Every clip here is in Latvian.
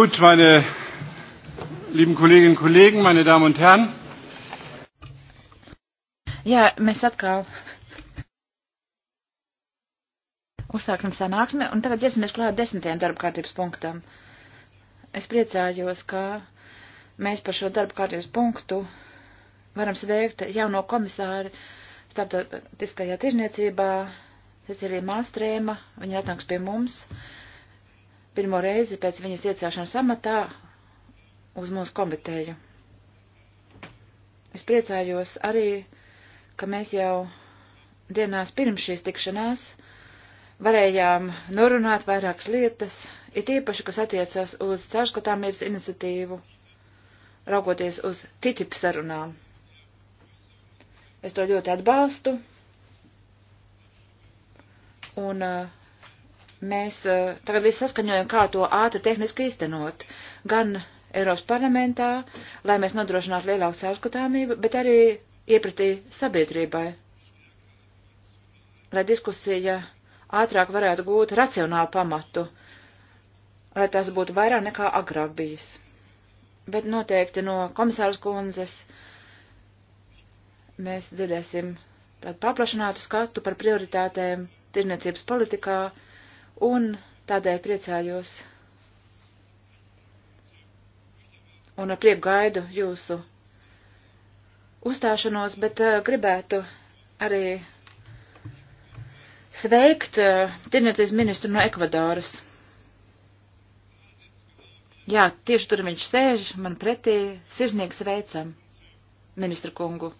Gut, meine lieben Kolleginnen und Kollegen, meine Damen und Herren. Jā, mēs atkal uzsāksim sanāksmi, un tagad ķersimies klāt desmitajam darba kārtības punktam. Es priecājos, ka mēs par šo darba kārtības punktu varam sveikt jauno komisāru starptautiskajā tirzniecībā, Cecilija Māstrēma, viņa atnāks pie mums. Uh, pirmo reizi pēc viņas iecēšanas amatā uz mūsu komiteju. Es priecājos arī, ka mēs jau dienās pirms šīs tikšanās varējām norunāt vairākas lietas, it īpaši, kas attiecas uz caurskatāmības iniciatīvu, raugoties uz TTIP sarunām. Es to ļoti atbalstu, un uh, Mēs uh, tagad līdz saskaņojam, kā to ātri tehniski īstenot, gan Eiropas parlamentā, lai mēs nodrošinātu lielāku sārskatāmību, bet arī iepratī sabiedrībai, lai diskusija ātrāk varētu gūt racionālu pamatu, lai tas būtu vairāk nekā agrāk bijis. Bet noteikti no komisāras kundzes mēs dzirdēsim tādu paplašinātu skatu par prioritātēm tirniecības politikā, un tādēļ priecājos un ar prieku gaidu jūsu uzstāšanos, bet uh, gribētu arī sveikt uh, tirniecības ministru no Ekvadoras. Jā, tieši tur viņš sēž, man pretī sirsnieks veicam ministru kungu.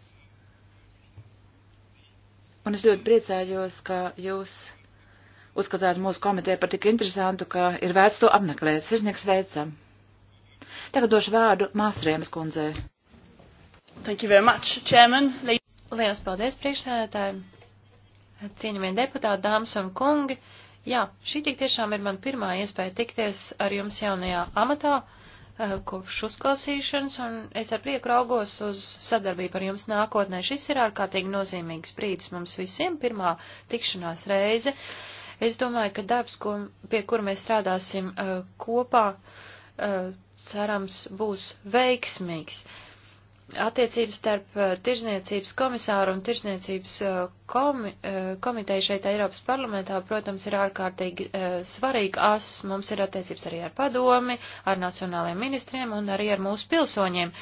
Un es ļoti priecājos, ka jūs uzskatāt mūsu komiteju par tik interesantu, ka ir vērts to apmeklēt. Sirsnieks veicam. Tagad došu vārdu māstriemas kundzei. Thank you very much, Chairman. Liels paldies priekšsēdētājiem. Cienījamie deputāti, dāmas un kungi. Jā, šī tik tiešām ir man pirmā iespēja tikties ar jums jaunajā amatā eh, kopš uzklausīšanas, un es ar prieku raugos uz sadarbību ar jums nākotnē. Šis ir ārkārtīgi nozīmīgs brīdis mums visiem, pirmā tikšanās reize. Uh, Es domāju, ka darbs, ko, pie kura mēs strādāsim uh, kopā, uh, cerams, būs veiksmīgs. Attiecības starp uh, tirzniecības komisāru un tirzniecības uh, komi, uh, komiteju šeit Eiropas parlamentā, protams, ir ārkārtīgi uh, svarīga as. Mums ir attiecības arī ar padomi, ar nacionālajiem ministriem un arī ar mūsu pilsoņiem.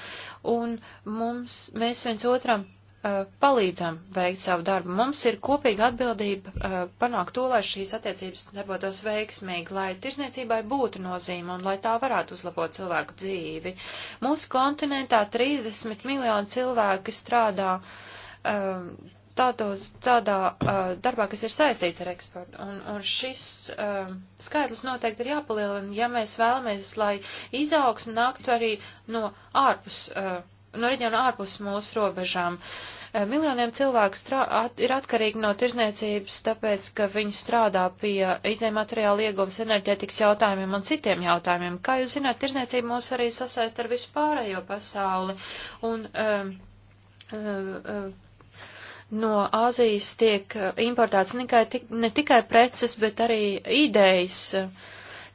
Un mums, mēs viens otram Uh, palīdzam veikt savu darbu. Mums ir kopīga atbildība uh, panākt to, lai šīs attiecības darbotos veiksmīgi, lai tirsniecībai būtu nozīme un lai tā varētu uzlabot cilvēku dzīvi. Mūsu kontinentā 30 miljoni cilvēki strādā um, tādos, tādā uh, darbā, kas ir saistīts ar eksportu. Un, un šis um, skaitlis noteikti ir jāpalielina, ja mēs vēlamies, lai izaugsme nāktu arī no ārpus. Uh, no reģiona ārpus mūsu robežām. E, miljoniem cilvēku strā, at, ir atkarīgi no tirzniecības, tāpēc, ka viņi strādā pie izējuma materiāla ieguvas enerģētikas jautājumiem un citiem jautājumiem. Kā jūs zināt, tirzniecība mūs arī sasaist ar visu pārējo pasauli. Un, um, um, um, no Āzijas tiek importēts nekai, ne tikai preces, bet arī idejas.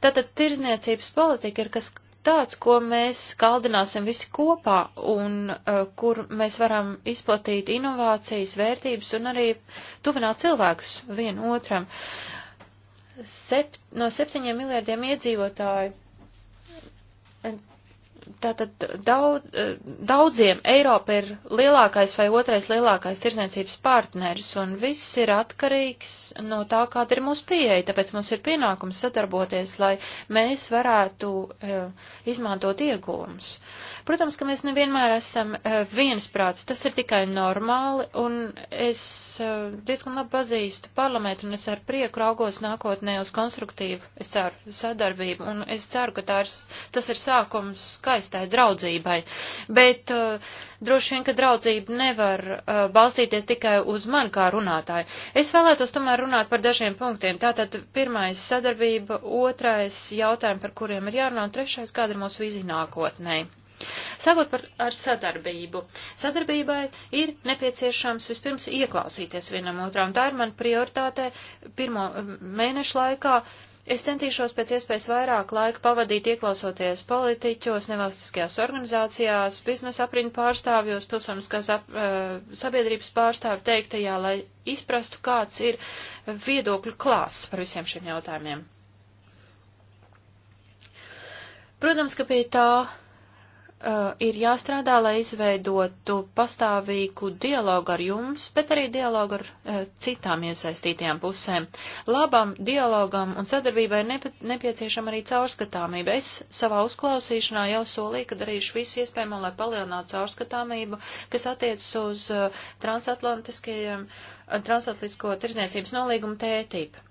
Tātad tirzniecības politika ir kas tāds, ko mēs kaldināsim visi kopā un uh, kur mēs varam izplatīt inovācijas, vērtības un arī tuvināt cilvēkus vienu otram. Sept, no septiņiem miljardiem iedzīvotāju Tātad daudz, daudziem Eiropa ir lielākais vai otrais lielākais tirzniecības partneris, un viss ir atkarīgs no tā, kāda ir mūsu pieeja. Tāpēc mums ir pienākums sadarboties, lai mēs varētu e, izmantot iegūmus. Protams, ka mēs nevienmēr esam e, viensprāts, tas ir tikai normāli, un es e, diezgan labi pazīstu parlamentu, un es ar prieku raugos nākotnē uz konstruktīvu, es ceru, sadarbību, un es ceru, ka ir, tas ir sākums skaidrs skaistai draudzībai, bet uh, droši vien, ka draudzība nevar uh, balstīties tikai uz man kā runātāju. Es vēlētos tomēr runāt par dažiem punktiem. Tātad pirmais sadarbība, otrais jautājumi, par kuriem ir jārunā, un trešais, kāda ir mūsu vizija nākotnē. Sākot par, ar sadarbību. Sadarbībai ir nepieciešams vispirms ieklausīties vienam otram. Tā ir man prioritāte pirmo mēnešu laikā Es centīšos pēc iespējas vairāk laika pavadīt ieklausoties politiķos, nevalstiskajās organizācijās, biznesa apriņu pārstāvjos, pilsoniskās ap, eh, sabiedrības pārstāvju teiktajā, lai izprastu, kāds ir viedokļu klāsts par visiem šiem jautājumiem. Protams, ka pie tā uh, ir jāstrādā, lai izveidotu pastāvīgu dialogu ar jums, bet arī dialogu ar uh, citām iesaistītajām pusēm. Labam dialogam un sadarbībai nepi nepieciešama arī caurskatāmība. Es savā uzklausīšanā jau solīju, ka darīšu visu iespējamo, lai palielinātu caurskatāmību, kas attiecas uz uh, transatlantiskajiem, uh, transatlantisko tirzniecības nolīgumu tētību.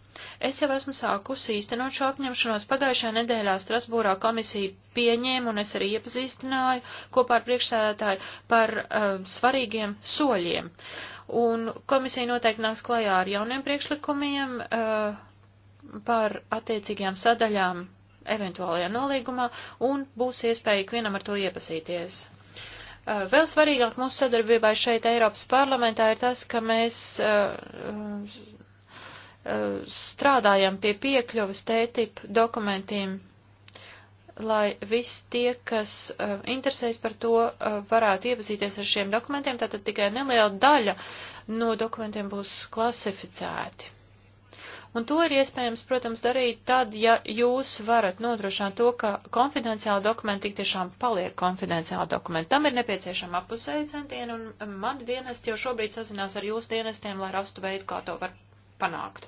Es jau esmu sākusi īstenot šo apņemšanos. Pagājušajā nedēļā Strasbūrā komisija pieņēma un es arī iepazīstināju kopā ar priekšsēdētāju par uh, svarīgiem soļiem. Un komisija noteikti nāks klajā ar jauniem priekšlikumiem uh, par attiecīgajām sadaļām eventuālajā nolīgumā un būs iespēja ikvienam ar to iepazīties. Uh, vēl svarīgāk mūsu sadarbībai šeit Eiropas parlamentā ir tas, ka mēs uh, Eh, strādājam pie piekļuvas tētip dokumentiem, lai visi tie, kas uh, eh, interesēs par to, uh, varētu iepazīties ar šiem dokumentiem, tātad tikai neliela daļa no dokumentiem būs klasificēti. Un to ir iespējams, protams, darīt tad, ja jūs varat nodrošināt to, ka konfidenciāla dokumenta tik tiešām paliek konfidenciāla dokumenta. Tam ir nepieciešama apusēja centieni, un man dienesti jau šobrīd sazinās ar jūsu dienestiem, lai rastu veidu, kā to var panākt.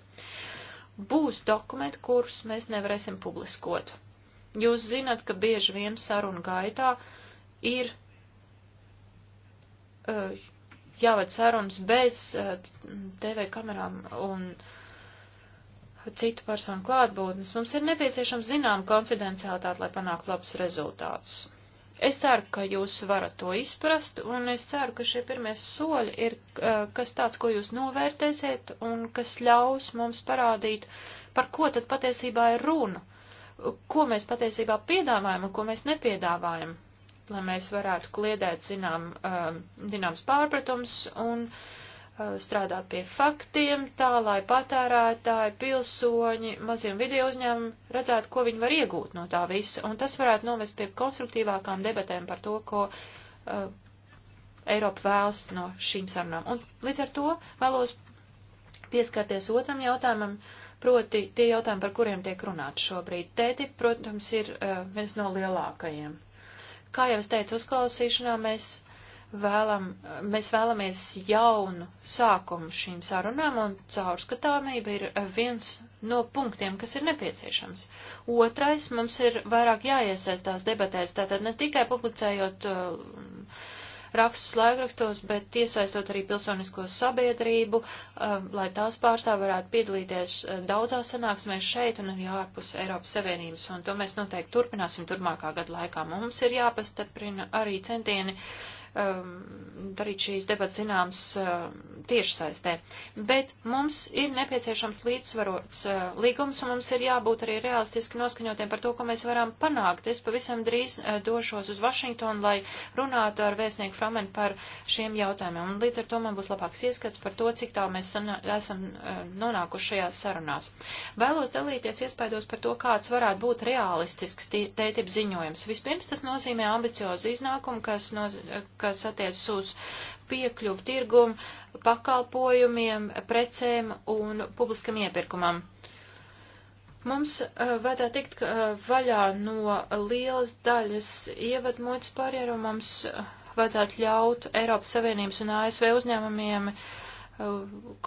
Būs dokumenti, kurus mēs nevarēsim publiskot. Jūs zinat, ka bieži vien sarunu gaitā ir uh, jāved sarunas bez uh, eh, TV kamerām un citu personu klātbūtnes. Mums ir nepieciešama zinām konfidencialitāte, lai panāktu labus rezultātus. Es ceru, ka jūs varat to izprast, un es ceru, ka šie pirmie soļi ir kas tāds, ko jūs novērtēsiet, un kas ļaus mums parādīt, par ko tad patiesībā ir runa, ko mēs patiesībā piedāvājam un ko mēs nepiedāvājam, lai mēs varētu kliedēt zinām, zināms pārpratums un uh, Uh, strādāt pie faktiem, tā lai patērētāji, pilsoņi, maziem video uzņēmumi redzētu, ko viņi var iegūt no tā visa. Un tas varētu novest pie konstruktīvākām debatēm par to, ko uh, Eiropa vēlas no šīm sarunām. Un līdz ar to vēlos pieskarties otram jautājumam, proti tie jautājumi, par kuriem tiek runāts šobrīd. Tēti, protams, ir uh, viens no lielākajiem. Kā jau es teicu, uzklausīšanā mēs vēlam, mēs vēlamies jaunu sākumu šīm sarunām, un caurskatāmība ir viens no punktiem, kas ir nepieciešams. Otrais, mums ir vairāk jāiesaistās debatēs, tātad ne tikai publicējot uh, rakstus laikrakstos, bet iesaistot arī pilsonisko sabiedrību, uh, lai tās pārstāv varētu piedalīties uh, daudzās sanāksmēs šeit un arī ārpus Eiropas Savienības, un to mēs noteikti turpināsim turmākā gada laikā. Mums ir jāpastaprina arī centieni uh, Um, darīt šīs debats zināms um, tiešsaistē. Bet mums ir nepieciešams līdzsvarots uh, līgums, un mums ir jābūt arī realistiski noskaņotiem par to, ko mēs varam panākt. Es pavisam drīz uh, došos uz Vašingtonu, lai runātu ar vēstnieku Framenu par šiem jautājumiem, un līdz ar to man būs labāks ieskats par to, cik tā mēs esam uh, nonākuši šajās sarunās. Vēlos dalīties iespējos par to, kāds varētu būt realistisks tētip ziņojums. Vispirms tas nozīmē ambiciozu iznākumu, kas nozīmē kas attiecas uz piekļuvu tirgumu, pakalpojumiem, precēm un publiskam iepirkumam. Mums uh, vajadzētu tikt uh, vaļā no lielas daļas ievadmotas barjeru, mums eh, vajadzētu ļaut Eiropas Savienības un ASV uzņēmumiem uh,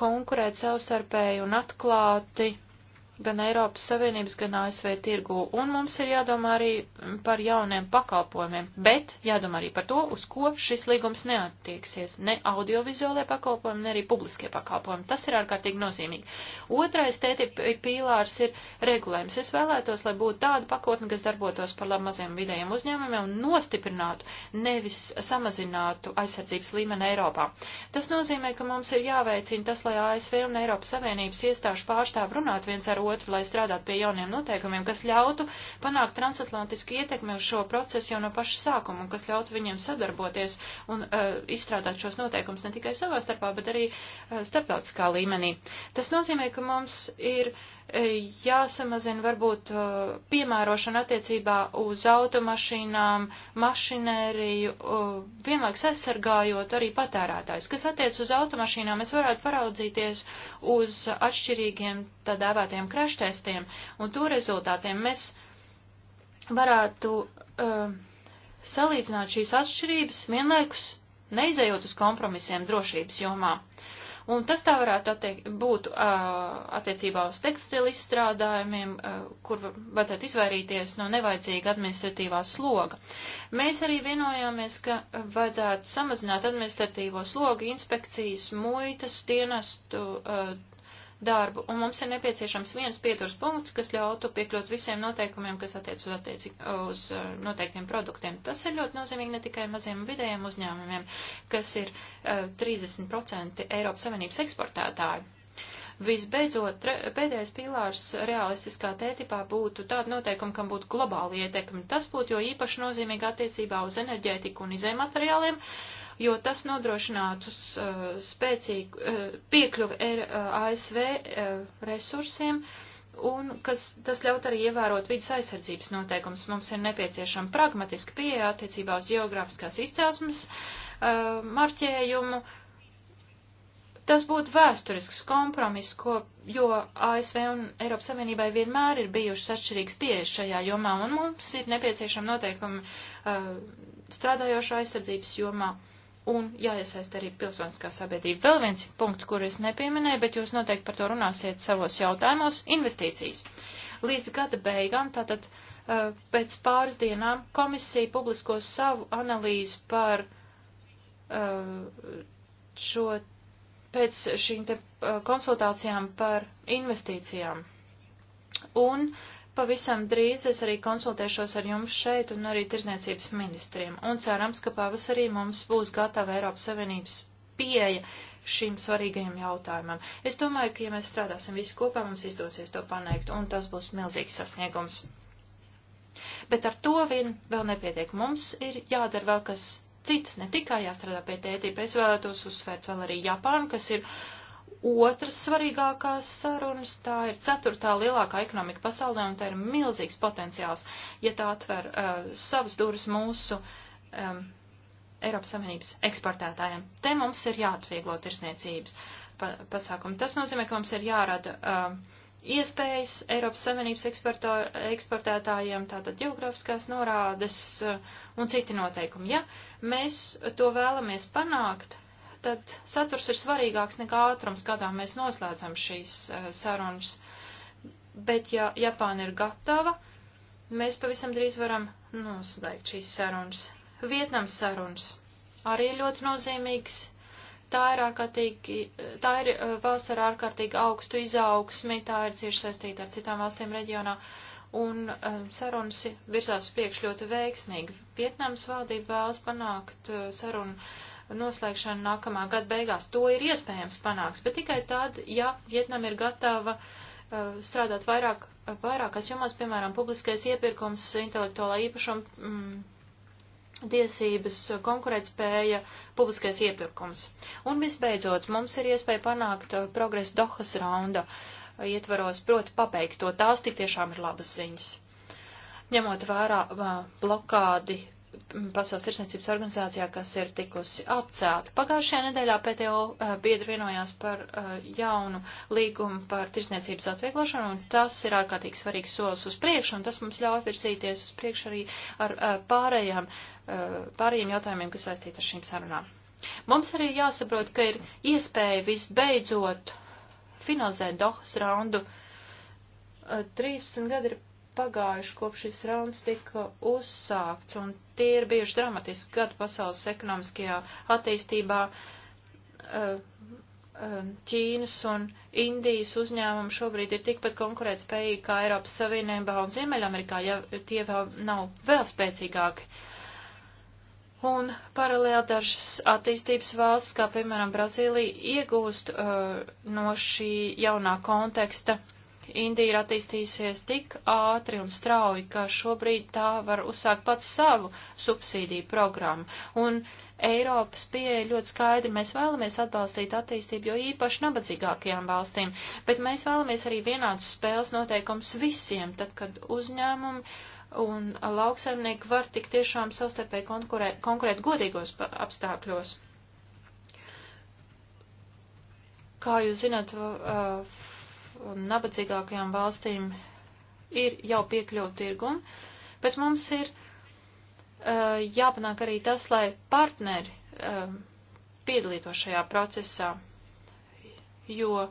konkurēt savstarpēji un atklāti gan Eiropas Savienības, gan ASV tirgu, un mums ir jādomā arī par jauniem pakalpojumiem, bet jādomā arī par to, uz ko šis līgums neattieksies, ne audiovizuālajie pakalpojumi, ne arī publiskie pakalpojumi. Tas ir ārkārtīgi nozīmīgi. Otrais tēti pīlārs ir regulējums. Es vēlētos, lai būtu tāda pakotne, kas darbotos par labu maziem vidējiem uzņēmumiem un nostiprinātu, nevis samazinātu aizsardzības līmeni Eiropā. Tas nozīmē, ka mums ir jāveicina tas, lai ASV un Eiropas Savienības iestāžu pārstāv runāt viens ar otru otru, lai strādātu pie jauniem noteikumiem, kas ļautu panākt transatlantisku ietekmi uz šo procesu jau no paša sākuma un kas ļautu viņiem sadarboties un uh, izstrādāt šos noteikumus ne tikai savā starpā, bet arī uh, starptautiskā līmenī. Tas nozīmē, ka mums ir uh, jāsamazina varbūt uh, piemērošana attiecībā uz automašīnām, mašinēriju, uh, vienlaiks aizsargājot arī patērētājs. Kas attiec uz automašīnām, es varētu paraudzīties uz atšķirīgiem tā dēvētiem kraštestiem un to rezultātiem. Mēs varētu uh, salīdzināt šīs atšķirības vienlaikus neizējot uz kompromisiem drošības jomā. Uh, Un tas tā varētu attiek, būt attiecībā uz tekstilu izstrādājumiem, kur vajadzētu izvairīties no nevajadzīga administratīvā sloga. Mēs arī vienojāmies, ka vajadzētu samazināt administratīvo slogu inspekcijas, muitas, dienestu, darbu, un mums ir nepieciešams viens pieturs punkts, kas ļautu piekļūt visiem noteikumiem, kas attiec uz, attiecik, uz eh, noteiktiem produktiem. Tas ir ļoti nozīmīgi ne tikai maziem un vidējiem uzņēmumiem, kas ir uh, eh, 30% Eiropas Savienības eksportētāji. Visbeidzot, tre, pēdējais pīlārs realistiskā tētipā būtu tāda noteikuma, kam būtu globāla ietekme. Tas būtu jo īpaši nozīmīgi attiecībā uz enerģētiku un izējumateriāliem. materiāliem jo tas nodrošinātu uh, spēcīgu uh, piekļuvi er, uh, ASV uh, resursiem. Un kas, tas ļaut arī ievērot vidas aizsardzības noteikumus. Mums ir nepieciešama pragmatiska pieeja attiecībā uz geogrāfiskās izcelsmes uh, marķējumu, uh, Tas būtu vēsturisks kompromiss, ko, jo ASV un Eiropas Savienībai vienmēr ir bijušas atšķirīgas pieejas šajā jomā, un mums ir nepieciešama noteikumi uh, strādājošo aizsardzības jomā. Uh, un jāiesaist arī pilsoniskā sabiedrība. Vēl viens punkts, kur es nepieminēju, bet jūs noteikti par to runāsiet savos jautājumos - investīcijas. Līdz gada beigām, tātad eh, pēc pāris dienām, komisija publiskos savu analīzi par eh, šo, pēc šīm te eh, konsultācijām par investīcijām. Un uh, Pavisam drīz es arī konsultēšos ar jums šeit un arī tirzniecības ministriem, un cerams, ka pavasarī mums būs gatava Eiropas Savienības pieeja šīm svarīgajiem jautājumam. Es domāju, ka ja mēs strādāsim visi kopā, mums izdosies to paneikt, un tas būs milzīgs sasniegums. Bet ar to vien vēl nepietiek. Mums ir jādara vēl kas cits, ne tikai jāstrādā pie tētība. Es vēlētos uzsvērt vēl arī Japānu, kas ir otras svarīgākās sarunas, tā ir ceturtā lielākā ekonomika pasaulē, un tā ir milzīgs potenciāls, ja tā atver uh, savas durvis mūsu um, Eiropas Savienības eksportētājiem. Te mums ir jāatvieglo tirsniecības pa pasākumi. Tas nozīmē, ka mums ir jārada uh, iespējas Eiropas Savienības eksporto, eksportētājiem, tātad geogrāfiskās norādes uh, un citi noteikumi. Ja mēs to vēlamies panākt, tad saturs ir svarīgāks nekā ātrums, kādā mēs noslēdzam šīs uh, sarunas. Bet ja Japāna ir gatava, mēs pavisam drīz varam noslēgt šīs sarunas. Vietnams sarunas arī ļoti nozīmīgs. Tā ir, ārkārtīgi, tā ir eh, valsts ar ārkārtīgi augstu izaugsmi, tā ir cieši saistīta ar citām valstīm reģionā, un um, sarunas virsās priekš ļoti veiksmīgi. Vietnams valdība vēlas panākt uh, sarunu uh, noslēgšanu nākamā gada beigās. To ir iespējams panāks, bet tikai tad, ja Vietnam ir gatava uh, strādāt vairāk, uh, vairākās jomās, piemēram, publiskais iepirkums, intelektuālā īpašuma mm, tiesības, konkurētspēja, publiskais iepirkums. Un visbeidzot, mums ir iespēja panākt uh, progresu Dohas raunda uh, ietvaros, proti pabeigt to. Tās tik tiešām ir labas ziņas. Ņemot vērā blokādi Pasaules tirsniecības organizācijā, kas ir tikusi atcelta. Pagājušajā nedēļā PTO eh, biedri vienojās par eh, jaunu līgumu par tirsniecības atvieglošanu, un tas ir ārkārtīgi svarīgs solis uz priekšu, un tas mums ļauj virzīties uz priekšu arī ar eh, pārējām, pārējiem jautājumiem, kas saistīti ar šīm sarunām. Mums arī jāsaprot, ka ir iespēja visbeidzot finalizēt Dohas raundu. 13 gadi ir pagājuši kopš šis rauns tika uzsākts, un tie ir bijuši dramatiski gadi pasaules ekonomiskajā attīstībā. Eh, eh, Ķīnas un Indijas uzņēmumi šobrīd ir tikpat konkurētspējīgi kā Eiropas Savienībā un Ziemeļamerikā, ja tie vēl nav vēl spēcīgāki. Un paralēli dažas attīstības valsts, kā piemēram Brazīlija, iegūst uh, no šī jaunā konteksta uh, Indija ir attīstījusies tik ātri un strauji, ka šobrīd tā var uzsākt pats savu subsīdiju programmu. Un Eiropas pieeja ļoti skaidri, mēs vēlamies atbalstīt attīstību, jo īpaši nabadzīgākajām valstīm, bet mēs vēlamies arī vienādus spēles noteikums visiem, tad, kad uzņēmumi un lauksaimnieki var tik tiešām savstarpēji konkurēt, konkurēt godīgos apstākļos. Kā jūs zināt, un nabadzīgākajām valstīm ir jau piekļuva tirgum, bet mums ir uh, jāpanāk arī tas, lai partneri uh, piedalītos šajā procesā, jo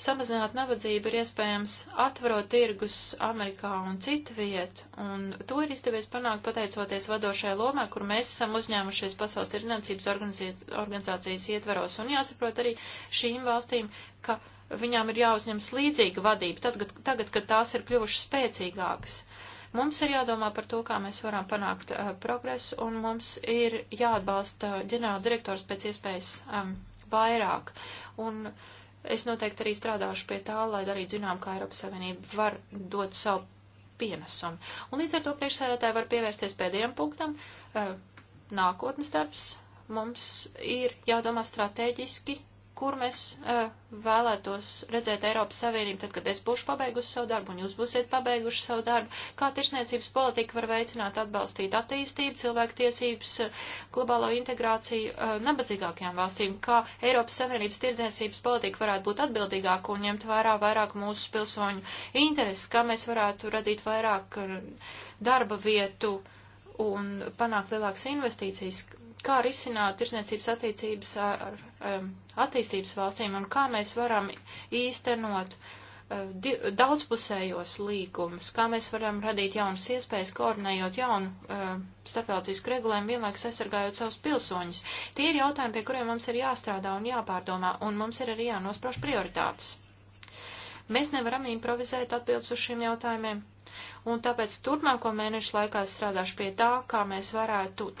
samazināt nabadzību ir iespējams atverot tirgus Amerikā un citu vietu, un to ir izdevies panākt pateicoties vadošajai lomai, kur mēs esam uzņēmušies pasaules tirdzniecības organizācijas ietveros, un jāsaprot arī šīm valstīm, ka uh, viņām ir jāuzņems līdzīga vadība, tad, tagad, kad tās ir kļuvušas spēcīgākas. Mums ir jādomā par to, kā mēs varam panākt uh, progresu, un mums ir jāatbalsta eh, ģenerāla direktors pēc iespējas um, vairāk. Un es noteikti arī strādāšu pie tā, lai darītu zinām, kā Eiropas Savienība var dot savu pienesumu. Un līdz ar to priekšsēdētāji var pievērsties pēdējiem punktam. Uh, nākotnes darbs. Mums ir jādomā strateģiski kur mēs uh, vēlētos redzēt Eiropas Savienību, tad, kad es būšu pabeigusi savu darbu un jūs būsiet pabeiguši savu darbu, kā tirsniecības politika var veicināt atbalstīt attīstību, cilvēktiesības, globālo integrāciju uh, nabadzīgākajām valstīm, kā Eiropas Savienības tirdzniecības politika varētu būt atbildīgāka un ņemt vērā vairāk mūsu pilsoņu intereses, kā mēs varētu radīt vairāk darba vietu un panākt lielākas investīcijas, kā risināt tirsniecības attiecības ar, ar um, attīstības valstīm un kā mēs varam īstenot uh, di, daudzpusējos līgumus, kā mēs varam radīt jaunas iespējas, koordinējot jaunu uh, starptautisku regulējumu, vienlaikus aizsargājot savus pilsoņus. Tie ir jautājumi, pie kuriem mums ir jāstrādā un jāpārdomā, un mums ir arī jānosproš prioritātes. Mēs nevaram improvizēt atbildes uz šiem jautājumiem, un tāpēc turpmāko mēnešu laikā strādāšu pie tā, kā mēs varētu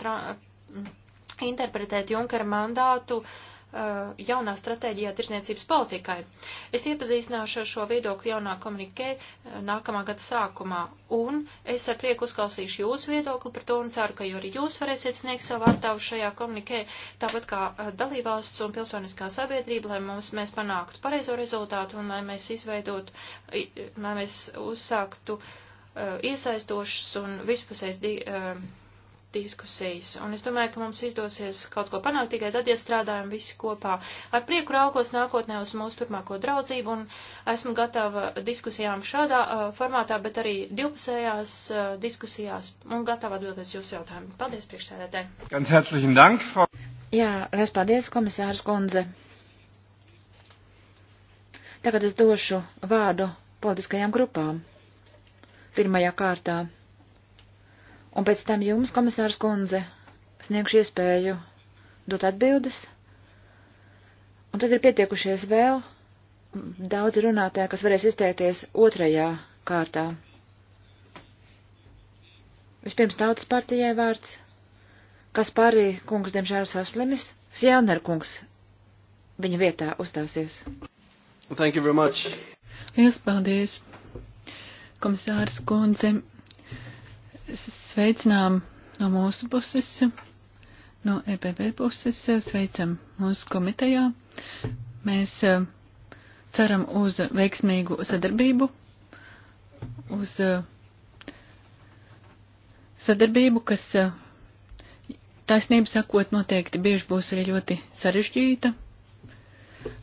interpretēt Junkara mandātu uh, jaunā stratēģijā tirsniecības politikai. Es iepazīstināšu ar šo viedokli jaunā komunikē uh, nākamā gada sākumā, un es ar prieku uzklausīšu jūsu viedokli par to un ceru, ka arī jūs varēsiet sniegt savu atdevu šajā komunikē, tāpat kā uh, dalībvalsts un pilsoniskā sabiedrība, lai mums mēs panāktu pareizo rezultātu un lai mēs izveidotu, lai mēs uzsāktu uh, iesaistošas un vispusējas uh, diskusijas. Un es domāju, ka mums izdosies kaut ko panākt tikai tad, ja strādājam visi kopā. Ar prieku raugos nākotnē uz mūsu turpmāko draudzību un esmu gatava diskusijām šādā uh, formātā, bet arī divpusējās uh, diskusijās un gatava atbildēt jūsu jautājumu. Paldies, priekšsēdētē. Ganz herzlichen Dank, Frau. Jā, reiz paldies, komisārs Kundze. Tagad es došu vārdu politiskajām grupām. Pirmajā kārtā. Un pēc tam jums, komisārs kundze, sniegšu iespēju dot atbildes. Un tad ir pietiekušies vēl daudz runātāji, kas varēs izteikties otrajā kārtā. Vispirms tautas partijai vārds, kas pārī kungs diemžēl saslimis, Fjellner kungs viņa vietā uzstāsies. Thank you very much. Liels paldies, komisārs kundze. Sveicinām no mūsu puses, no EPP puses, sveicam mūsu komitejā. Mēs eh, ceram uz veiksmīgu sadarbību, uz eh, sadarbību, kas eh, taisnību sakot noteikti bieži būs arī ļoti sarežģīta.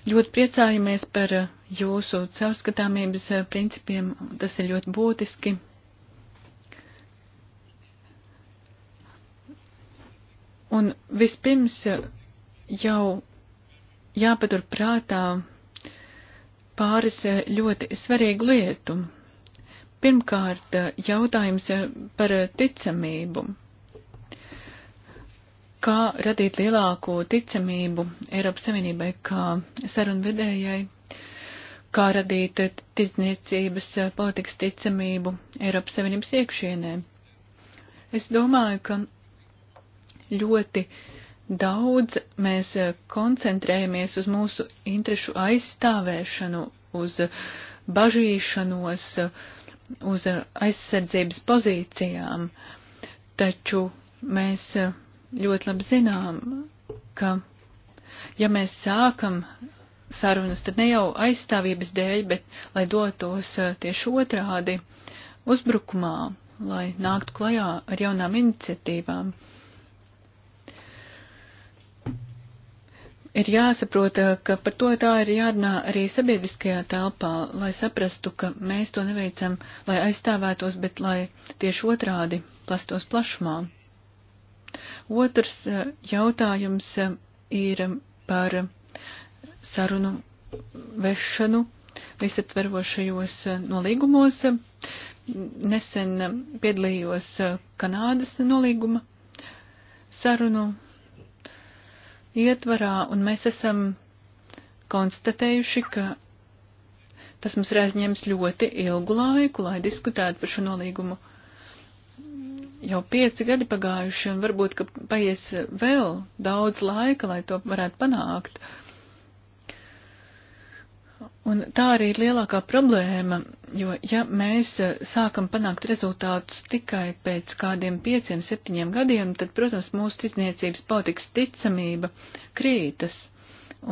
Ļoti priecājamies par jūsu caurskatāmības principiem, tas ir ļoti būtiski Un vispirms jau jāpatur prātā pāris ļoti svarīgu lietu. Pirmkārt, jautājums par ticamību. Kā radīt lielāku ticamību Eiropas Savienībai kā sarunvedējai? Kā radīt tirdzniecības politikas ticamību Eiropas Savienības iekšienē? Es domāju, ka ļoti daudz mēs eh, koncentrējamies uz mūsu interešu aizstāvēšanu, uz bažīšanos, uz eh, aizsardzības pozīcijām, taču mēs eh, ļoti labi zinām, ka ja mēs sākam sarunas, tad ne jau aizstāvības dēļ, bet lai dotos tieši otrādi uzbrukumā, lai nāktu klajā ar jaunām iniciatīvām. Uh, ir jāsaprot, eh, ka par to tā ir jārunā arī sabiedriskajā telpā, lai saprastu, ka mēs to neveicam, lai aizstāvētos, bet lai tieši otrādi plastos plašumā. Otrs eh, jautājums eh, ir par sarunu vešanu visaptverošajos nolīgumos. Nesen piedalījos Kanādas nolīguma sarunu ietvarā, un mēs esam konstatējuši, ka tas mums ir aizņēmis ļoti ilgu laiku, lai diskutētu par šo nolīgumu. Jau pieci gadi pagājuši, un varbūt, ka paies vēl daudz laika, lai to varētu panākt. Uh, Un tā arī ir lielākā problēma, jo ja mēs eh, sākam panākt rezultātus tikai pēc kādiem pieciem, septiņiem gadiem, tad, protams, mūsu ticniecības politikas ticamība krītas.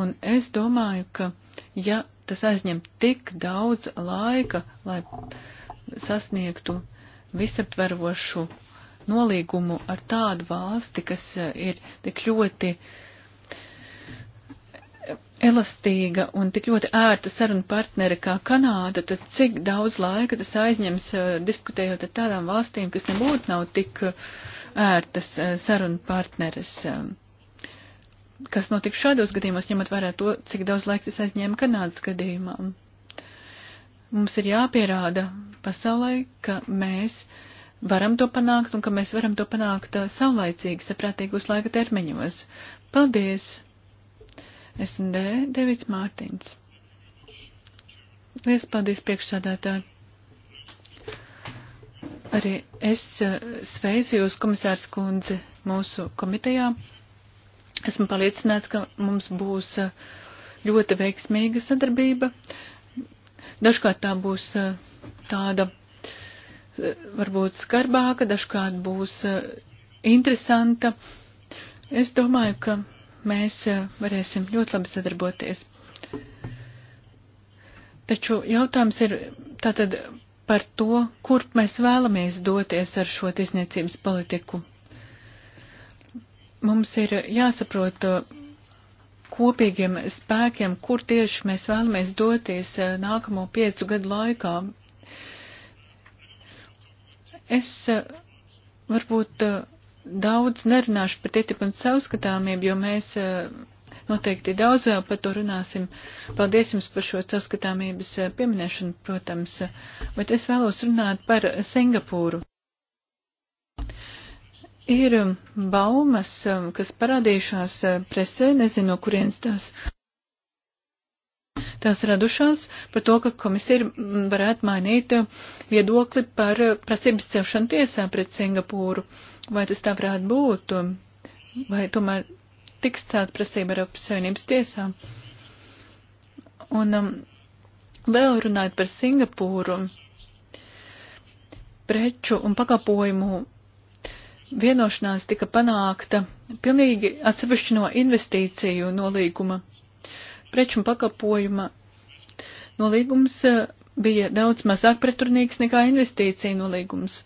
Un es domāju, ka ja tas aizņem tik daudz laika, lai sasniegtu visaptverošu nolīgumu ar tādu valsti, kas eh, ir tik ļoti uh, elastīga un tik ļoti ērta saruna partneri kā Kanāda, tad cik daudz laika tas aizņems eh, diskutējot ar tādām valstīm, kas nebūtu nav tik eh, ērtas eh, saruna partneres? Kas notiks šādos gadījumos, ņemot vērā to, cik daudz laika tas aizņēma Kanādas gadījumā? Mums ir jāpierāda pasaulē, ka mēs varam to panākt un ka mēs varam to panākt saulaicīgi, saprātīgos laika termiņos. Paldies! S&D Devits Mārtiņš. Liels paldies priekšsādātāji. Arī es eh, sveicu jūs, komisārs kundze, mūsu komitejā. Esmu paliecināts, ka mums būs eh, ļoti veiksmīga sadarbība. Dažkārt tā būs eh, tāda varbūt skarbāka, dažkārt būs interesanta. Es domāju, ka mēs eh, varēsim ļoti labi sadarboties. Taču jautājums ir tātad par to, kur mēs vēlamies doties ar šo izniecības politiku. Mums ir jāsaprot eh, kopīgiem spēkiem, kur tieši mēs vēlamies doties eh, nākamo piecu gadu laikā. Es varbūt daudz nerunāšu par TTIP un savskatāmību, jo mēs eh, noteikti daudz vēl eh, par to runāsim. Paldies jums par šo savskatāmības eh, pieminēšanu, protams, bet es vēlos runāt par Singapūru. Ir baumas, kas parādījušās presē, nezinu, no kurienes tās tās radušās par to, ka komisija mm, varētu mainīt eh, viedokli par eh, prasības celšanu tiesā pret Singapūru. Vai tas tā varētu būt? Vai tomēr tiks cēlta prasība Eiropas Savienības tiesā? Un um, vēl runājot par Singapūru, preču un pakalpojumu vienošanās tika panākta pilnīgi atsevišķi no investīciju nolīguma preču un pakalpojuma nolīgums eh, bija daudz mazāk pretrunīgs nekā investīcija nolīgums.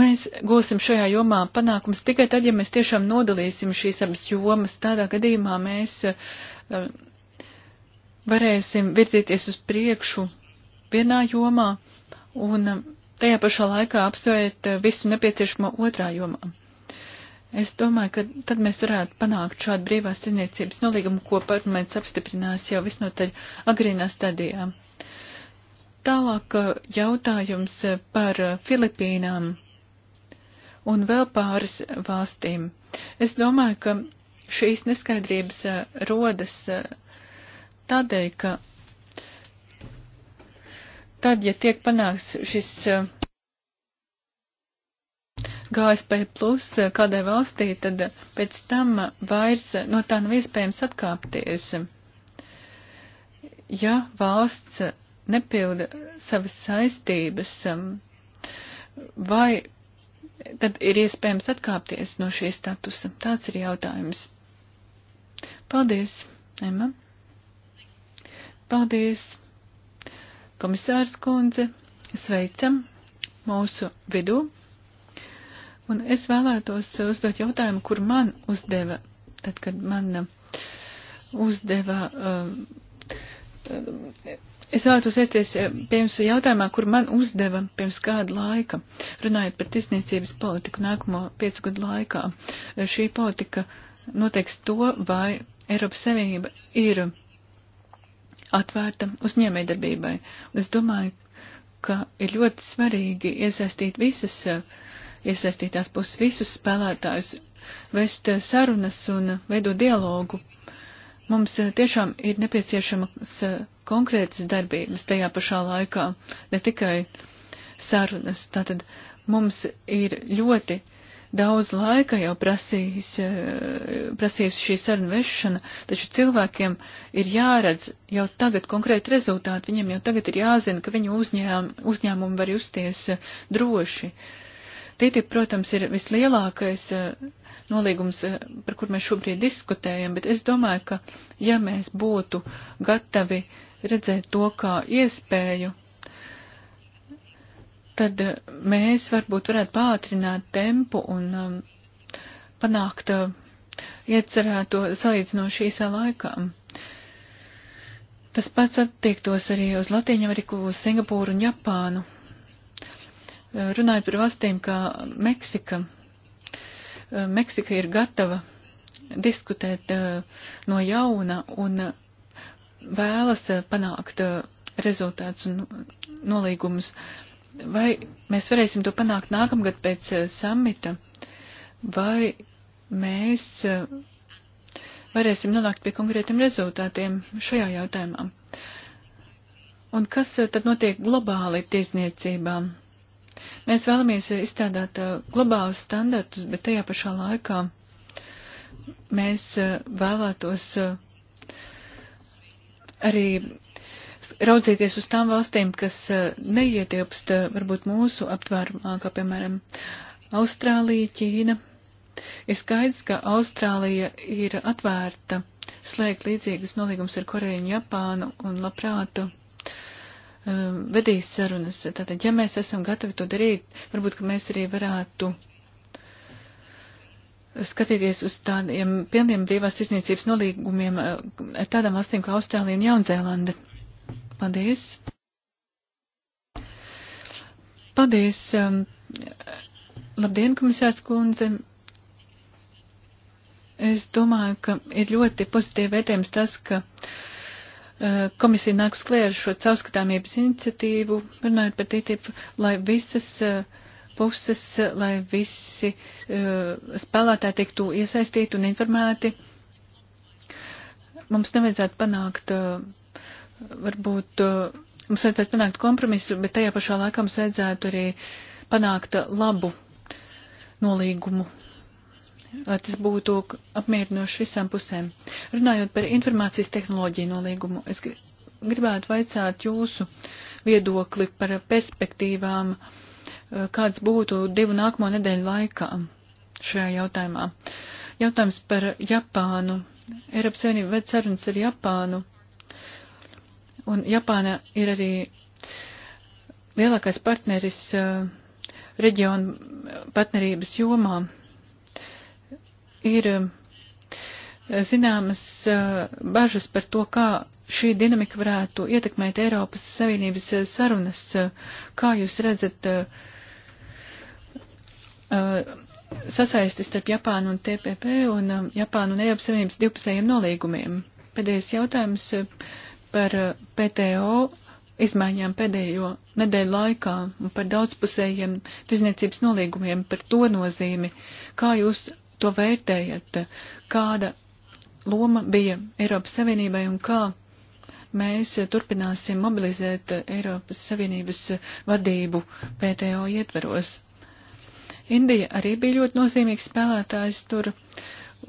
Mēs gūsim šajā jomā panākums tikai tad, ja mēs tiešām nodalīsim šīs abas jomas. Tādā gadījumā mēs eh, varēsim virzīties uz priekšu vienā jomā un eh, tajā pašā laikā apsvērt visu nepieciešamo otrā jomā. Es domāju, ka tad mēs varētu panākt šādu brīvās tirniecības nolīgumu, ko parlaments apstiprinās jau visnotaļ agrīnā stadijā. Tālāk uh, jautājums uh, par uh, Filipīnām un vēl pāris valstīm. Es domāju, ka šīs neskaidrības rodas tādēļ, ka tad, ja tiek panāks šis GSP plus eh, kādai valstī, tad eh, pēc tam vairs eh, no tā nav iespējams atkāpties. Ja valsts nepilda savas saistības, vai tad ir iespējams atkāpties no šī statusa? Tāds ir jautājums. Paldies, Emma. Paldies, komisārs kundze. Sveicam mūsu vidū. Un es vēlētos uzdot jautājumu, kur man uzdeva, tad, kad man uh, uzdeva. Um, es vēlētos iesties uh, pie jums jautājumā, kur man uzdeva pirms kāda laika, runājot par tirsniecības politiku nākamo piecu gadu laikā. Šī politika noteiks to, vai Eiropas Savienība ir atvērta uzņēmējdarbībai. Es domāju, ka ir ļoti svarīgi iesaistīt visas uh, iesaistītās puses, visus spēlētājus, vest eh, sarunas un veidot dialogu. Mums eh, tiešām ir nepieciešamas eh, konkrētas darbības tajā pašā laikā, ne tikai sarunas. Tātad mums ir ļoti daudz laika jau prasījis, prasījis šī saruna vešana, taču cilvēkiem ir jāredz jau tagad konkrēti rezultāti, viņiem jau tagad ir jāzina, ka viņu uzņēm, uzņēmumi var justies droši. Uh, TTIP, protams, ir vislielākais eh, nolīgums, eh, par kur mēs šobrīd diskutējam, bet es domāju, ka ja mēs būtu gatavi redzēt to kā iespēju, tad eh, mēs varbūt varētu pātrināt tempu un um, panākt iecerēto salīdzinoši īsā laikā. Tas pats attiektos arī uz Latīņu Ameriku, Singapūru un Japānu. Runājot par valstīm kā Meksika, eh, Meksika ir gatava diskutēt eh, no jauna un vēlas eh, panākt rezultātus un nolīgumus. Vai mēs varēsim to panākt nākamgad pēc samita, vai mēs varēsim nonākt pie konkrētiem rezultātiem šajā jautājumā? Un kas tad notiek globāli tiesniecībām? Mēs vēlamies izstrādāt uh, globālus standartus, bet tajā pašā laikā mēs uh, vēlētos uh, arī raudzīties uz tām valstīm, kas neietilpst varbūt mūsu aptvērumā, kā piemēram Austrālija, Ķīna. Ir skaidrs, ka Austrālija ir atvērta slēgt līdzīgas nolīgums ar Koreju un Japānu un labprāt Um, vedīs sarunas. Tātad, ja mēs esam gatavi to darīt, varbūt, ka mēs arī varētu skatīties uz tādiem pilniem brīvās tirsniecības nolīgumiem ar uh, tādām valstīm kā Austrālija un Jaunzēlanda. Paldies! Paldies! Um, labdien, komisārs kundze! Es domāju, ka ir ļoti pozitīvi vērtējums tas, ka uh, komisija nāk uz klēru šo caurskatāmības iniciatīvu, runājot par TTIP, lai visas eh, puses, eh, lai visi eh, spēlētāji tiktu iesaistīti un informēti. Mums nevajadzētu panākt, varbūt, mums vajadzētu panākt kompromisu, bet tajā pašā laikā mums vajadzētu arī panākt labu nolīgumu lai tas būtu apmierinoši visām pusēm. Runājot par informācijas tehnoloģiju nolīgumu, es gribētu vaicāt jūsu viedokli par perspektīvām, eh, kāds būtu divu nākamo nedēļu laikā šajā jautājumā. Jautājums par Japānu. Eiropas Savienība ved sarunas ar Japānu, un Japāna ir arī lielākais partneris eh, reģionu partnerības jomā ir um, zināmas uh, bažas par to, kā šī dinamika varētu ietekmēt Eiropas Savienības uh, sarunas. Uh, kā jūs redzat sasaistis starp Japānu un TPP un um, Japānu un Eiropas Savienības divpusējiem nolīgumiem? Pēdējais jautājums par PTO izmaiņām pēdējo nedēļu laikā un par daudzpusējiem tirzniecības nolīgumiem, par to nozīmi. Kā jūs to vērtējat? Kāda loma bija Eiropas Savienībai un kā mēs turpināsim mobilizēt Eiropas Savienības vadību PTO ietveros? Indija arī bija ļoti nozīmīgs spēlētājs tur,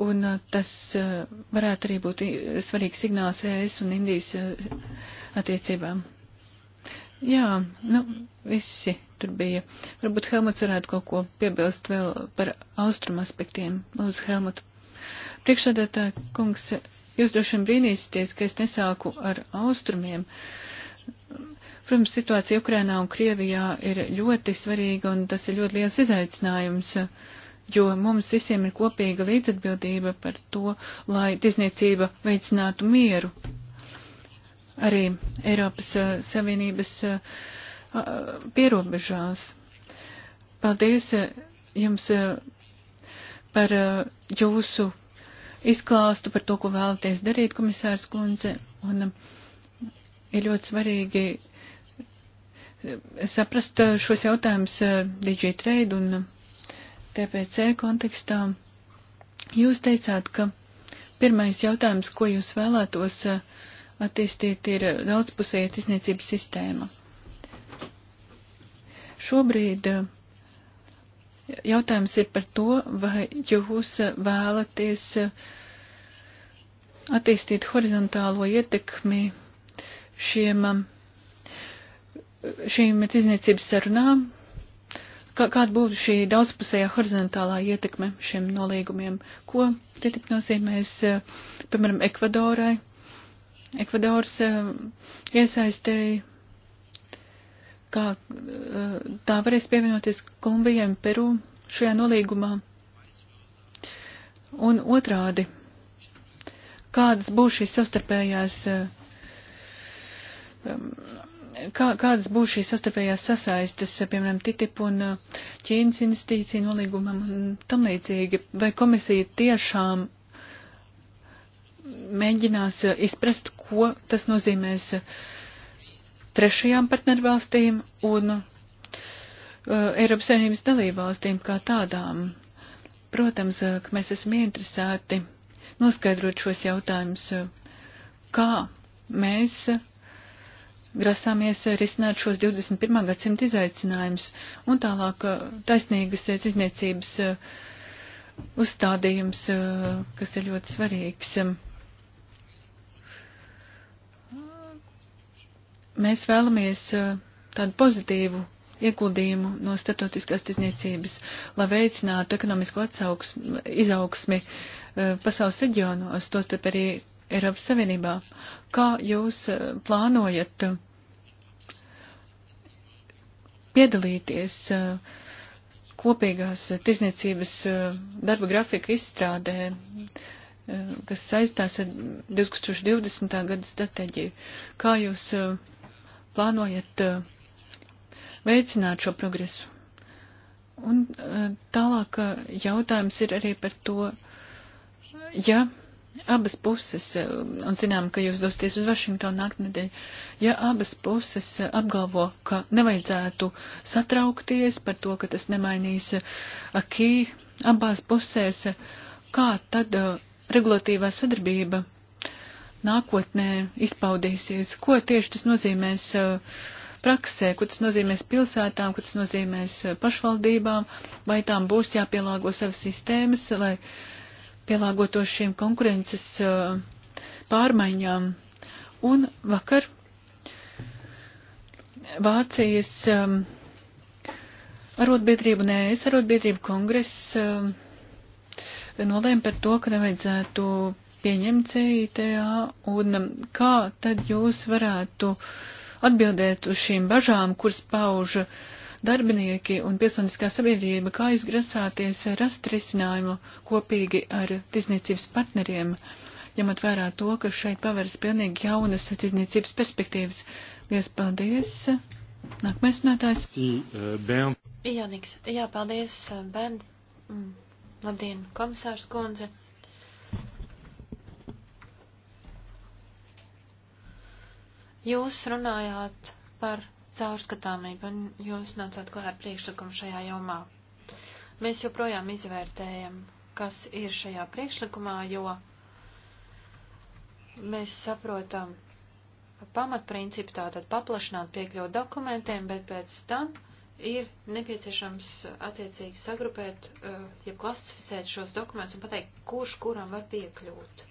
un uh, tas uh, varētu arī būt svarīgs signāls ES un Indijas uh, attiecībām. Jā, nu, visi tur bija. Varbūt Helmuts varētu kaut ko piebilst vēl par austrumu aspektiem. Lūdzu, Helmut. Priekšsādātā kungs, jūs droši vien brīnīsieties, ka es nesāku ar austrumiem. Protams, situācija Ukrainā un Krievijā ir ļoti svarīga un tas ir ļoti liels izaicinājums, jo mums visiem ir kopīga līdzatbildība par to, lai tizniecība veicinātu mieru arī Eiropas eh, Savienības eh, eh, pierobežās. Paldies jums par jūsu izklāstu, par to, ko vēlaties darīt, komisārs Kunze. Un ir ļoti svarīgi saprast šos jautājumus DigiTrade un TPC kontekstā. Jūs teicāt, ka pirmais jautājums, ko jūs vēlētos uh, attīstīt ir daudzpusēja tisniecības sistēma. Šobrīd eh, jautājums ir par to, vai jūs vēlaties eh, attīstīt horizontālo ietekmi šiem, eh, šīm tirdzniecības sarunām, kā, kāda būtu šī daudzpusējā horizontālā ietekme šiem nolīgumiem, ko TTIP nozīmēs, piemēram, Ekvadorai, Ekvadors eh, iesaistēja, kā eh, tā varēs pievienoties Kolumbijai un Peru šajā nolīgumā. Un otrādi, kādas būs šīs savstarpējās, eh, um, kā, kādas būs šīs savstarpējās sasaistes, piemēram, TTIP un Ķīnas investīciju nolīgumam un tam līdzīgi, vai komisija tiešām mēģinās eh, izprast, ko tas nozīmēs eh, trešajām partnervalstīm un eh, Eiropas Savienības dalībvalstīm kā tādām. Protams, ka mēs esam interesēti noskaidrot šos jautājumus, kā mēs grasāmies risināt šos 21. gadsimta izaicinājumus un tālāk taisnīgas izniecības uzstādījums, kas ir ļoti svarīgs. mēs vēlamies uh, tādu pozitīvu ieguldījumu no starptautiskās tirdzniecības, lai veicinātu ekonomisko atsauks, izaugsmi uh, pasaules reģionos, tostarp arī Eiropas Savienībā. Kā jūs uh, plānojat piedalīties kopīgās tirdzniecības darba grafika izstrādē, kas saistās ar 2020. gada stratēģiju? Kā jūs plānojat eh, veicināt šo progresu? Un eh, tālāk eh, jautājums ir arī par to, ja abas puses, un zinām, ka jūs dosties uz Vašingtonu nākamnedēļ, ja abas puses apgalvo, ka nevajadzētu satraukties par to, ka tas nemainīs akī abās pusēs, kā tad regulatīvā sadarbība nākotnē izpaudīsies, ko tieši tas nozīmēs uh, praksē, ko tas nozīmēs pilsētām, ko tas nozīmēs uh, pašvaldībām, vai tām būs jāpielāgo savas sistēmas, lai pielāgotos šīm konkurences uh, pārmaiņām. Un vakar Vācijas um, arotbiedrību, nē, es arotbiedrību kongress um, nolēma par to, ka nevajadzētu pieņemts EITA, un um, kā tad jūs varētu atbildēt uz šīm bažām, kuras pauž darbinieki un pilsoniskā sabiedrība, kā jūs grasāties rast risinājumu kopīgi ar tirzniecības partneriem, ņemot vērā to, ka šeit paveras pilnīgi jaunas tirzniecības perspektīvas. Lies paldies! Nākamais runātājs. Eh, Jā, Niks. Jā, paldies, eh, Ben. Mm. Labdien, komisārs kundze. Jūs runājāt par caurskatāmību un jūs nācāt klāt ar priekšlikumu šajā jomā. Mēs joprojām izvērtējam, kas ir šajā priekšlikumā, jo mēs saprotam pamatprincipu tātad paplašināt piekļuvu dokumentiem, bet pēc tam ir nepieciešams attiecīgi sagrupēt, eh, ja klasificēt šos dokumentus un pateikt, kurš kuram var piekļūt.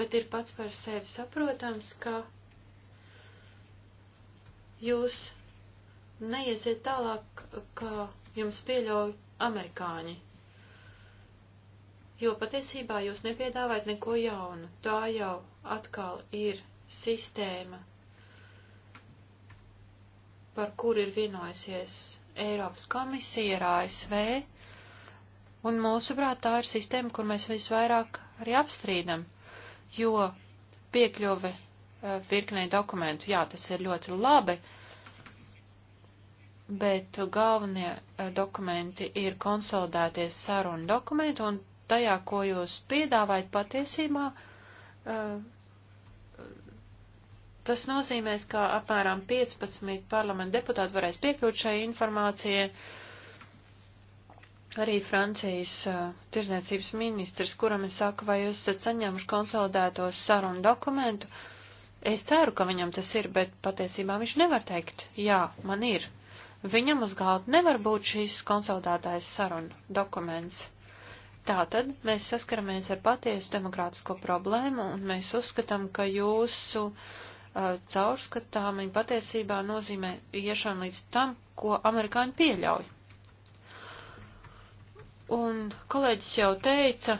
Bet ir pats par sevi saprotams, ka jūs neiesiet tālāk, kā jums pieļauj amerikāņi. Jo patiesībā jūs nepiedāvājat neko jaunu. Tā jau atkal ir sistēma, par kur ir vienojusies Eiropas komisija ar ASV. Un mūsuprāt, tā ir sistēma, kur mēs visvairāk arī apstrīdam, jo piekļuve Uh, virknei dokumentu. Jā, tas ir ļoti labi, bet galvenie uh, dokumenti ir konsolidēties sarunu dokumentu, un tajā, ko jūs piedāvājat patiesībā, uh, tas nozīmēs, ka apmēram 15 parlamenta deputāti varēs piekļūt šai informācijai. Arī Francijas uh, tirzniecības ministrs, kuram es saku, vai jūs esat saņēmuši konsolidētos sarunu dokumentu, uh, Es ceru, ka viņam tas ir, bet patiesībā viņš nevar teikt, jā, man ir. Viņam uz galda nevar būt šīs konsolidētājs sarunu dokuments. Tātad mēs saskaramies ar patiesu demokrātisko problēmu, un mēs uzskatām, ka jūsu uh, caurskatāmi patiesībā nozīmē iešanu līdz tam, ko amerikāņi pieļauj. Un kolēģis jau teica,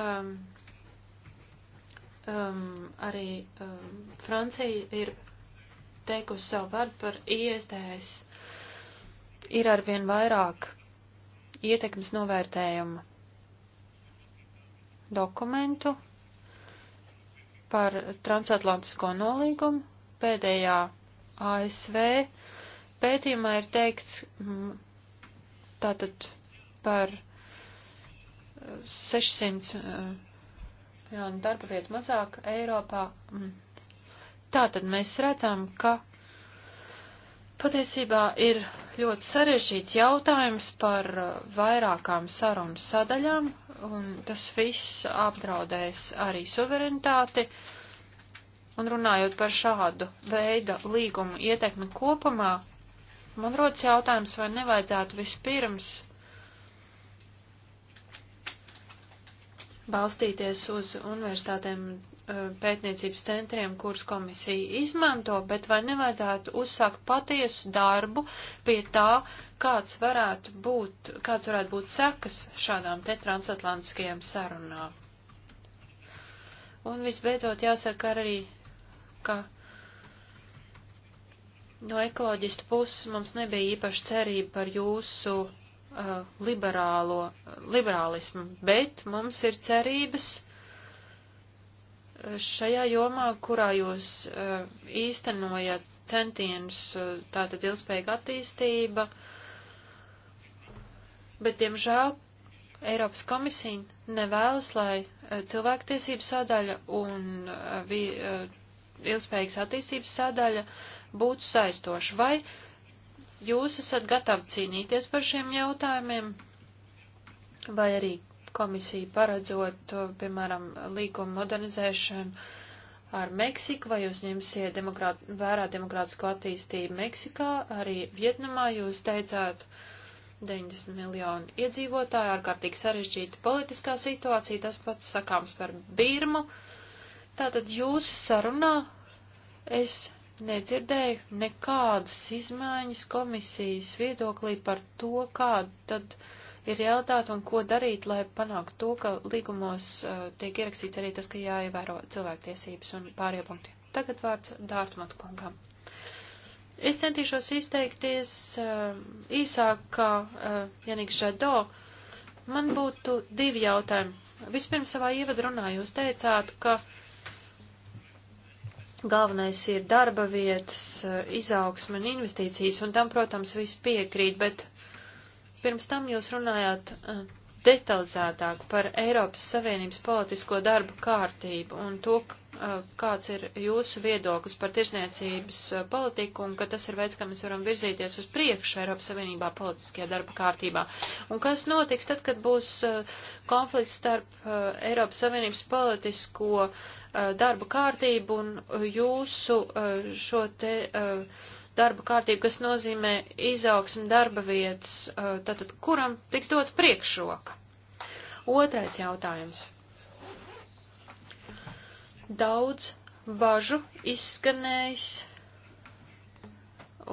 um, um, arī um, Francija ir teikusi savu vārdu par ISDS. Ir arvien vairāk ietekmes novērtējumu dokumentu par transatlantisko nolīgumu. Pēdējā ASV pētījumā ir teikts m, mm, tātad par 600 uh, m, un darba vietu mazāk Eiropā. Mm. Tātad mēs redzam, ka patiesībā ir ļoti sarežģīts jautājums par uh, vairākām sarunu sadaļām, un tas viss apdraudēs arī suverenitāti. Un runājot par šādu veidu līgumu ietekmi kopumā, man rodas jautājums, vai nevajadzētu vispirms balstīties uz universitātēm eh, pētniecības centriem, kurus komisija izmanto, bet vai nevajadzētu uzsākt patiesu darbu pie tā, kāds varētu būt, kāds varētu būt sekas šādām te transatlantiskajām sarunām. Un visbeidzot jāsaka arī, ka no ekoloģistu puses mums nebija īpaši cerība par jūsu Uh, liberālo, uh, liberālismu, bet mums ir cerības uh, šajā jomā, kurā jūs īstenojat centienus, tātad ilgspējīga attīstība, bet, diemžēl, Eiropas komisija nevēlas, lai cilvēktiesības sadaļa un ilgspējīgas attīstības sadaļa būtu saistoša. Vai jūs esat gatavi cīnīties par šiem jautājumiem, vai arī komisija paredzot, piemēram, līgumu modernizēšanu ar Meksiku, vai jūs ņemsiet demokrāt, vērā demokrātisko attīstību Meksikā, arī Vietnamā jūs teicāt 90 miljonu iedzīvotāju, ārkārtīgi sarežģīta politiskā situācija, tas pats sakāms par Birmu. Tātad jūsu sarunā es nedzirdēju nekādas izmaiņas komisijas viedoklī par to, kāda tad ir realitāte un ko darīt, lai panāktu to, ka līgumos uh, tiek ierakstīts arī tas, ka jāievēro cilvēktiesības un pārējie punkti. Tagad vārds Dārtmat kungam. Es centīšos izteikties uh, īsāk kā uh, Janīks Žado. Man būtu divi jautājumi. Vispirms savā ievadrunā jūs teicāt, ka uh, Galvenais ir darba vietas, eh, izaugsme un investīcijas, un tam, protams, viss piekrīt, bet pirms tam jūs runājāt eh, detalizētāk par Eiropas Savienības politisko darbu kārtību un to, eh, kāds ir jūsu viedoklis par tirzniecības politiku un ka tas ir veids, kā mēs varam virzīties uz priekšu Eiropas Savienībā politiskajā darba kārtībā. Un kas notiks tad, kad būs konflikts starp Eiropas Savienības politisko Uh, darba kārtību un uh, jūsu uh, šo te darba kārtību, kas nozīmē izaugsmu darba vietas, tātad kuram tiks dot priekšroka? Otrais jautājums. Daudz bažu izskanējis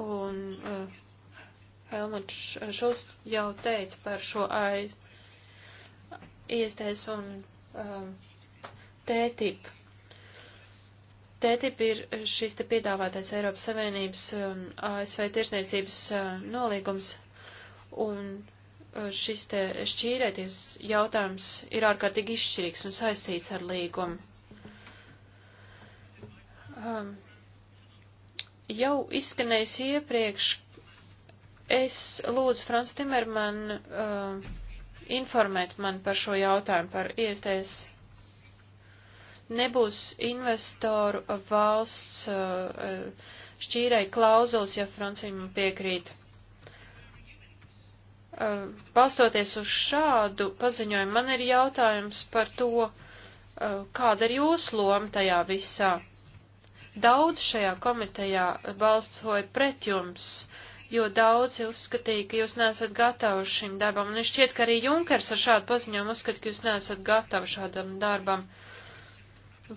un uh, Helmuts Šulcs jau teica par šo aiz, iestājas un um, tētipu TTIP ir šis te piedāvātais Eiropas Savienības un ASV tirsniecības nolīgums, un šis te šķīrēties jautājums ir ārkārtīgi izšķirīgs un saistīts ar līgumu. Um, jau izskanējis iepriekš, es lūdzu Frans Timerman uh, informēt man par šo jautājumu, par iestājas nebūs investoru valsts eh, šķīrai klauzulas, ja Francija man piekrīt. Eh, balstoties uz šādu paziņojumu, man ir jautājums par to, eh, kāda ir jūsu loma tajā visā. Daudz šajā komitejā balstoja pret jums, jo daudzi uzskatīja, ka jūs neesat gatavi šim darbam, un es šķiet, ka arī Junkers ar šādu paziņojumu uzskata, ka jūs neesat gatavi šādam darbam. Uh,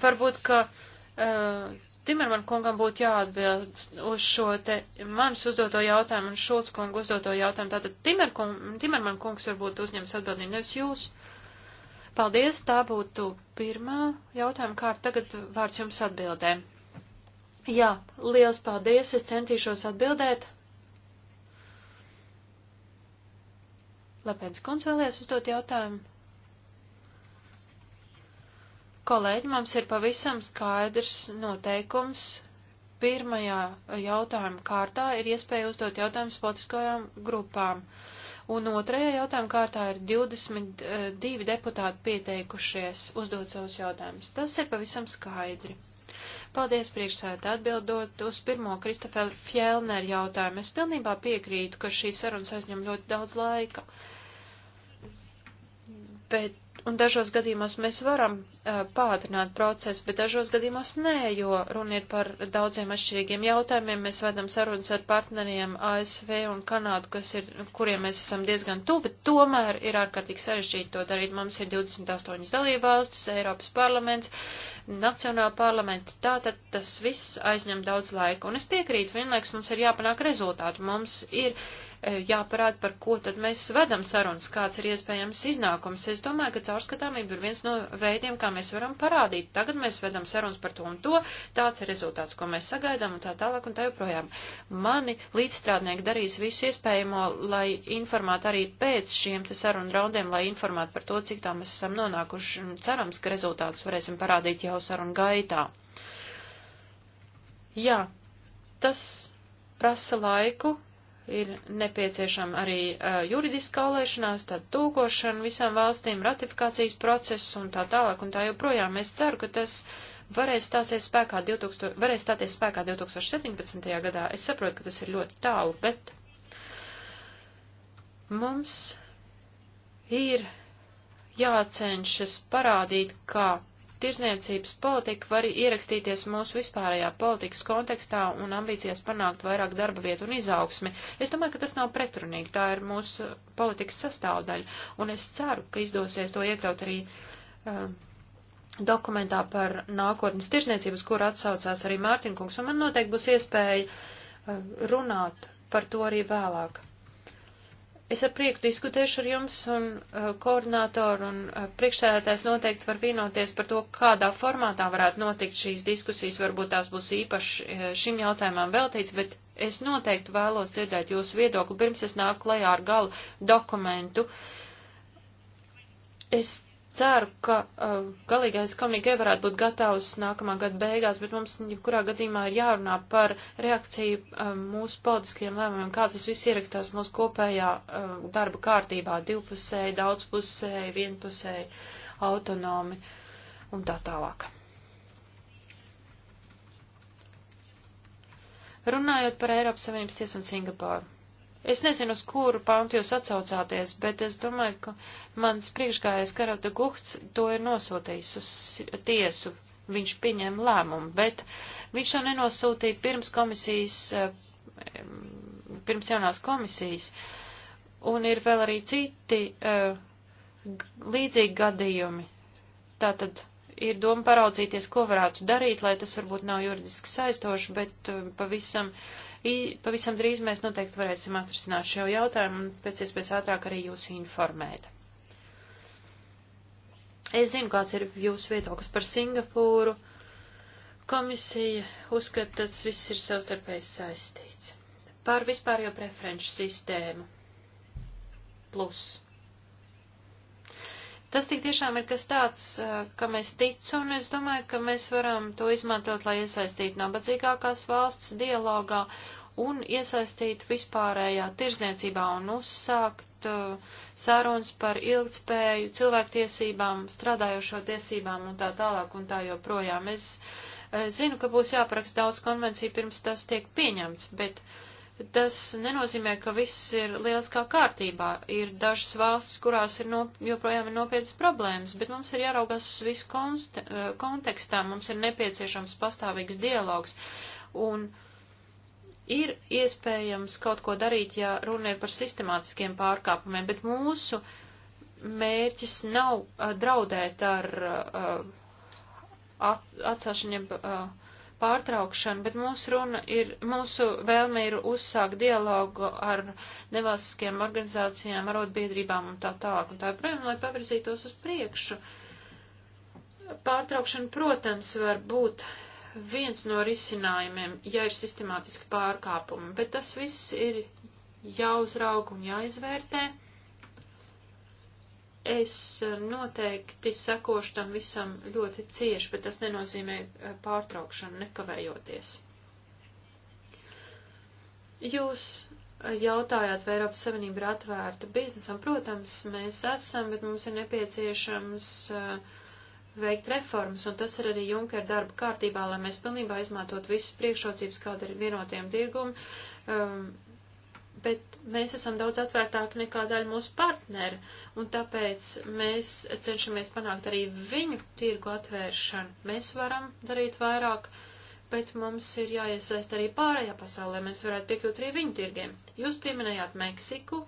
Varbūt, ka uh, Timerman kungam būtu jāatbild uz šo te manis uzdoto jautājumu un Šulc kungu uzdoto jautājumu. Tātad Timer kung, Timerman kungs varbūt uzņems atbildību, nevis jūs. Paldies, tā būtu pirmā jautājuma kārta. Tagad vārds jums atbildēm. Jā, liels paldies, es centīšos atbildēt. Lepens kundze vēlēs uzdot jautājumu. Kolēģi, mums ir pavisam skaidrs noteikums. Pirmajā jautājuma kārtā ir iespēja uzdot jautājumus politiskajām grupām, un otrajā jautājuma kārtā ir 22 eh, deputāti pieteikušies uzdot savus jautājumus. Tas ir pavisam skaidri. Paldies priekšsētā atbildot uz pirmo Kristofēlu Fjellneru jautājumu. Es pilnībā piekrītu, ka šī saruna aizņem ļoti daudz laika. Bet un dažos gadījumos mēs varam uh, pātrināt procesu, bet dažos gadījumos nē, jo runa ir par daudziem atšķirīgiem jautājumiem. Mēs vedam sarunas ar partneriem ASV un Kanādu, kas ir, kuriem mēs esam diezgan tuvi, tomēr ir ārkārtīgi sarežģīti to darīt. Mums ir 28 dalībvalstis, Eiropas parlaments, Nacionāla parlamenta, tātad tas viss aizņem daudz laika, un es piekrītu, vienlaiks mums ir jāpanāk rezultātu. Mums ir uh, E, jāparāda, par ko tad mēs vedam sarunas, kāds ir iespējams iznākums. Es domāju, ka caurskatāmība ir viens no veidiem, kā mēs varam parādīt. Tagad mēs vedam sarunas par to un to, tāds ir rezultāts, ko mēs sagaidām un tā tālāk un tā joprojām. Mani līdzstrādnieki darīs visu iespējamo, lai informētu arī pēc šiem te sarunu raundiem, lai informētu par to, cik tā mēs esam nonākuši. Cerams, ka rezultātus varēsim parādīt jau sarunu gaitā. Jā, tas prasa laiku, ir nepieciešama arī uh, juridiska olēšanās, tad tūkošana visām valstīm, ratifikācijas process un tā tālāk un tā joprojām. Es ceru, ka tas varēs, spēkā 2000, varēs stāties spēkā 2017. gadā. Es saprotu, ka tas ir ļoti tālu, bet mums ir jācenšas parādīt, kā tirzniecības politika var ierakstīties mūsu vispārējā politikas kontekstā un ambīcijās panākt vairāk darba vietu un izaugsmi. Es domāju, ka tas nav pretrunīgi, tā ir mūsu politikas sastāvdaļa, un es ceru, ka izdosies to iekļaut arī uh, dokumentā par nākotnes tirzniecības, kur atsaucās arī Mārtiņkungs, un man noteikti būs iespēja uh, runāt par to arī vēlāk. Es ar prieku diskutēšu ar jums, un uh, koordinātori un uh, priekšsēdētājs noteikti var vienoties par to, kādā formātā varētu notikt šīs diskusijas. Varbūt tās būs īpaši uh, šim jautājumam veltīts, bet es noteikti vēlos dzirdēt jūsu viedokli, pirms es nāku klajā ar galu dokumentu. Es ceru, ka uh, galīgais komīgai varētu būt gatavs nākamā gada beigās, bet mums jebkurā gadījumā ir jārunā par reakciju uh, mūsu politiskajiem lēmumiem, kā tas viss ierakstās mūsu kopējā uh, darba kārtībā - divpusēji, daudzpusēji, vienpusēji, autonomi un tā tālāk. Runājot par Eiropas Savienības tiesu un Singapūru. Es nezinu, uz kuru pantu jūs atsaucāties, bet es domāju, ka mans priekšgājais Karata Guhts to ir nosūtījis uz tiesu. Viņš pieņēma lēmumu, bet viņš to nenosūtīja pirms komisijas, eh, pirms jaunās komisijas. Un ir vēl arī citi uh, līdzīgi gadījumi. Tātad ir doma paraudzīties, ko varētu darīt, lai tas varbūt nav juridiski saistoši, bet eh, pavisam I, pavisam drīz mēs noteikti varēsim atrisināt šo jautājumu un pēc iespējas ātrāk arī jūs informēt. Es zinu, kāds ir jūsu viedoklis par Singapūru. Komisija uzskata, tas viss ir savstarpēji saistīts. Par vispārējo preferenču sistēmu. Plus. Tas tik tiešām ir kas tāds, kam es ticu, un es domāju, ka mēs varam to izmantot, lai iesaistītu nabadzīgākās valsts dialogā. Uh, un iesaistīt vispārējā tirzniecībā un uzsākt uh, sarunas par ilgtspēju, cilvēktiesībām, strādājošo tiesībām un tā tālāk un tā joprojām. Es uh, zinu, ka būs jāparaksta daudz konvenciju pirms tas tiek pieņemts, bet tas nenozīmē, ka viss ir liels kā kārtībā. Ir dažas valstis, kurās ir no, joprojām ir nopietnas problēmas, bet mums ir jāraugās uz visu uh, kontekstā, mums ir nepieciešams pastāvīgs dialogs. Un, uh, ir iespējams kaut ko darīt, ja runa ir par sistemātiskiem pārkāpumiem, bet mūsu mērķis nav uh, draudēt ar uh, at, atcelšaniem uh, pārtraukšanu, bet mūsu runa ir, mūsu vēlme ir uzsākt dialogu ar nevalstiskiem organizācijām, arotbiedrībām un tā tālāk un tā joprojām, lai pavirzītos uz priekšu. Pārtraukšana, protams, var būt viens no risinājumiem, ja ir sistemātiski pārkāpumi, bet tas viss ir jāuzrauga un jāizvērtē. Es eh, noteikti sekošu tam visam ļoti cieši, bet tas nenozīmē eh, pārtraukšanu nekavējoties. Jūs eh, jautājāt, vai Eiropas Savienība ir atvērta biznesam. Protams, mēs esam, bet mums ir nepieciešams uh, veikt reformas, un tas ir arī Junker darba kārtībā, lai mēs pilnībā izmantot visas priekšrocības, kāda ir vienotiem tirgumi, um, bet mēs esam daudz atvērtāki nekā daļa mūsu partneri, un tāpēc mēs cenšamies panākt arī viņu tirgu atvēršanu. Mēs varam darīt vairāk, bet mums ir jāiesaist arī pārējā pasaulē, mēs varētu piekļūt arī viņu tirgiem. Jūs pieminējāt Meksiku,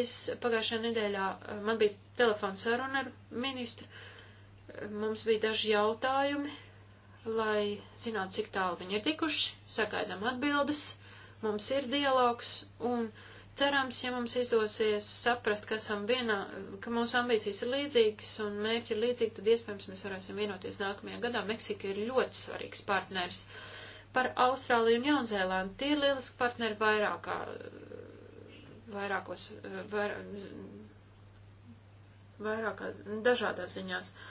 es pagājušajā nedēļā, man bija telefons saruna ar ministru, Mums bija daži jautājumi, lai zinātu, cik tālu viņi ir tikuši, sagaidām atbildes, mums ir dialogs un cerams, ja mums izdosies saprast, ka, esam vienā, ka mūsu ambīcijas ir līdzīgas un mērķi ir līdzīgi, tad iespējams mēs varēsim vienoties nākamajā gadā. Meksika ir ļoti svarīgs partners. Par Austrāliju un Jaunzēlandi tie ir lieliski partneri vairākā, vairākos, vair, vairākās, dažādās ziņās. Uh,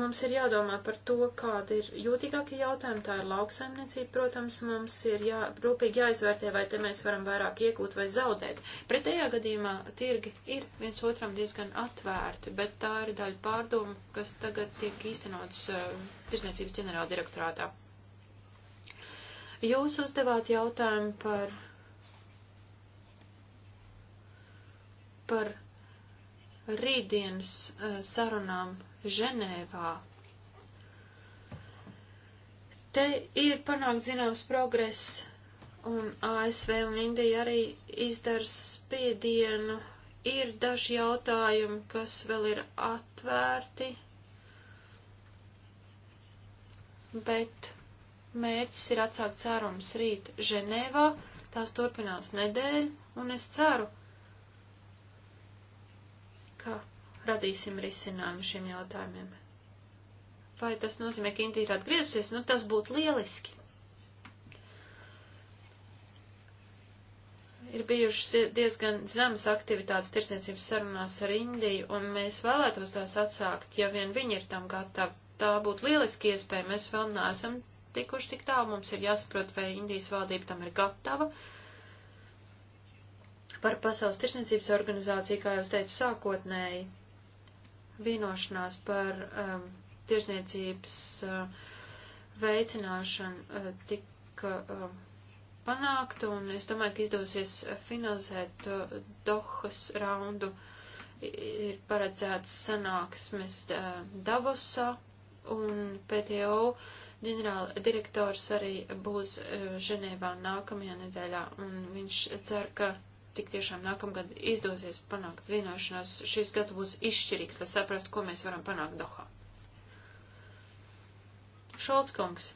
mums ir jādomā par to, kāda ir jūtīgākie jautājumi, tā ir lauksaimniecība, protams, mums ir jā, rūpīgi jāizvērtē, vai te mēs varam vairāk iegūt vai zaudēt. Pretējā gadījumā tirgi ir viens otram diezgan atvērti, bet tā ir daļa pārdomu, kas tagad tiek īstenots uh, tirsniecības ģenerāla direktorātā. Jūs uzdevāt jautājumu par, par rītdienas eh, sarunām Ženēvā. Te ir panākt zināms progress, un ASV un Indija arī izdara spiedienu. Ir daži jautājumi, kas vēl ir atvērti, bet mērķis ir atsākt sarunas rīt Ženēvā, tās turpinās nedēļu, un es ceru, ka radīsim risinājumu šiem jautājumiem. Vai tas nozīmē, ka Indija ir atgriezusies? Nu, tas būtu lieliski. Ir bijušas diezgan zemas aktivitātes tirsniecības sarunās ar Indiju, un mēs vēlētos tās atsākt, ja vien viņi ir tam gatavi. Tā būtu lieliski iespēja, mēs vēl neesam tikuši tik tālu, mums ir jāsaprot, vai Indijas valdība tam ir gatava. Uh, par Pasaules tirsniecības organizāciju, kā jau es teicu sākotnēji, vienošanās par um, tirsniecības uh, veicināšanu uh, tika uh, panākta, un es domāju, ka izdosies finalizēt uh, Dohas raundu. Ir paredzēts sanāksmes uh, Davosā, un PTO ģenerāla direktors arī būs uh, Ženēvā nākamajā nedēļā, un viņš cer, ka tik tiešām nākamgad izdosies panākt vienošanos, šis gads būs izšķirīgs, lai saprastu, ko mēs varam panākt Dohā. Šolckungs.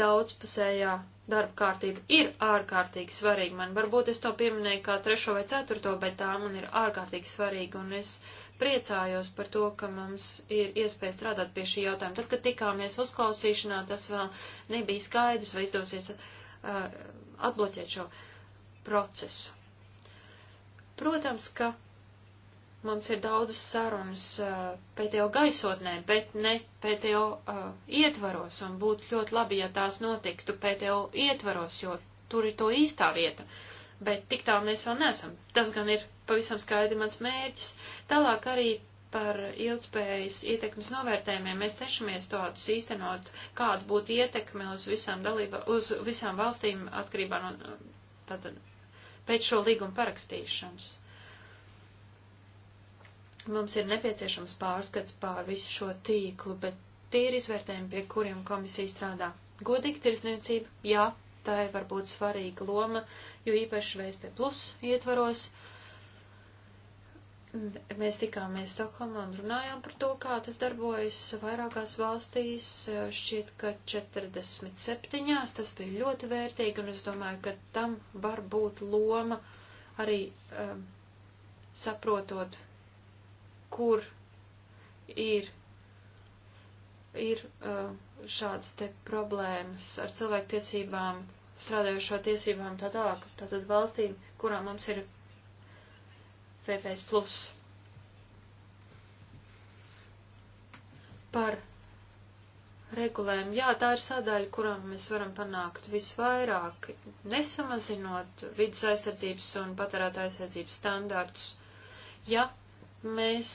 Daudzpusējā darba kārtība ir ārkārtīgi svarīga. Man varbūt es to pieminēju kā trešo vai ceturto, bet tā man ir ārkārtīgi svarīga, un es priecājos par to, ka mums ir iespēja strādāt pie šī jautājuma. Tad, kad tikāmies uzklausīšanā, tas vēl nebija skaidrs, vai izdosies uh, atbloķēt šo procesu. Protams, ka mums ir daudzas sarunas uh, pēdējo gaisotnē, bet ne pēdējo uh, ietvaros, un būtu ļoti labi, ja tās notiktu pēdējo ietvaros, jo tur ir to īstā vieta. Bet tik tālu mēs vēl neesam. Tas gan ir pavisam skaidri mans mērķis. Tālāk arī par ilgspējas ietekmes novērtējumiem. Mēs cešamies tādus īstenot, kāda būtu ietekme uz visām, dalība, uz visām valstīm atkarībā no tātad, pēc šo līgumu parakstīšanas. Mums ir nepieciešams pārskats pār visu šo tīklu, bet tie ir izvērtējumi, pie kuriem komisija strādā. Godīga tirsniecība, jā, tā ir varbūt svarīga loma, jo īpaši vēs pie plus ietvaros. Uh, Mēs tikāmies Stokholmā un runājām par to, kā tas darbojas vairākās valstīs. Šķiet, ka 47. tas bija ļoti vērtīgi, un es domāju, ka tam var būt loma arī um, saprotot, kur ir, ir um, šādas te problēmas ar cilvēktiesībām, strādājošo tiesībām tā tālāk, tātad valstīm, kurām mums ir VPS. Plus. Par regulējumu. Jā, tā ir sadaļa, kurām mēs varam panākt visvairāk, nesamazinot vidas aizsardzības un patērēta aizsardzības standārtus. Ja mēs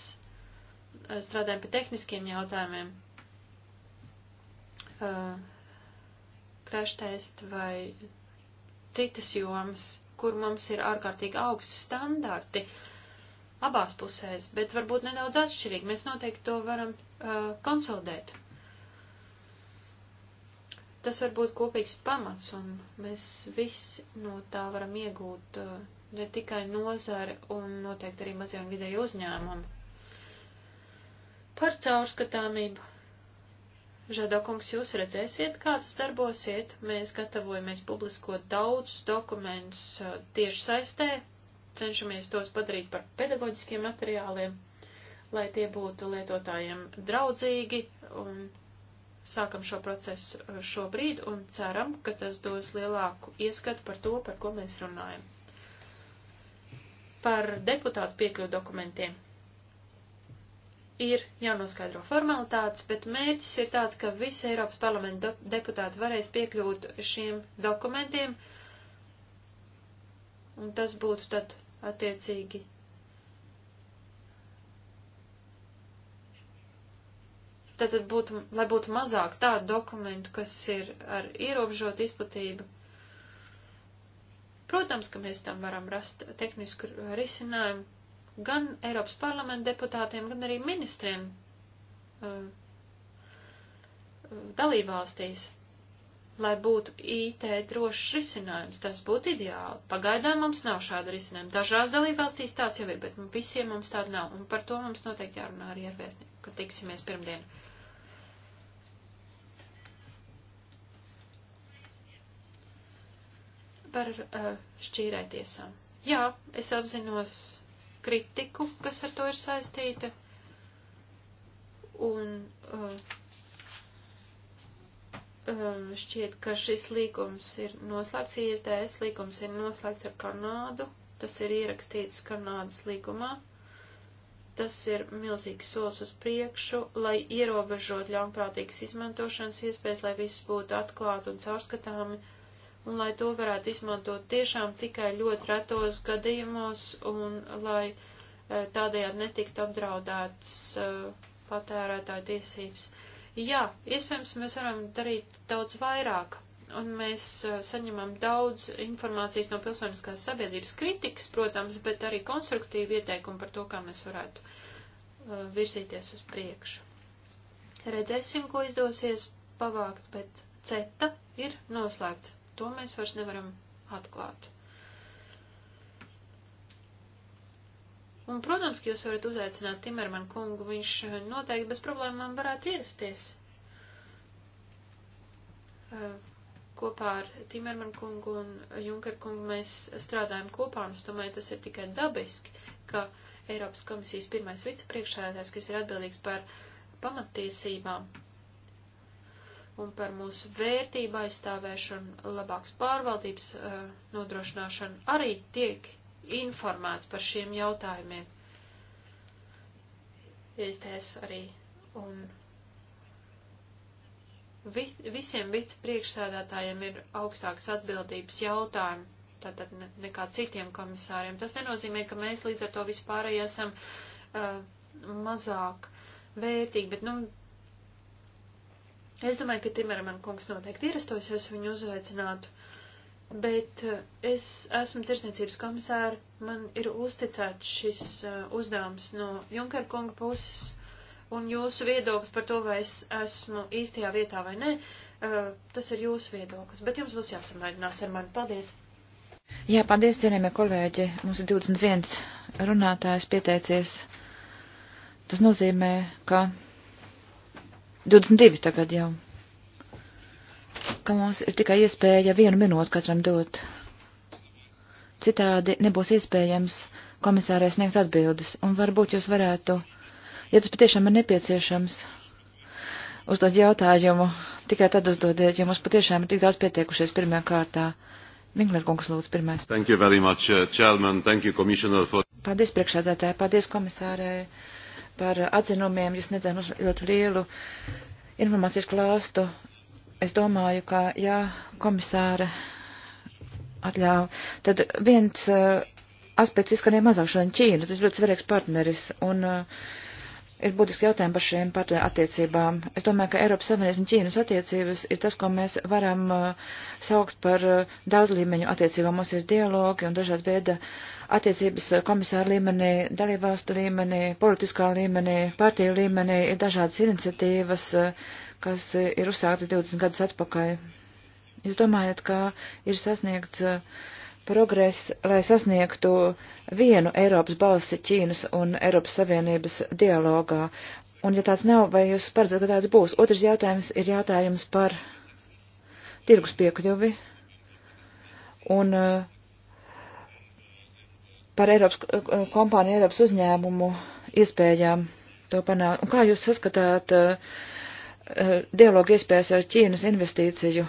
eh, strādājam pie tehniskiem jautājumiem, krashtest eh, vai citas jomas, kur mums ir ārkārtīgi augsti standarti, uh, abās pusēs, bet varbūt nedaudz atšķirīgi. Mēs noteikti to varam uh, konsolidēt. Tas var būt kopīgs pamats, un mēs visi no tā varam iegūt uh, ne tikai nozare un noteikti arī mazie un vidēji uzņēmumi. Par caurskatāmību. Žadokungs, jūs redzēsiet, kā tas darbosiet. Mēs gatavojamies publiskot daudzus dokumentus uh, tieši saistē, cenšamies tos padarīt par pedagoģiskiem materiāliem, lai tie būtu lietotājiem draudzīgi un sākam šo procesu uh, šobrīd un ceram, ka tas dos lielāku ieskatu par to, par ko mēs runājam. Par deputātu piekļuvu dokumentiem ir jānoskaidro formalitātes, bet mērķis ir tāds, ka visi Eiropas parlamenta deputāti varēs piekļūt šiem dokumentiem, uh, Un tas būtu tad attiecīgi. Tad būtu, lai būtu mazāk tādu dokumentu, kas ir ar ierobežotu izplatību. Protams, ka mēs tam varam rast tehnisku risinājumu gan Eiropas parlamenta deputātiem, gan arī ministriem dalībvalstīs. Uh, uh, lai būtu IT drošs risinājums. Tas būtu ideāli. Pagaidām mums nav šāda risinājuma. Dažās dalībvalstīs tāds jau ir, bet visiem mums tāda nav. Un par to mums noteikti jārunā arī ar vēstnieku, kad tiksimies pirmdien. Par uh, šķīrētiesām. Jā, es apzinos kritiku, kas ar to ir saistīta. Un uh, um, šķiet, ka šis līgums ir noslēgts, ISDS līgums ir noslēgts ar Kanādu, tas ir ierakstīts Kanādas līgumā. Tas ir milzīgs solis uz priekšu, lai ierobežot ļaunprātīgas izmantošanas iespējas, lai viss būtu atklāti un caurskatāmi, un lai to varētu izmantot tiešām tikai ļoti retos gadījumos, un lai eh, tādējādi netiktu apdraudēts uh, patērētāju tiesības. Uh, Jā, iespējams, mēs varam darīt daudz vairāk, un mēs eh, saņemam daudz informācijas no pilsoniskās sabiedrības kritikas, protams, bet arī konstruktīvi ieteikumi par to, kā mēs varētu uh, virzīties uz priekšu. Redzēsim, ko izdosies pavākt, bet ceta ir noslēgts. To mēs vairs nevaram atklāt. Un, protams, ka jūs varat uzaicināt Timerman kungu, viņš eh, noteikti bez problēmām varētu ierasties. Eh, kopā ar Timerman kungu un Junker kungu mēs strādājam kopā, un es domāju, tas ir tikai dabiski, ka Eiropas komisijas pirmais vicepriekšsēdētājs, kas ir atbildīgs par pamattiesībām un par mūsu vērtību aizstāvēšanu, labāks pārvaldības uh, nodrošināšanu arī tiek informēts par šiem jautājumiem. Iestēs arī un vis, visiem vicepriekšsēdētājiem ir augstāks atbildības jautājumi, tātad ne, nekā citiem komisāriem. Tas nenozīmē, ka mēs līdz ar to vispārēji esam uh, mazāk vērtīgi, bet, nu, es domāju, ka Timerman kungs noteikti ierastos, es viņu uzveicinātu. Uh, bet eh, es esmu tirsniecības komisāra, man ir uzticēts šis eh, uzdevums no Junkera kunga puses, un jūsu viedoklis par to, vai es esmu īstajā vietā vai nē, eh, tas ir jūsu viedoklis, bet jums būs jāsamēģinās ar mani. Paldies! Jā, paldies, cienījamie kolēģi. Mums ir 21 runātājs pieteicies. Tas nozīmē, ka 22 tagad jau ka mums ir tikai iespēja vienu minūtu katram dot. Citādi nebūs iespējams komisārai sniegt atbildes, un varbūt jūs varētu, ja tas patiešām ir nepieciešams, uzdot jautājumu, tikai tad uzdodiet, ja mums patiešām ir tik daudz pietiekušies pirmajā kārtā. Vinklēr kungs lūdzu pirmais. Thank you very much, uh, Chairman. Thank you, Commissioner, for... Paldies priekšādātāji, paldies komisārai par atzinumiem. Jūs nedzēnu ļoti lielu informācijas klāstu es domāju, ka, ja komisāra atļauj, tad viens uh, aspekts izskanēja mazāk šodien Ķīna, tas ļoti svarīgs partneris, un uh, ir būtiski jautājumi par šiem partneru attiecībām. Es domāju, ka Eiropas Savienības un Ķīnas attiecības ir tas, ko mēs varam uh, saukt par uh, daudzlīmeņu attiecībām. Mums ir dialogi un dažādi veida attiecības komisāra līmenī, dalībvalstu līmenī, politiskā līmenī, partiju līmenī, ir dažādas iniciatīvas. Uh, kas ir uzsākts 20 gadus atpakaļ. Jūs domājat, ka ir sasniegts uh, progress, lai sasniegtu vienu Eiropas balsi Ķīnas un Eiropas Savienības dialogā? Un ja tāds nav, vai jūs paredzat, ka tāds būs? Otrs jautājums ir jautājums par tirgus piekļuvi un uh, par Eiropas uh, kompāniju, Eiropas uzņēmumu iespējām to panākt. Un kā jūs saskatāt uh, Eh, dialogu iespējas ar Ķīnas investīciju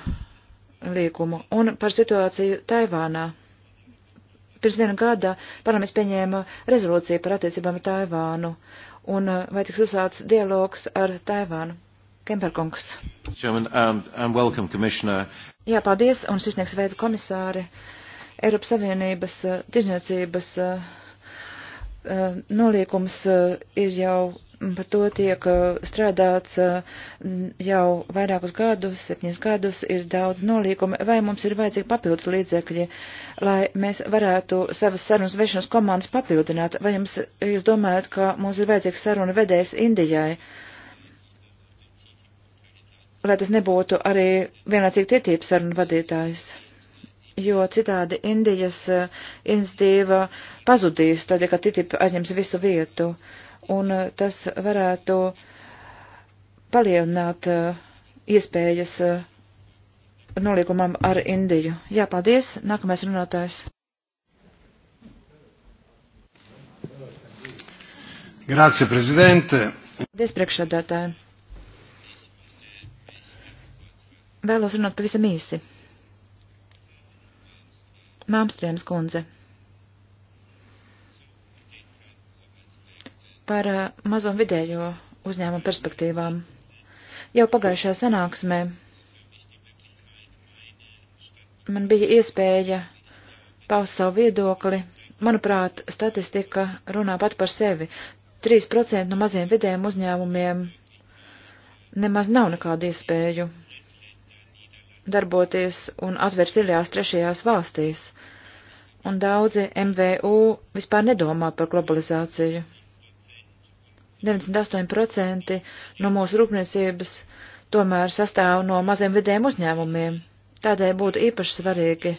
līgumu un par situāciju Taivānā. Pirms viena gada parlaments pieņēma rezolūciju par attiecībām ar Taivānu un eh, vai tiks uzsāts dialogs ar Taivānu. Kemperkungs. Jā, paldies un sisnieks veids komisāri. Eiropas Savienības eh, tirzniecības noliekums ir jau par to tiek uh, strādāts uh, jau vairākus gadus, septiņus gadus, ir daudz nolīgumi, vai mums ir vajadzīgi papildus līdzekļi, lai mēs varētu savas sarunas vešanas komandas papildināt, vai jums, jūs domājat, ka mums ir vajadzīgs saruna vedējs Indijai, lai tas nebūtu arī vienlaicīgi tietības saruna vadītājs? jo citādi Indijas uh, institīva pazudīs, tad, ja ka TTIP aizņems visu vietu. Uh, un eh, tas varētu palielināt eh, iespējas eh, noliekumam ar Indiju. Jā, paldies. Nākamais runātājs. Grācija, prezidente. Paldies, priekšsēdētāji. Vēlos runāt pavisam īsi. Māmstrēms kundze. par eh, mazo un vidējo uzņēmumu perspektīvām. Jau pagājušajā sanāksmē man bija iespēja paust savu viedokli. Manuprāt, statistika runā pat par sevi. 3% no maziem vidējiem uzņēmumiem nemaz nav nekādu iespēju darboties un atvērt filiāls trešajās valstīs, un daudzi MVU vispār nedomā par globalizāciju. 98% no mūsu rūpniecības tomēr sastāv no maziem vidējiem uzņēmumiem. Tādēļ būtu īpaši svarīgi,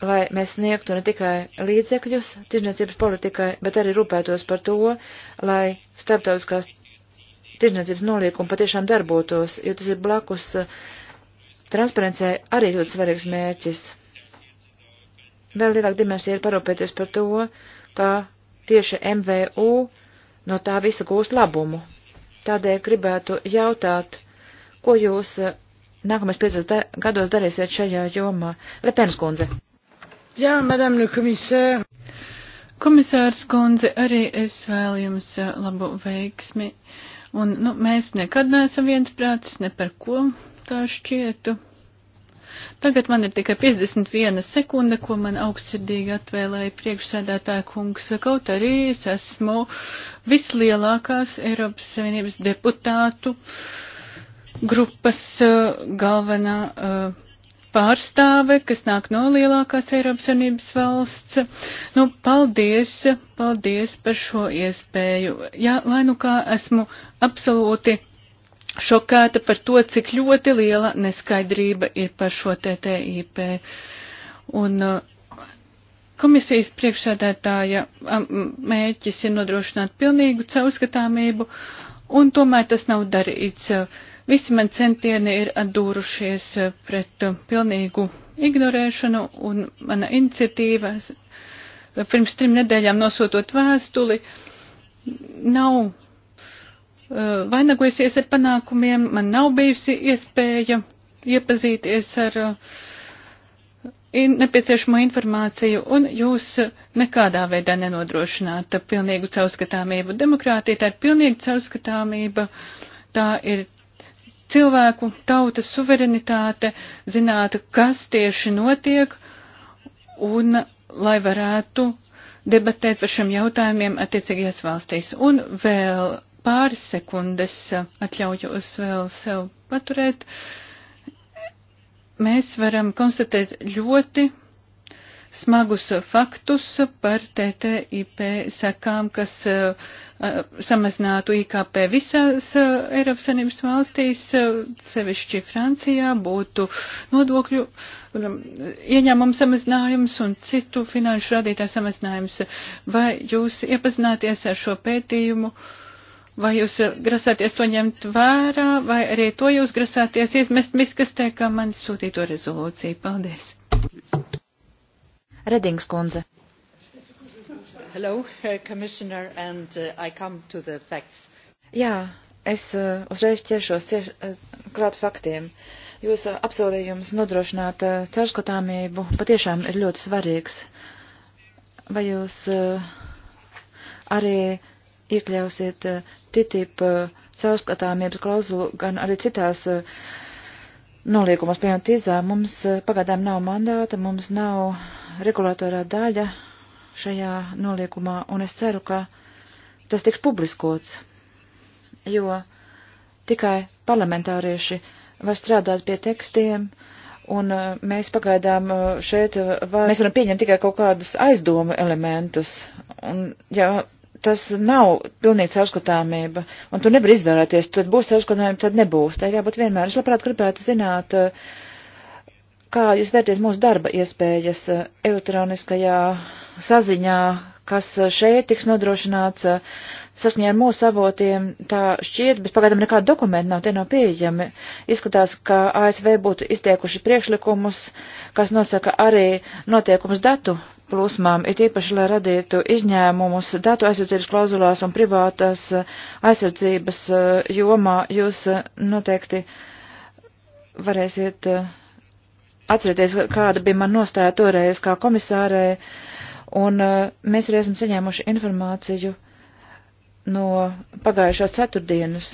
lai mēs sniegtu ne tikai līdzekļus tirzniecības politikai, bet arī rūpētos par to, lai starptautiskās tirzniecības noliekumi patiešām darbotos, jo tas ir blakus eh, transparencē arī ļoti svarīgs mērķis. Vēl lielāka dimensija ir parūpēties par to, kā tieši MVU no tā visa gūst labumu. Tādēļ gribētu jautāt, ko jūs eh, nākamais piecos da gados darīsiet šajā jomā. Lepens kundze. Jā, madam, le komisār. Komisārs kundze, arī es vēlu jums eh, labu veiksmi. Un, nu, mēs nekad neesam viensprātis ne par ko tā šķietu. Tagad man ir tikai 51 sekunde, ko man augstsirdīgi atvēlēja priekšsēdētāja kungs. Kaut arī es esmu vislielākās Eiropas Savienības deputātu grupas eh, galvenā eh, pārstāve, kas nāk no lielākās Eiropas Savienības valsts. Nu, paldies, paldies par šo iespēju. Jā, lai nu kā esmu absolūti šokēta par to, cik ļoti liela neskaidrība ir par šo TTIP. Un uh, komisijas priekšsēdētāja um, mērķis ir nodrošināt pilnīgu caurskatāmību, un tomēr tas nav darīts. Visi man centieni ir atdūrušies uh, pret uh, pilnīgu ignorēšanu, un mana iniciatīva pirms trim nedēļām nosūtot vēstuli nav Eh, vainagojusies ar panākumiem, man nav bijusi iespēja iepazīties ar eh, nepieciešamo informāciju, un jūs nekādā veidā nenodrošināt pilnīgu caurskatāmību. Demokrātija tā ir pilnīga caurskatāmība, tā ir cilvēku tautas suverenitāte, zināt, kas tieši notiek, un lai varētu debatēt par šiem jautājumiem attiecīgajās valstīs. Un vēl pāris sekundes atļaujos vēl sev paturēt, mēs varam konstatēt ļoti smagus faktus par TTIP sekām, kas samazinātu IKP visās Eiropas Savienības valstīs, sevišķi Francijā, būtu nodokļu ieņēmumu samazinājums un citu finanšu radītāju samazinājums. Vai jūs iepazināties ar šo pētījumu? Uh, Vai jūs grasāties to ņemt vērā, vai arī to jūs grasāties izmest miskastē, kā man sūtīto rezolūciju? Paldies! Redings kundze. Hello, uh, Commissioner, and uh, I come to the facts. Jā, es uh, uzreiz ķeršos cieš, uh, klāt faktiem. Jūsu uh, apsolījums nodrošināt uh, caurskatāmību patiešām ir ļoti svarīgs. Vai jūs uh, arī uh, iekļausiet eh, TTIP caurskatāmības eh, klauzulu gan arī citās eh, noliekumos, piemēram, TIZā. Mums pagaidām nav mandāta, mums nav regulatorā daļa šajā noliekumā, un es ceru, ka tas tiks publiskots, jo tikai parlamentārieši var strādāt pie tekstiem, un mēs pagaidām šeit var, mēs varam pieņemt tikai kaut kādus aizdomu elementus, un ja tas nav pilnīgi caurskatāmība, un tu nevar izvēlēties, tad būs caurskatāmība, tad nebūs. Tā ir jābūt vienmēr. Es labprāt gribētu zināt, eh, kā jūs vērties mūsu darba iespējas eh, elektroniskajā saziņā, kas eh, šeit tiks nodrošināts saskaņā ar mūsu avotiem tā šķiet, bet pagaidām nekāda dokumenta nav, tie nav pieejami. Izskatās, ka ASV būtu izteikuši priekšlikumus, kas nosaka arī notiekumus datu plūsmām, it īpaši, lai radītu izņēmumus datu aizsardzības klauzulās un privātās aizsardzības eh, jomā. Jūs eh, noteikti varēsiet eh, atcerieties, kāda bija man nostāja toreiz kā komisārei, un mēs arī esam saņēmuši informāciju no pagājušās ceturtdienas,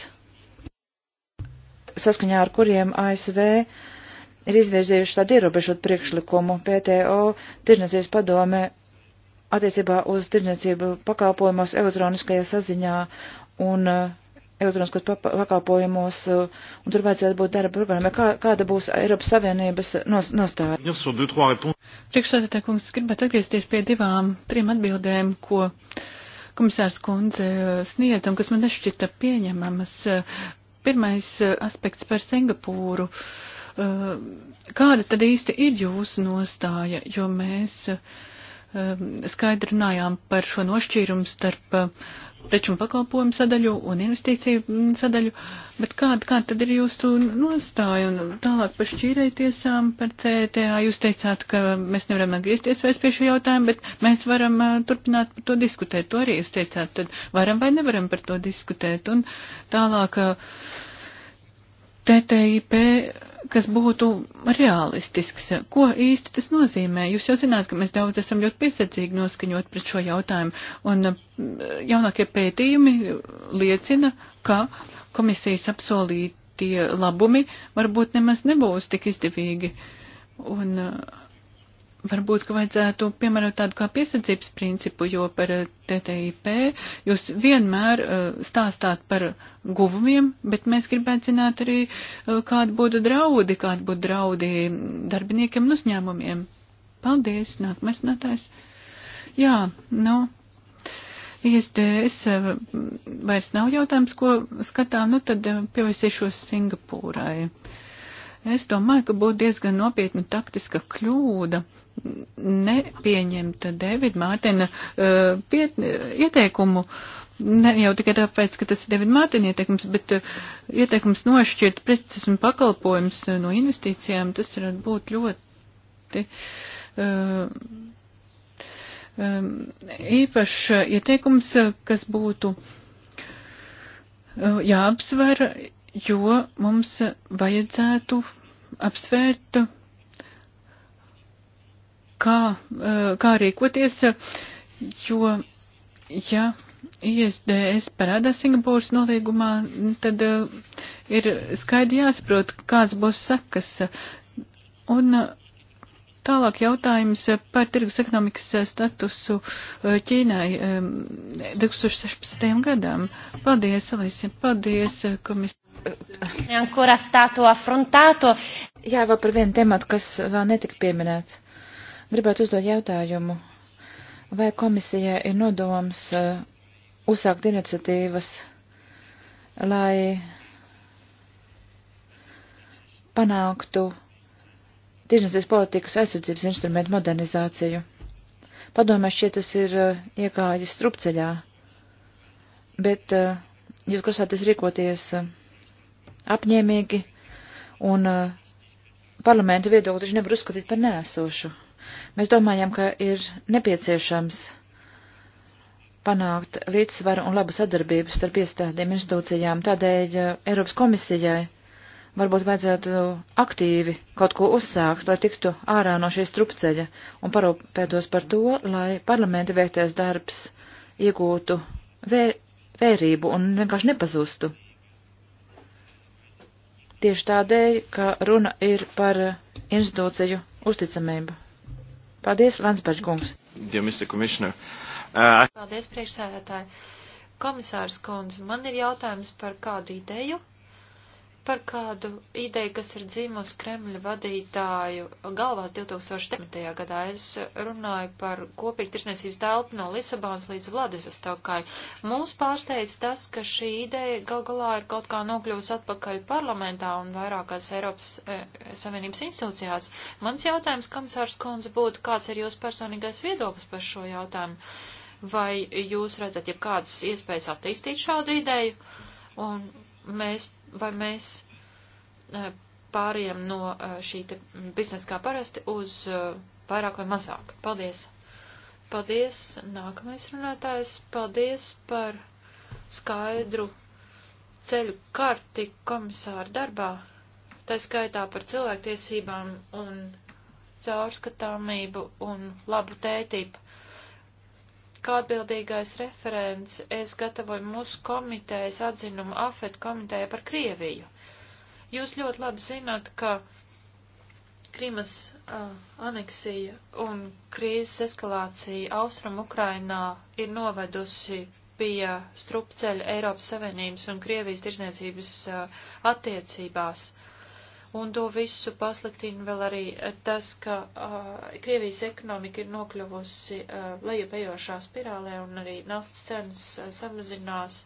saskaņā ar kuriem ASV ir izvirzījuši tādu ierobežotu priekšlikumu PTO tirnācijas padome attiecībā uz tirniecību pakalpojumos elektroniskajā saziņā un eh, elektroniskos pakalpojumos, eh, un tur vajadzētu būt darba programma. Kā, kāda būs Eiropas Savienības nostāja? Priekšsēdētāj kungs, gribētu atgriezties pie divām, trim atbildēm, ko uh, komisārs kundze eh, sniedz un kas man nešķita pieņemamas. Eh, pirmais eh, aspekts par Singapūru. Kāda tad īsti ir jūsu nostāja, jo mēs uh, Um, skaidri runājām par šo nošķīrumu starp uh, preču un pakalpojumu sadaļu un investīciju mm, sadaļu, bet kāda, kāda tad ir jūsu nostāja un tālāk par šķīrētiesām, par CTA? Jūs teicāt, ka mēs nevaram atgriezties vairs pie šī jautājuma, bet mēs varam uh, turpināt par to diskutēt. To arī jūs teicāt, tad varam vai nevaram par to diskutēt. Un tālāk. Uh, TTIP, kas būtu realistisks. Ko īsti tas nozīmē? Jūs jau zināt, ka mēs daudz esam ļoti piesardzīgi noskaņot pret šo jautājumu, un mm, jaunākie pētījumi liecina, ka komisijas apsolītie labumi varbūt nemaz nebūs tik izdevīgi. Un uh, varbūt, ka vajadzētu piemērot tādu kā piesardzības principu, jo par eh, TTIP jūs vienmēr eh, stāstāt par guvumiem, bet mēs gribētu zināt arī, eh, kādi būtu draudi, kādi būtu draudi darbiniekiem un uzņēmumiem. Paldies, nākamais nātājs. Jā, nu. ISDS vairs nav jautājums, ko skatām, nu tad pievērsīšos Singapūrai. Uh, Es domāju, ka būtu diezgan nopietna taktiska kļūda nepieņemt Davida Mārtena uh, eh, piet, ieteikumu. Ne jau tikai tāpēc, ka tas ir Davida Mārtiņa ieteikums, bet uh, ieteikums nošķirt preces un pakalpojums uh, no investīcijām, tas var būt ļoti uh, um, īpašs ieteikums, kas būtu uh, jāapsver jo mums vajadzētu apsvērt, kā, eh, kā rīkoties, jo, ja ISDS parādās Singapūras nolīgumā, tad eh, ir skaidri jāsaprot, kāds būs sakas. Un eh, tālāk jautājums par tirgus ekonomikas statusu Ķīnai 2016. gadam. Paldies, Alise, paldies, komisija ancora stato affrontato. Jā, vēl par vienu tematu, kas vēl netika pieminēts. Gribētu uzdot jautājumu, vai komisija ir nodoms uh, uzsākt iniciatīvas, lai panāktu tirzniecības politikas aizsardzības instrumentu modernizāciju. Padomē, šķiet, tas ir uh, iekājis strupceļā, bet uh, jūs grasāties rīkoties uh, apņēmīgi, un uh, parlamenta viedokli taču nevar uzskatīt par nēsošu. Mēs domājam, ka ir nepieciešams panākt līdzsvaru un labu sadarbību starp iestādēm institūcijām. Tādēļ uh, Eiropas komisijai varbūt vajadzētu aktīvi kaut ko uzsākt, lai tiktu ārā no šīs trupceļa un parūpētos par to, lai parlamenta veiktais darbs iegūtu vē vērību un vienkārši nepazustu. Tieši tādēļ, ka runa ir par eh, institūciju uzticamību. Paldies, Landsberg kungs. Dear Mr. Commissioner. Uh, Paldies, priekšsēdētāji. Komisārs kundze, man ir jautājums par kādu ideju, par kādu ideju, kas ir dzimusi Kremļa vadītāju galvās 2010. gadā. Es runāju par kopīgu tirsniecības telpu no Lisabonas līdz Vladivostokai. Mūs pārsteidz tas, ka šī ideja gal galā ir kaut kā nokļuvusi atpakaļ parlamentā un vairākās Eiropas e, Savienības institūcijās. Mans jautājums, komisārs Kundze, būtu, kāds ir jūsu personīgais viedoklis par šo jautājumu? Vai jūs redzat, ja kādas iespējas attīstīt šādu ideju? Un mēs vai mēs eh, pāriem no eh, šī biznesa kā parasti uz eh, vairāk vai mazāk. Paldies! Paldies, nākamais runātājs, paldies par skaidru ceļu karti komisāra darbā, tā skaitā par cilvēktiesībām un caurskatāmību un labu tētību. Kā atbildīgais referents, es gatavoju mūsu komitejas atzinumu AFET komitejai par Krieviju. Jūs ļoti labi zināt, ka Krimas uh, aneksija un krīzes eskalācija Austrum Ukrainā ir novedusi pie strupceļa Eiropas Savienības un Krievijas tirzniecības uh, attiecībās. Un to visu pasliktina vēl arī tas, ka uh, Krievijas ekonomika ir nokļuvusi uh, lejupējošā spirālē un arī naftas cenas uh, samazinās.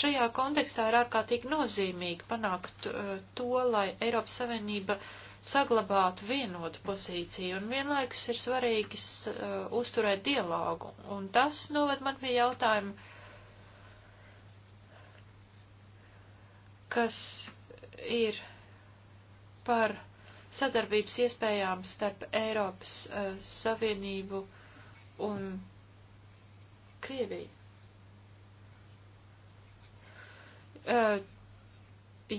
Šajā kontekstā ir ārkārtīgi nozīmīgi panākt uh, to, lai Eiropas Savienība saglabātu vienotu pozīciju un vienlaikus ir svarīgi uh, uzturēt dialogu. Un tas noved man pie jautājuma, kas ir par sadarbības iespējām starp Eiropas uh, Savienību un Krieviju. Uh,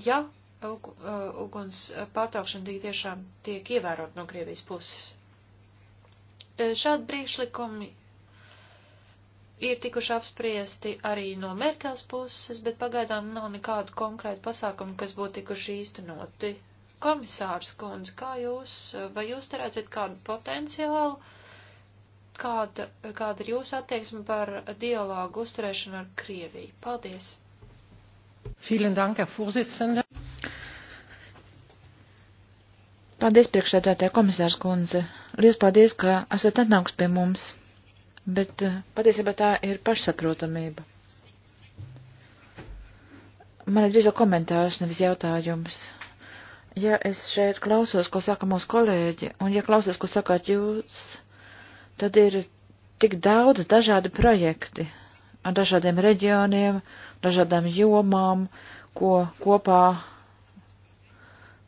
ja ug, uh, eh, uguns pārtraukšana tik tiešām tiek ievērot no Krievijas puses. Šādi priekšlikumi ir tikuši apspriesti arī no Merkels puses, bet pagaidām nav nekādu konkrētu pasākumu, kas būtu tikuši īstenoti. Komisārs kundze, kā jūs, vai jūs te redzat kādu potenciālu, kāda, kāda ir jūsu attieksme par dialogu uzturēšanu ar Krieviju? Paldies! Vielen Dank, Herr Vorsitzender. Paldies, priekšsēdētāja komisārs kundze. Lies paldies, ka esat atnāks pie mums. Bet eh, patiesībā tā ir pašsaprotamība man ir drīzāk komentārs, nevis jautājums ja es šeit klausos, ko saka mūsu kolēģi, un ja klausos, ko sakāt jūs, tad ir tik daudz dažādi projekti ar dažādiem reģioniem, dažādām jomām, ko kopā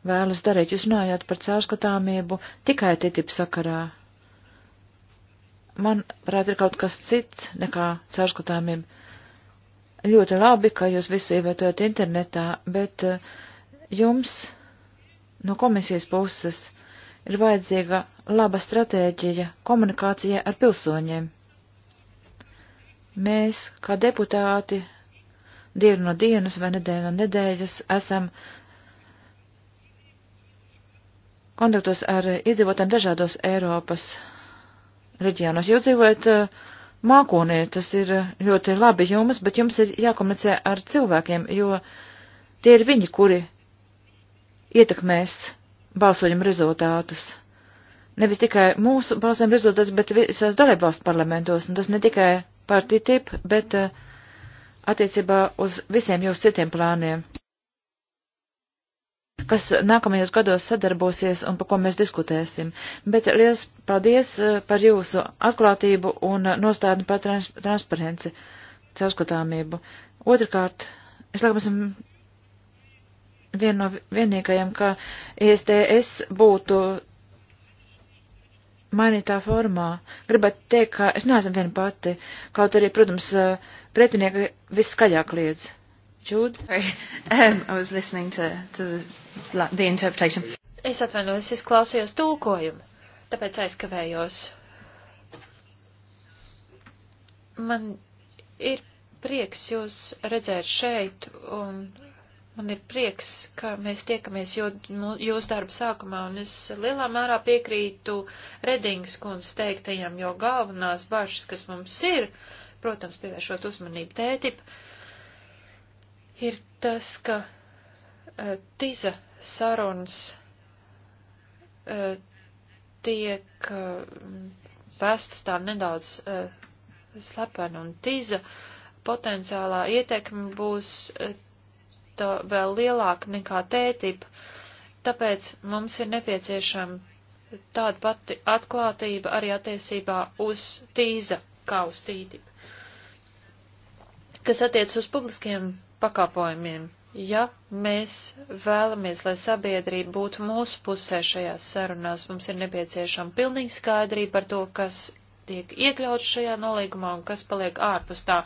vēlas darīt. Jūs runājāt par caurskatāmību tikai TTIP sakarā. Man, prāt, ir kaut kas cits nekā caurskatāmība. Ļoti labi, ka jūs visu ievietojat internetā, bet eh, jums no komisijas puses ir vajadzīga laba stratēģija komunikācijai ar pilsoņiem. Mēs, kā deputāti, dienu no dienas vai nedēļu no nedēļas esam kontaktos ar iedzīvotājiem dažādos Eiropas reģionos. Jūs dzīvojat uh, mākonī, tas ir ļoti labi jums, bet jums ir jākomunicē ar cilvēkiem, jo tie ir viņi, kuri ietekmēs balsojuma rezultātus. Nevis tikai mūsu balsojuma rezultātus, bet visās dalībvalstu parlamentos, un tas ne tikai par TTIP, bet eh, attiecībā uz visiem jūsu citiem plāniem, kas nākamajos gados sadarbosies un par ko mēs diskutēsim. Bet liels paldies eh, par jūsu atklātību un nostādni par trans transparenci, caurskatāmību. Otrakārt, es laikam esmu viena no vienīgajiem, ka ISDS būtu mainītā formā. Gribētu teikt, ka es neesmu viena pati, kaut arī, protams, pretinieki viskaļāk liedz. Čūd? Um, I was listening to, to the, the interpretation. Es atvainojos, es klausījos tulkojumu, tāpēc aizkavējos. Man ir prieks jūs redzēt šeit un Man ir prieks, ka mēs tiekamies nu, jūsu darba sākumā, un es lielā mērā piekrītu Redingas kundzes teiktajam, jo galvenās bažas, kas mums ir, protams, pievēršot uzmanību tētip, ir tas, ka uh, tiza sarunas uh, tiek uh, e, vēstas tā nedaudz uh, slepeni, un tiza potenciālā ietekme būs. Uh, pat vēl lielāka nekā tētip, tāpēc mums ir nepieciešama tāda pati atklātība arī attiecībā uz tīza kā uz tītip. Kas attiec uz publiskiem pakāpojumiem, ja mēs vēlamies, lai sabiedrība būtu mūsu pusē šajās sarunās, mums ir nepieciešama pilnīga skaidrība par to, kas tiek iekļauts šajā nolīgumā un kas paliek ārpus tā.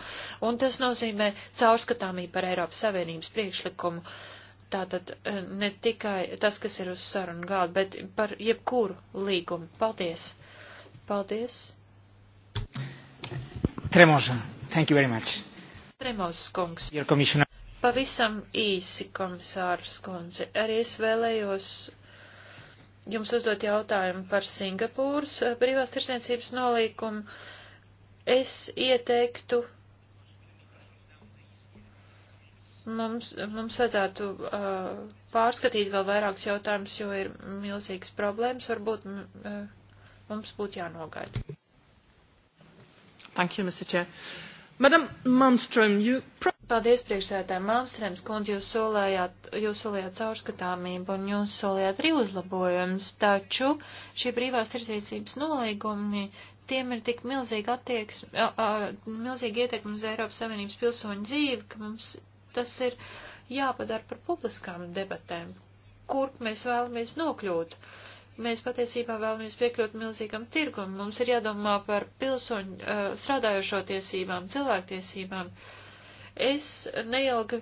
Un tas nozīmē caurskatāmību par Eiropas Savienības priekšlikumu. Tātad eh, ne tikai tas, kas ir uz sarunu galda, bet par jebkuru līgumu. Paldies! Paldies! Tremoža, thank you very much. Tremozas kungs. Pavisam īsi, komisārs kundze. Arī es vēlējos jums uzdot jautājumu par Singapūras eh, brīvās tirsniecības nolīkumu. Es ieteiktu Mums, mums vajadzētu uh, pārskatīt vēl vairākus jautājumus, jo ir milzīgas problēmas. Varbūt uh, mums būtu jānogaida. Thank you, Mr. Chair. Madam Malmström, you... Paldies, priekšsēdētājiem. Malmstrēms kundze, jūs solējāt, jūs solējāt caurskatāmību un jūs solējāt arī uzlabojums, taču šī brīvās tirdzniecības nolīgumi, tiem ir tik milzīga attieks, a, a, milzīga ietekme uz Eiropas Savienības pilsoņu dzīvi, ka mums tas ir jāpadara par publiskām debatēm, kur mēs vēlamies nokļūt. Mēs patiesībā vēlamies piekļūt milzīgam tirgum. Mums ir jādomā par pilsoņu strādājošo tiesībām, cilvēktiesībām. Uh, Es neilgi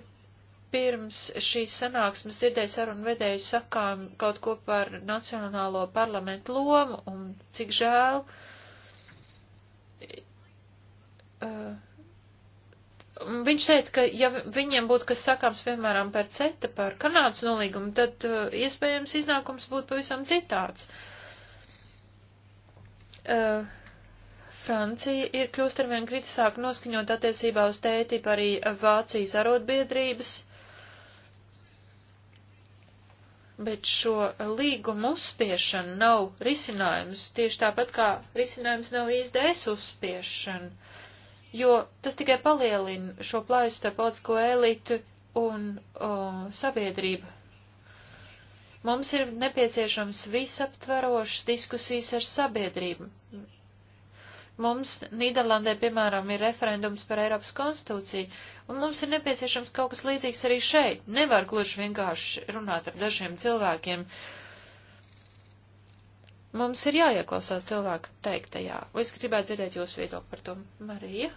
pirms šīs sanāksmes dzirdēju sarunu vedēju sakām kaut ko par nacionālo parlamentu lomu un cik žēl. Uh, viņš teica, ka ja viņiem būtu kas sakāms, piemēram, par CETA, par Kanādas nolīgumu, tad uh, iespējams iznākums būtu pavisam citāds. Uh, Francija ir kļūst ar vien kritisāk noskaņot attiecībā uz tētību arī Vācijas arotbiedrības, bet šo līgumu uzspiešana nav risinājums, tieši tāpat kā risinājums nav īsdēs uzspiešana, jo tas tikai palielina šo plājus starp politisko elitu un o, sabiedrību. Mums ir nepieciešams visaptvarošas diskusijas ar sabiedrību Mums Nīderlandē, piemēram, ir referendums par Eiropas konstitūciju, un mums ir nepieciešams kaut kas līdzīgs arī šeit. Nevar gluži vienkārši runāt ar dažiem cilvēkiem. Mums ir jāieklausās cilvēku teiktajā. Es gribētu dzirdēt jūsu viedokli par to, Marija.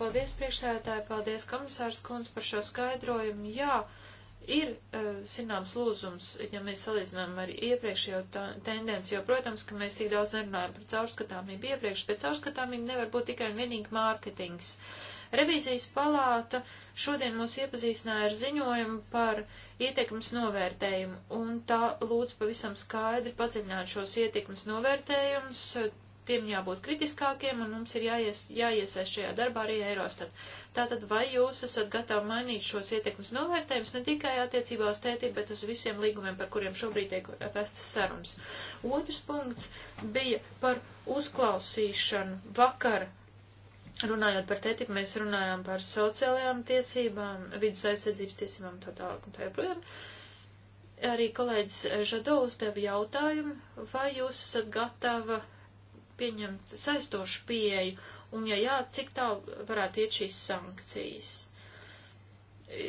Paldies, priekšsēdētāji, paldies, komisārs Kunz, par šo skaidrojumu. Jā. Uh, ir, uh, zināms, lūzums, ja mēs salīdzinām ar iepriekšējo tendenci, jo, protams, ka mēs tik daudz nerunājam par caurskatāmību iepriekš, bet caurskatāmība nevar būt tikai un vienīgi mārketings. Revīzijas palāta šodien mūs iepazīstināja ar ziņojumu par ietekmes novērtējumu, un tā lūdz pavisam skaidri padziļināt šos ietekmes novērtējumus, tiem jābūt kritiskākiem un mums ir jāies, jāiesaist šajā darbā arī Eirostat. Tātad, vai jūs esat gatavi mainīt šos ietekmes novērtējumus ne tikai attiecībā uz tētību, bet uz visiem līgumiem, par kuriem šobrīd tiek vestas sarunas? Otrs punkts bija par uzklausīšanu vakar. Runājot par tētību, mēs runājām par sociālajām tiesībām, vidas aizsardzības tiesībām, tā tālāk un tā joprojām. Arī kolēģis Žado uzdeva jautājumu, vai jūs esat gatava uh, pieņemt saistošu pieeju, un ja jā, cik tālu varētu iet šīs sankcijas. E,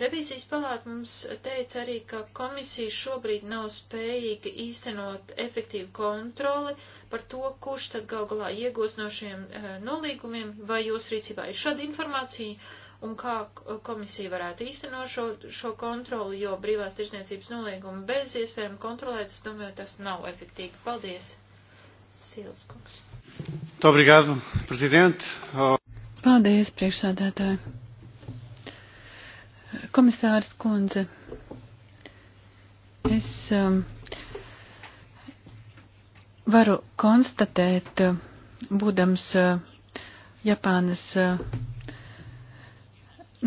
revīzijas palāta mums teica arī, ka komisija šobrīd nav spējīga īstenot efektīvu kontroli par to, kurš tad gal galā iegūs no šiem e, nolīgumiem, vai jūs rīcībā ir šāda informācija, un kā komisija varētu īstenot šo, šo kontroli, jo brīvās tirsniecības nolīguma bez iespējām kontrolēt, es domāju, tas nav efektīvi. Paldies! Sīles kungs. Obrigado, prezident. Paldies, priekšsādātāji. Komisārs kundze, es um, varu konstatēt, būdams uh, Japānas uh,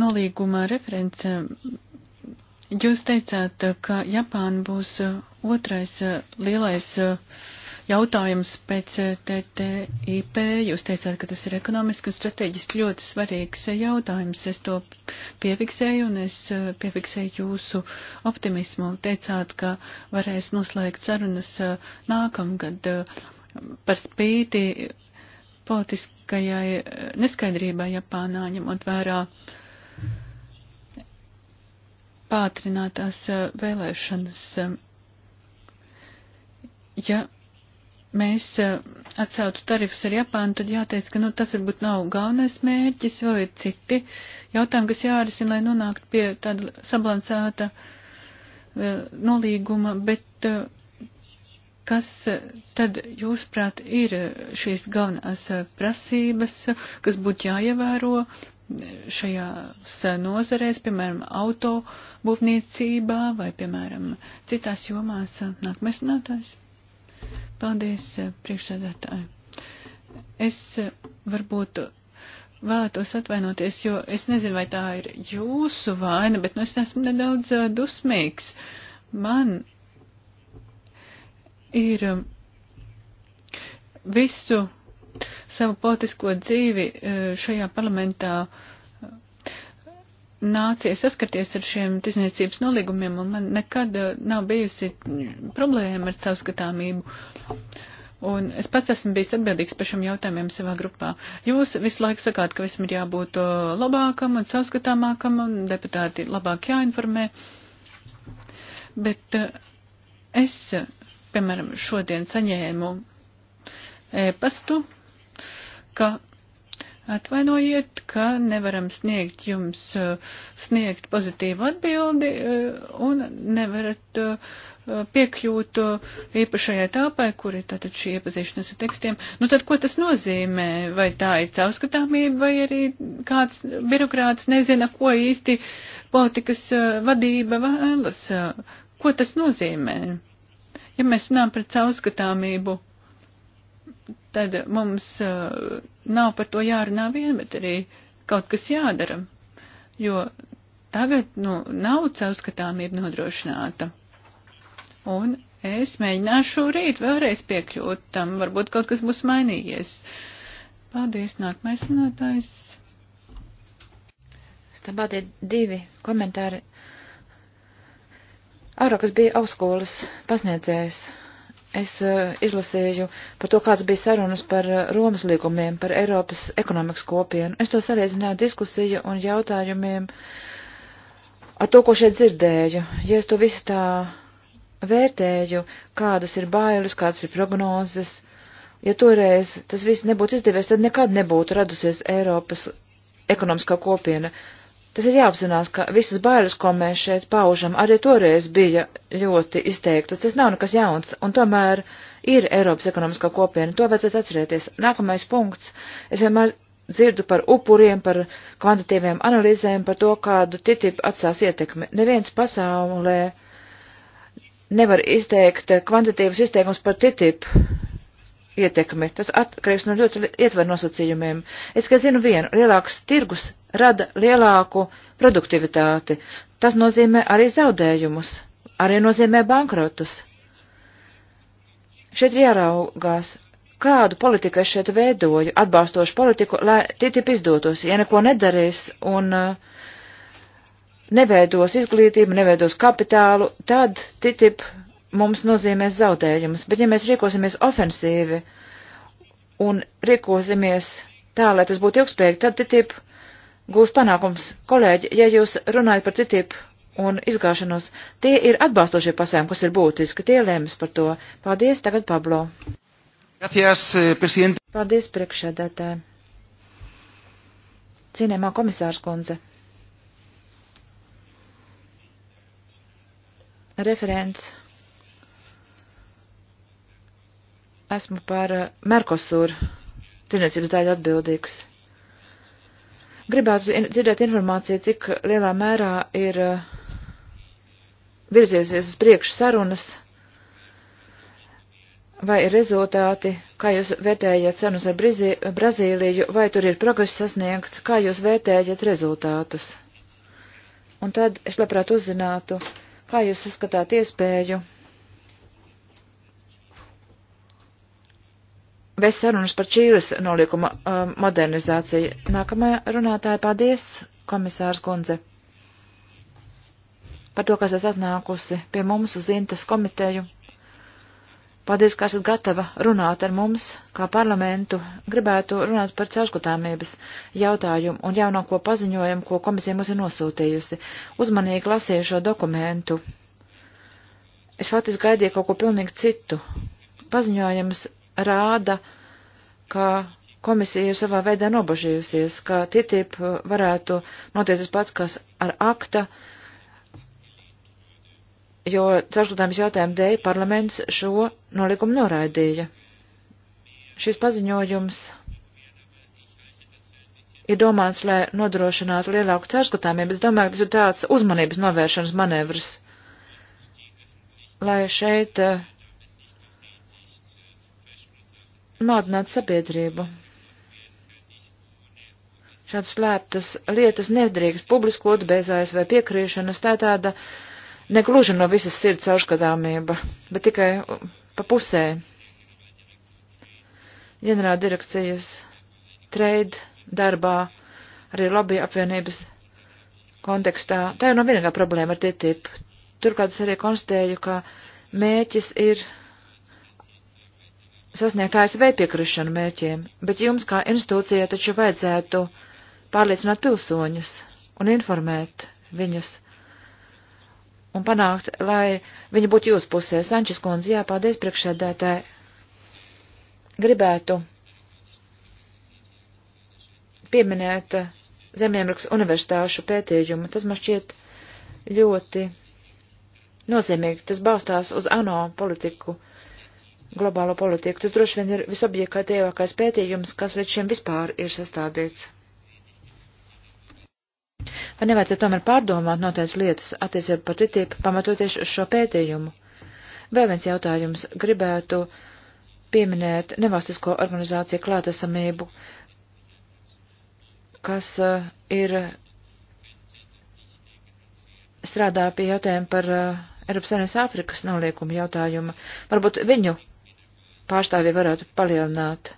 nolīguma reference, um, jūs teicāt, ka Japāna būs uh, otrais uh, lielais uh, jautājums pēc eh, TTIP. Jūs teicāt, ka tas ir ekonomiski un strateģiski ļoti svarīgs eh, jautājums. Es to piefiksēju un es eh, piefiksēju jūsu optimismu. Teicāt, ka varēs noslēgt sarunas nākamgad par spīti politiskajai neskaidrībai Japānā, ņemot vērā pātrinātās vēlēšanas ja mēs eh, atceltu tarifus ar Japānu, tad jāteic, ka nu, tas varbūt nav galvenais mērķis, vēl ir citi jautājumi, kas jārisina, lai nonāktu pie tāda sabalansēta eh, nolīguma, bet eh, kas tad jūsprāt ir šīs galvenās prasības, kas būtu jāievēro šajās nozarēs, piemēram, auto būvniecībā vai, piemēram, citās jomās nākamais runātājs? Paldies, eh, priekšsēdētāji. Es eh, varbūt eh, vēlētos atvainoties, jo es nezinu, vai tā ir jūsu vaina, bet nu, es esmu nedaudz dusmīgs. Man ir visu savu politisko dzīvi šajā parlamentā uh, nācies saskarties ar šiem tirzniecības nolīgumiem, un man nekad uh, nav bijusi problēma ar savskatāmību. Un es pats esmu bijis atbildīgs par šiem jautājumiem savā grupā. Jūs visu laiku sakāt, ka visam ir jābūt uh, labākam un savskatāmākam, un deputāti labāk jāinformē. Bet uh, es, piemēram, šodien saņēmu e pastu, ka Atvainojiet, ka nevaram sniegt jums, eh, sniegt pozitīvu atbildi eh, un nevarat eh, piekļūt īpašajai tāpai, kur ir tātad šī iepazīšanās ar tekstiem. Nu tad, ko tas nozīmē? Vai tā ir caurskatāmība, vai arī kāds birokrāts nezina, ko īsti politikas vadība vēlas? Ko tas nozīmē? Ja mēs runājam par caurskatāmību tad mums uh, nav par to jārunā vien, bet arī kaut kas jādara. Jo tagad nu, nav caurskatāmība nodrošināta. Un es mēģināšu rīt vēlreiz piekļūt tam, varbūt kaut kas būs mainījies. Paldies, nākamais runātājs. Stabādie divi komentāri. Ārā, kas bija augstskolas pasniedzējs es eh, izlasīju par to, kāds bija sarunas par eh, Romas līgumiem, par Eiropas ekonomikas kopienu. Es to sarēzināju diskusiju un jautājumiem ar to, ko šeit dzirdēju. Ja es to visu tā vērtēju, kādas ir bailes, kādas ir prognozes, ja toreiz tas viss nebūtu izdevies, tad nekad nebūtu radusies Eiropas ekonomiskā kopiena. Tas ir jāapzinās, ka visas bailes, ko mēs šeit paužam, arī toreiz bija ļoti izteiktas. Tas nav nekas jauns, un tomēr ir Eiropas ekonomiskā kopiena. To vajadzētu atcerēties. Nākamais punkts. Es vienmēr dzirdu par upuriem, par kvantitīviem analīzēm, par to, kādu TTIP atstās ietekmi. Neviens pasaulē nevar izteikt kvantitīvas izteikums par TTIP ietekmi. Tas atkarīgs no ļoti ietver nosacījumiem. Es, ka zinu vienu, lielāks tirgus rada lielāku produktivitāti. Tas nozīmē arī zaudējumus, arī nozīmē bankrotus. Šeit ir jāraugās, kādu politiku es šeit veidoju, atbalstošu politiku, lai TTIP izdotos, ja neko nedarīs un uh, neveidos izglītību, neveidos kapitālu, tad TTIP mums nozīmēs zaudējumus. Bet ja mēs rīkosimies ofensīvi un rīkosimies tā, lai tas būtu ilgspējīgi, tad TTIP gūs panākums. Kolēģi, ja jūs runājat par citību un izgāšanos, tie ir atbalstošie pasēm, kas ir būtiski, tie lēmas par to. Paldies, tagad Pablo. Gracias, eh, presidente. Paldies, priekšsēdētāji. Cienējumā komisārs kundze. Referents. Esmu par eh, Merkosur tirniecības daļu atbildīgs. Gribētu dzirdēt informāciju, cik lielā mērā ir eh, virzījusies uz priekšu sarunas, vai ir rezultāti, kā jūs vērtējat sarunas ar Brizī, Brazīliju, vai tur ir progress sasniegts, kā jūs vērtējat rezultātus. Un tad es labprāt uzzinātu, kā jūs saskatāt iespēju vēs sarunas par Čīles nolikuma um, uh, modernizāciju. Nākamā runātāja, paldies, komisārs Gundze, par to, ka esat atnākusi pie mums uz Intas komiteju. Paldies, ka esat gatava runāt ar mums, kā parlamentu. Gribētu runāt par caurskatāmības jautājumu un jaunāko paziņojumu, ko komisija mums ir nosūtījusi. Uzmanīgi lasīju šo dokumentu. Es faktiski gaidīju kaut ko pilnīgi citu. Paziņojums rāda, ka komisija ir savā veidā nobažījusies, ka TTIP varētu notiek tas pats, kas ar akta, jo caurskatāms jautājumu dēļ parlaments šo nolikumu noraidīja. Šis paziņojums ir domāts, lai nodrošinātu lielāku caurskatāmību. Es domāju, ka tas ir tāds uzmanības novēršanas manevrs, lai šeit uh, maldināt sabiedrību. Šādas slēptas lietas nedrīkst publiskot bez ASV piekrīšanas. Tā ir tāda negluži no visas sirds auškadāmība, bet tikai pa pusē. Ģenerāla direkcijas trade darbā, arī lobby apvienības kontekstā. Tā jau nav vienīgā problēma ar TTIP. Turklāt es arī konstatēju, ka mēķis ir sasniegt ASV piekrišanu mērķiem, bet jums kā institūcija taču vajadzētu pārliecināt pilsoņus un informēt viņus un panākt, lai viņi būtu jūsu pusē. Sančes kundze, jā, paldies priekšsēdētāji. Gribētu pieminēt Zemiemirks universitāšu pētījumu. Tas man šķiet ļoti nozīmīgi. Tas balstās uz ANO politiku globālo politiku. Tas droši vien ir visobjektīvākais pētījums, kas līdz šim vispār ir sastādīts. Vai nevajadzētu tomēr pārdomāt noteikts lietas attiecībā par TTIP, pamatoties uz šo pētījumu? Vēl viens jautājums. Gribētu pieminēt nevalstisko organizāciju klātesamību, kas eh, ir strādā pie jautājuma par eh, Eiropas Savienības Āfrikas noliekumu jautājumu. Varbūt viņu pārstāvji varētu palielināt.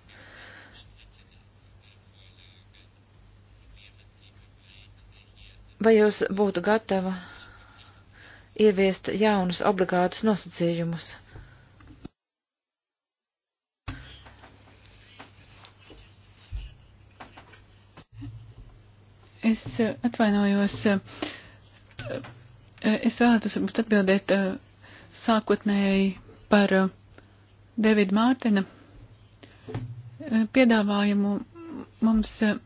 Vai jūs būtu gatava ieviest jaunus obligātus nosacījumus? Es eh, atvainojos. Eh, eh, es vēlētos atbildēt sākotnēji par uh, Davida Mārtena eh, piedāvājumu mums eh,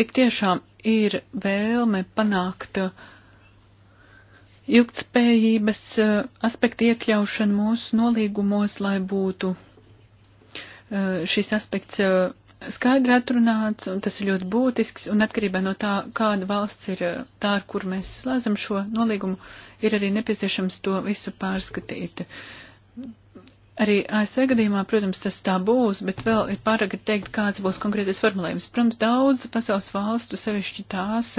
tik tiešām ir vēlme panākt eh, ilgtspējības aspektu iekļaušanu mūsu nolīgumos, lai būtu šis aspekts skaidri atrunāts, un tas ir ļoti būtisks, un atkarībā no tā, kāda valsts ir tā, ar kur mēs slēdzam šo nolīgumu, ir arī nepieciešams to visu pārskatīt. Arī ASV e gadījumā, protams, tas tā būs, bet vēl ir pārāk teikt, kāds būs konkrētais formulējums. Protams, daudz pasaules valstu, sevišķi tās,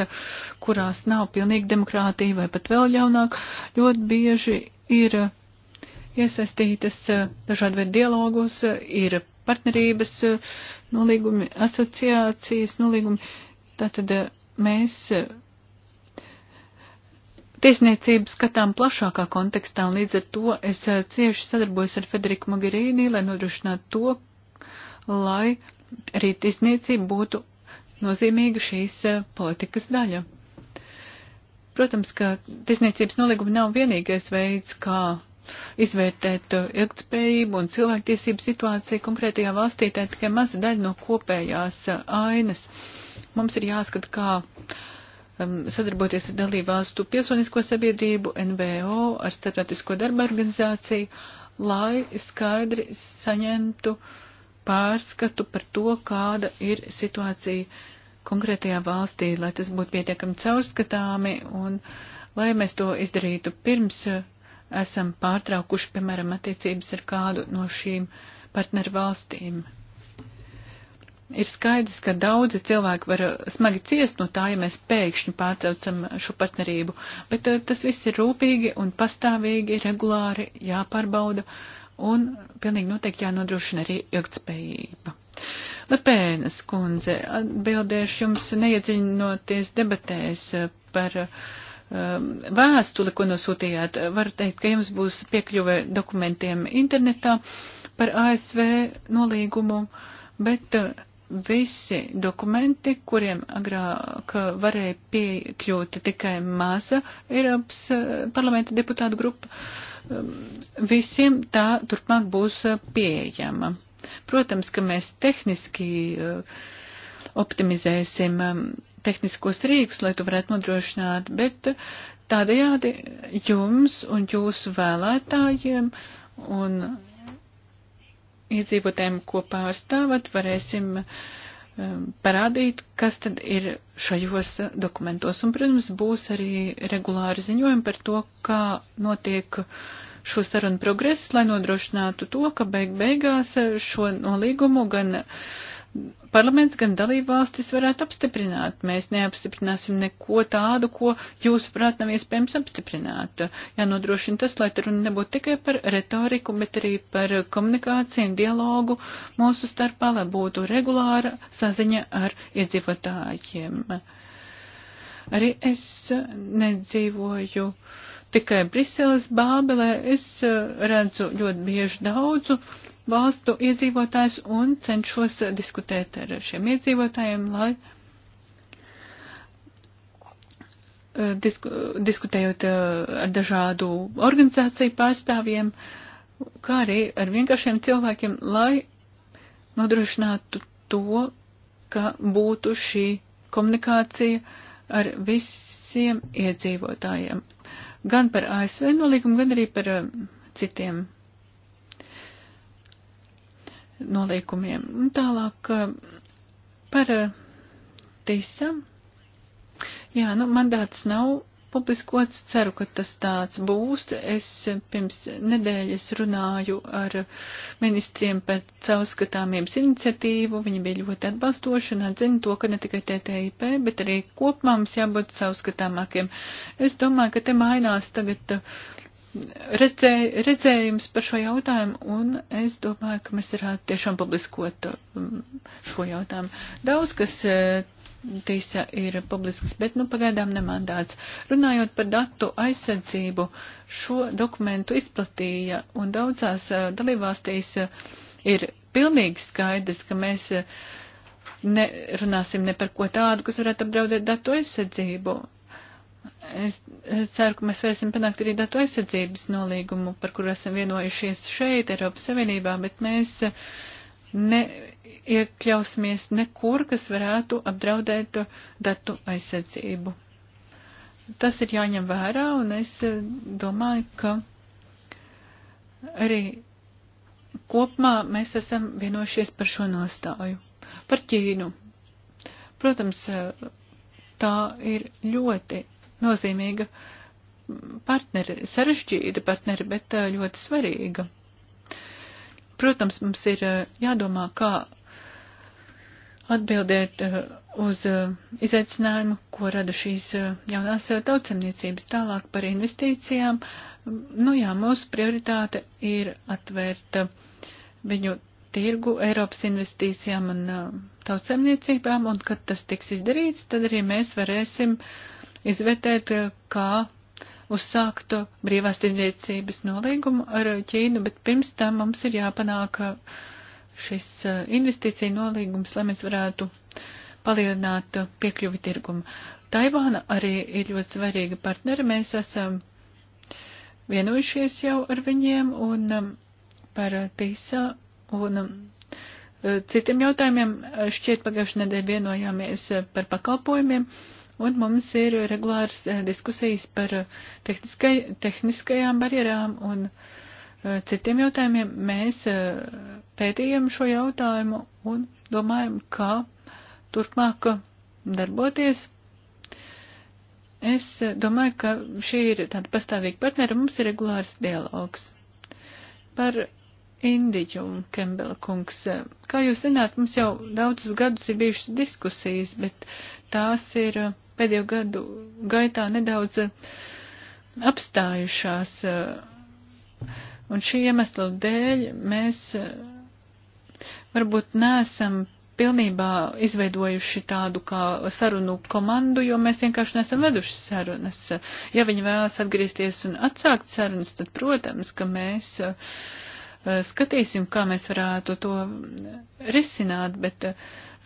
kurās nav pilnīgi demokrātija vai pat vēl ļaunāk, ļoti bieži ir iesaistītas dažādi veidi dialogos, ir partnerības nolīgumi, asociācijas nolīgumi. Tātad mēs tiesniecību skatām plašākā kontekstā, un līdz ar to es eh, cieši sadarbojos ar Federiku Mogherīni, lai nodrošinātu to, lai arī tiesniecība būtu nozīmīga šīs eh, politikas daļa. Protams, ka tiesniecības nolīgumi nav vienīgais veids, kā izvērtēt eh, ilgtspējību un cilvēktiesību situāciju konkrētajā valstī, tā tikai maza daļa no kopējās ainas. Mums ir jāskat, kā Um, sadarboties ar dalībvalstu pilsonisko sabiedrību, NVO, ar starptautisko darba organizāciju, lai skaidri saņemtu pārskatu par to, kāda ir situācija konkrētajā valstī, lai tas būtu pietiekami caurskatāmi un lai mēs to izdarītu pirms uh, esam pārtraukuši, piemēram, attiecības ar kādu no šīm partneru valstīm ir skaidrs, ka daudzi cilvēki var uh, smagi ciest no tā, ja mēs pēkšņi pārtraucam šo partnerību, bet uh, tas viss ir rūpīgi un pastāvīgi, regulāri jāpārbauda un pilnīgi noteikti jānodrošina arī ilgtspējība. Lepēnas kundze, atbildēšu jums neiedziļinoties debatēs uh, par um, vēstuli, ko nosūtījāt. Varu teikt, ka jums būs piekļuve dokumentiem internetā par ASV nolīgumu, bet visi dokumenti, kuriem agrāk varēja piekļūt tikai maza Eiropas eh, parlamenta deputātu grupa, um, visiem tā turpmāk būs eh, pieejama. Protams, ka mēs tehniski eh, optimizēsim um, tehniskos rīkus, lai to varētu nodrošināt, bet tādējādi jums un jūsu vēlētājiem un iedzīvotēm, ko pārstāvat, varēsim um, parādīt, kas tad ir šajos dokumentos. Un, protams, būs arī regulāri ziņojumi par to, kā notiek šo sarunu progress, lai nodrošinātu to, ka beig beigās šo nolīgumu gan uh, parlaments, gan dalībvalstis varētu apstiprināt. Mēs neapstiprināsim neko tādu, ko jūsuprāt nav iespējams apstiprināt. Jānodrošina tas, lai runa nebūtu tikai par retoriku, bet arī par komunikāciju un dialogu mūsu starpā, lai būtu regulāra saziņa ar iedzīvotājiem. Arī es nedzīvoju tikai Briseles bābelē, es eh, redzu ļoti bieži daudzu valstu iedzīvotājus un cenšos diskutēt ar šiem iedzīvotājiem, lai eh, disku, diskutējot eh, ar dažādu organizāciju pārstāvjiem, kā arī ar vienkāršiem cilvēkiem, lai nodrošinātu to, ka būtu šī komunikācija ar visiem iedzīvotājiem. Gan par ASV nolīgumu, gan arī par eh, citiem noliekumiem. Tālāk eh, par eh, tisa. Jā, nu, mandāts nav publiskots, ceru, ka tas tāds būs. Es eh, pirms nedēļas runāju ar ministriem pēc caurskatāmības iniciatīvu, viņi bija ļoti atbalstoši un atzina to, ka ne tikai TTIP, bet arī kopumā mums jābūt caurskatāmākiem. Es domāju, ka te mainās tagad redzē, redzējums par šo jautājumu, un es domāju, ka mēs varētu tiešām publiskot um, šo jautājumu. Daudz, kas uh, tīsa ir publisks, bet nu pagaidām nemandāts. Runājot par datu aizsardzību, šo dokumentu izplatīja un daudzās uh, dalībvalstīs uh, ir pilnīgi skaidrs, ka mēs nerunāsim ne par ko tādu, kas varētu apdraudēt datu aizsardzību. Es ceru, ka mēs varēsim panākt arī datu aizsardzības nolīgumu, par kuru esam vienojušies šeit, Eiropas Savienībā, bet mēs neiekļausimies nekur, kas varētu apdraudēt datu aizsardzību. Tas ir jāņem vērā, un es domāju, ka arī kopumā mēs esam vienojušies par šo nostāju. Par Ķīnu. Protams, tā ir ļoti nozīmīga partneri, sarežģīta partneri, bet eh, ļoti svarīga. Protams, mums ir eh, jādomā, kā atbildēt eh, uz izaicinājumu, ko rada šīs jaunās tautsemniecības tālāk par investīcijām. Nu jā, mūsu prioritāte ir atvērt viņu tirgu Eiropas investīcijām un tautsemniecībām, un kad tas tiks izdarīts, tad arī mēs varēsim uh, izvērtēt, eh, kā uzsākt brīvās tirdzniecības nolīgumu ar Ķīnu, bet pirms tam mums ir jāpanāk eh, šis eh, investīcija nolīgums, lai mēs varētu palielināt piekļuvi tirgumu. Taivāna arī ir ļoti svarīga partneri. Mēs esam vienojušies jau ar viņiem un par tīsā un citiem jautājumiem. Šķiet pagājušajā nedēļā vienojāmies par pakalpojumiem. Uh, un mums ir regulāras eh, diskusijas par eh, tehniskai, tehniskajām barjerām un eh, citiem jautājumiem. Mēs pētījam šo jautājumu un domājam, kā turpmāk darboties. Es domāju, ka šī ir tāda pastāvīga partnera, mums ir regulārs dialogs. Par Indiķu un Kembela kungs. Kā jūs zināt, mums jau daudzus gadus ir bijušas diskusijas, bet tās ir pēdējo gadu gaitā nedaudz eh, apstājušās. Eh, un šī iemesla dēļ mēs eh, varbūt neesam pilnībā izveidojuši tādu kā sarunu komandu, jo mēs vienkārši nesam veduši sarunas. Ja viņi vēlas atgriezties un atsākt sarunas, tad, protams, ka mēs skatīsim, kā mēs varētu to risināt, bet uh,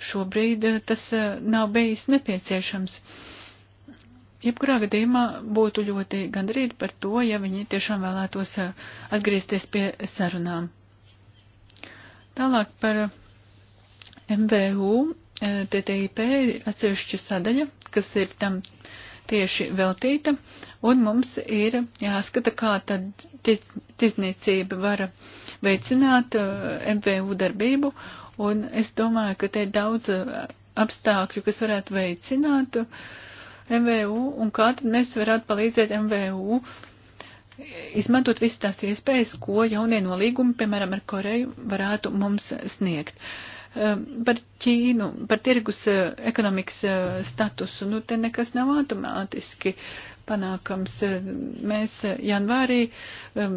šobrīd eh, tas eh, nav bijis nepieciešams. Jebkurā gadījumā būtu ļoti gandrīz par to, ja viņi tiešām vēlētos eh, atgriezties pie sarunām. Tālāk par MVU, TTIP ir atsevišķa sadaļa, kas ir tam tieši veltīta, un mums ir jāskata, kā tad tiz, tizniecība var veicināt MVU darbību Un es domāju, ka te ir daudz eh, apstākļu, kas varētu veicināt MVU, un kā tad mēs varētu palīdzēt MVU izmantot visas tās iespējas, ko jaunie nolīgumi, piemēram, ar Koreju, varētu mums sniegt. Eh, par Ķīnu, par tirgus eh, ekonomikas statusu, nu te nekas nav automātiski panākams. Mēs janvārī um,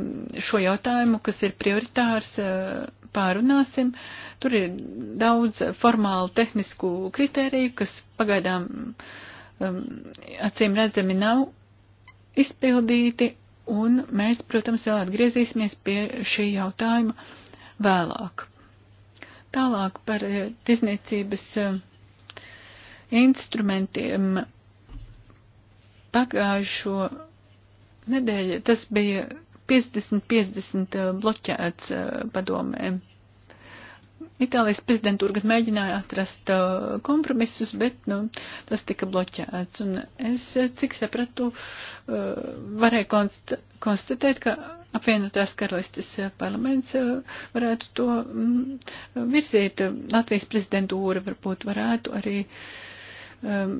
šo jautājumu, kas ir prioritārs, uh, pārunāsim. Tur ir daudz formālu tehnisku kritēriju, kas pagaidām um, acīm redzami nav izpildīti, un mēs, protams, vēl atgriezīsimies pie šī jautājuma vēlāk. Tālāk par uh, tirzniecības um, instrumentiem Pagājušo nedēļu tas bija 50-50 eh, bloķēts eh, padomē. Itālijas prezidentūra gan mēģināja atrast eh, kompromisus, bet nu, tas tika bloķēts. Un es, cik sapratu, varēju konst konstatēt, ka apvienotās karalistes parlaments varētu to mm, virzīt. Latvijas prezidentūra varbūt varētu arī uh, um,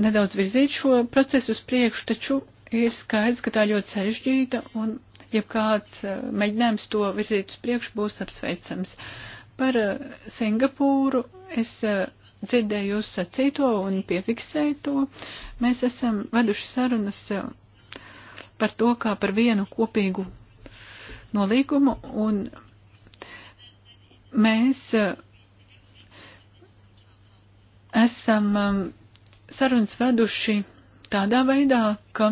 nedaudz virzīt šo procesu uz priekšu, taču ir skaidrs, ka tā ļoti sarežģīta un jebkāds ja uh, mēģinājums to virzīt uz priekšu būs apsveicams. Par uh, Singapūru es uh, dzirdēju jūs sacīto un piefiksēju to. Mēs esam veduši sarunas uh, par to kā par vienu kopīgu nolīgumu un mēs. Uh, esam um, sarunas veduši tādā veidā, ka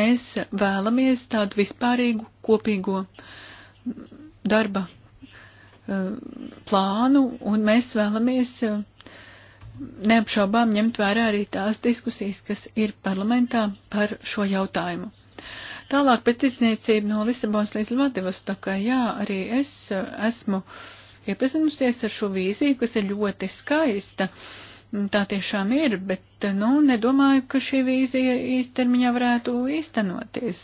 mēs vēlamies tādu vispārīgu kopīgo darba uh, plānu, un mēs vēlamies uh, neapšaubām ņemt vērā arī tās diskusijas, kas ir parlamentā par šo jautājumu. Tālāk pēc izniecību no Lisabonas līdz Vladivostokai, jā, arī es uh, esmu uh, iepazinusies ar šo vīziju, kas ir ļoti skaista. Tā tiešām ir, bet, nu, nedomāju, ka šī vīzija īstermiņā varētu īstenoties.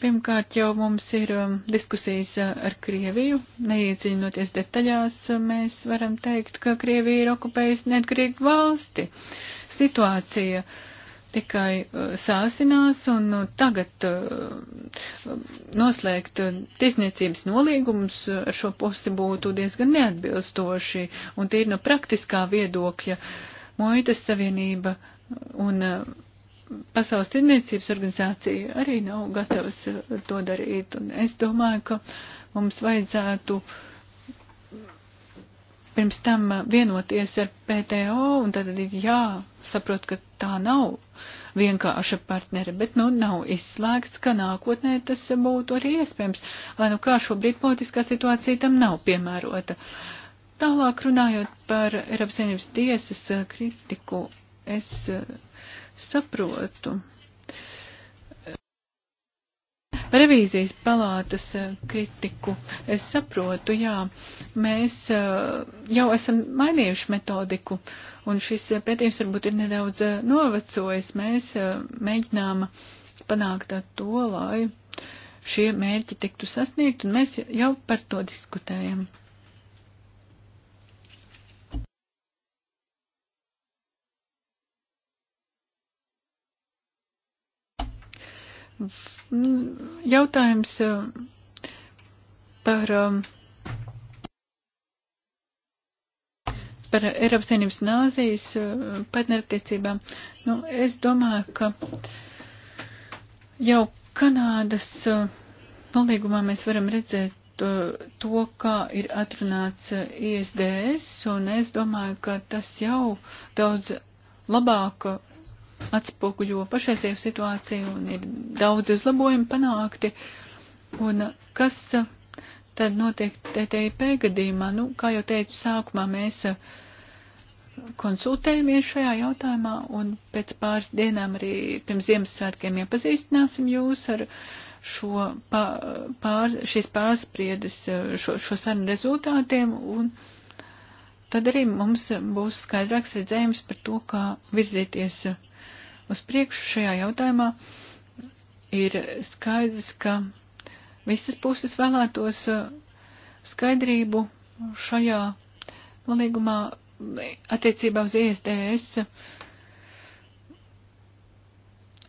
Pirmkārt, jau mums ir um, diskusijas uh, ar Krieviju. Neiedziļinoties detaļās, uh, mēs varam teikt, ka Krievija ir okupējusi neatkarīgu valsti. Situācija uh, tikai eh, sāsinās, un eh, tagad eh, noslēgt tiesniecības nolīgumus ar šo pusi būtu diezgan neatbilstoši, un tīri no praktiskā viedokļa Moitas Savienība un Pasaules tirniecības organizācija arī nav gatavas to darīt, un es domāju, ka mums vajadzētu uh, pirms tam vienoties ar PTO, un tad ir jāsaprot, ka tā nav vienkārša partnere, bet nu nav izslēgts, ka nākotnē tas būtu arī iespējams, lai nu kā šobrīd politiskā situācija tam nav piemērota. Tālāk runājot par Eiropas Savienības tiesas kritiku, es eh, saprotu, Revīzijas palātas eh, kritiku es saprotu, jā, mēs eh, jau esam mainījuši metodiku, un šis eh, pētījums varbūt ir nedaudz novecojis. Mēs mēģinām panākt to, lai šie mērķi tiktu sasniegt, un mēs jau par to diskutējam. Jautājums eh, par, eh, par Eiropas Savienības un Āzijas eh, partnerattiecībām. Nu, es domāju, ka jau Kanādas nolīgumā mēs varam redzēt to, to, kā ir atrunāts ISDS, un es domāju, ka tas jau daudz labāk atspoguļo pašreizēju situāciju un ir daudz uzlabojumi panākti. Un kas tad notiek TTIP gadījumā? Nu, kā jau teicu, sākumā mēs konsultējamies šajā jautājumā un pēc pāris dienām arī pirms Ziemassvētkiem iepazīstināsim jūs ar šo pār, šīs pārspriedes, šo, šo sarunu rezultātiem un tad arī mums būs skaidrāks redzējums par to, kā virzīties uz priekšu šajā jautājumā, ir skaidrs, ka visas puses vēlētos uh, skaidrību šajā nolīgumā attiecībā uz ISDS. E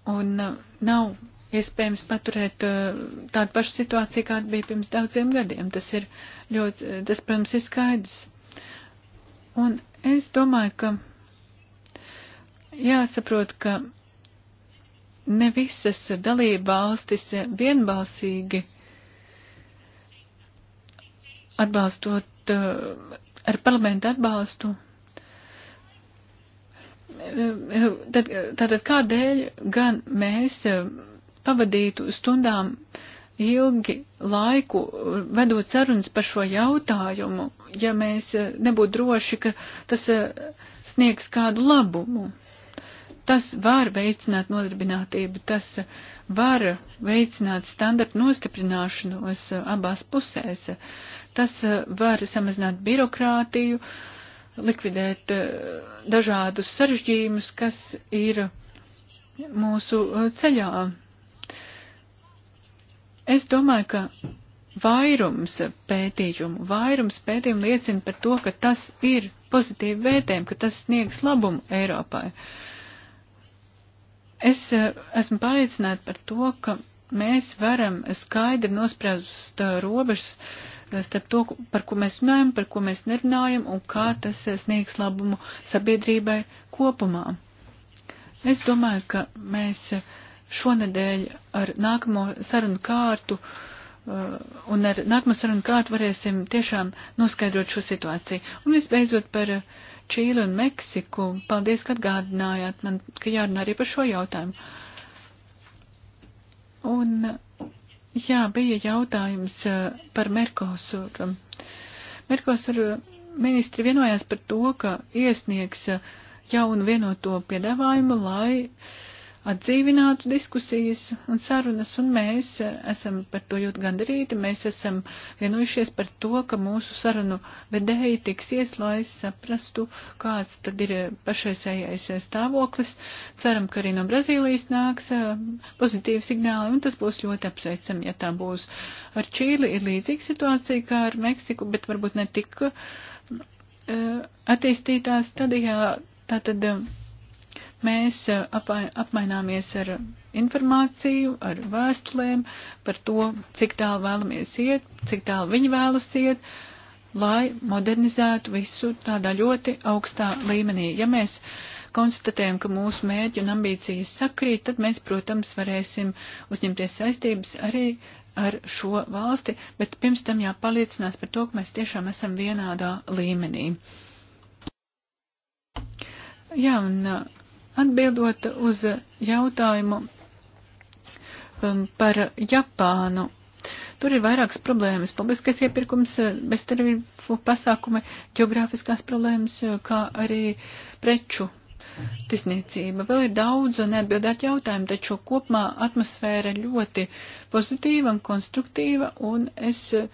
Un uh, nav iespējams paturēt uh, tādu pašu situāciju, kāda bija pirms daudziem gadiem. Tas ir ļoti, tas, protams, ir skaidrs. Un es domāju, ka jāsaprot, ka ne visas dalība valstis vienbalsīgi atbalstot eh, ar parlamentu atbalstu. Tad, tātad kādēļ gan mēs pavadītu stundām ilgi laiku vedot sarunas par šo jautājumu, ja mēs nebūtu droši, ka tas eh, sniegs kādu labumu? Tas var veicināt nodarbinātību, tas var veicināt standartu nostiprināšanos abās pusēs, tas var samazināt birokrātiju, likvidēt eh, dažādus sarežģījumus, kas ir mūsu eh, ceļā. Es domāju, ka vairums pētījumu, vairums pētījumu liecina par to, ka tas ir pozitīvi vērtējumi, ka tas sniegs labumu Eiropai. Uh, Es eh, esmu pārliecināta par to, ka mēs varam skaidri nosprāst eh, robežas eh, starp to, par ko mēs runājam, par ko mēs nerunājam un kā tas sniegs labumu sabiedrībai kopumā. Es domāju, ka mēs šonadēļ ar nākamo sarunu kārtu un ar nākamo sarunu kārtu varēsim tiešām noskaidrot šo situāciju. Un visbeidzot par uh, Čīli un Meksiku. Paldies, ka atgādinājāt man, ka jārunā arī par šo jautājumu. Un jā, bija jautājums eh, par Merkosuru. Merkosuru ministri vienojās par to, ka iesniegs eh, jaunu vienoto piedāvājumu, lai uh, atdzīvinātu diskusijas un sarunas, un mēs esam par to ļoti gandarīti. Mēs esam vienojušies par to, ka mūsu sarunu vedēji tiksies, lai saprastu, kāds tad ir pašreizējais stāvoklis. Ceram, ka arī no Brazīlijas nāks pozitīvi signāli, un tas būs ļoti apsveicami, ja tā būs. Ar Čīli ir līdzīga situācija kā ar Meksiku, bet varbūt ne tik attīstītā stadijā. Tātad Mēs eh, apmaināmies ar informāciju, ar vēstulēm par to, cik tālu vēlamies iet, cik tālu viņi vēlas iet, lai modernizētu visu tādā ļoti augstā līmenī. Ja mēs konstatējam, ka mūsu mērķi un ambīcijas sakrīt, tad mēs, protams, varēsim uzņemties saistības arī ar šo valsti, bet pirms tam jāpaliecinās par to, ka mēs tiešām esam vienādā līmenī. Jā, un Atbildot uz jautājumu um, par Japānu, tur ir vairākas problēmas. Publiskais iepirkums, eh, beztarifu pasākumi, geogrāfiskās problēmas, eh, kā arī preču tisniecība. Vēl ir daudz neatbildēt jautājumu, taču kopumā atmosfēra ļoti pozitīva un konstruktīva, un es eh,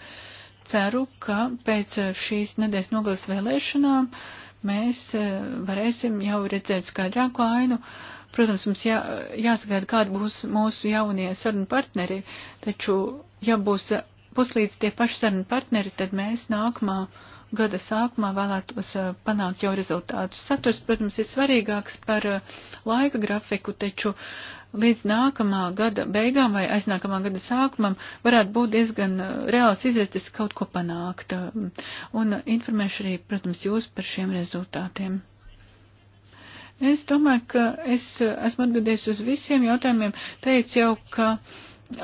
ceru, ka pēc šīs nedēļas nogalas vēlēšanām uh, mēs eh, varēsim jau redzēt skaidrāku ainu. Protams, mums jā, jāsagaida, kādi būs mūsu jaunie sarunu partneri, taču, ja būs eh, puslīdz tie paši sarunu partneri, tad mēs nākamā gada sākumā vēlētos eh, panākt jau rezultātus. Saturs, protams, ir svarīgāks par laika grafiku, taču līdz nākamā gada beigām vai aiznākamā gada sākumam varētu būt diezgan uh, reāls izredzes kaut ko panākt. Uh, un informēšu arī, protams, jūs par šiem rezultātiem. Es domāju, ka es uh, esmu atbildējis uz visiem jautājumiem. Teicu jau, ka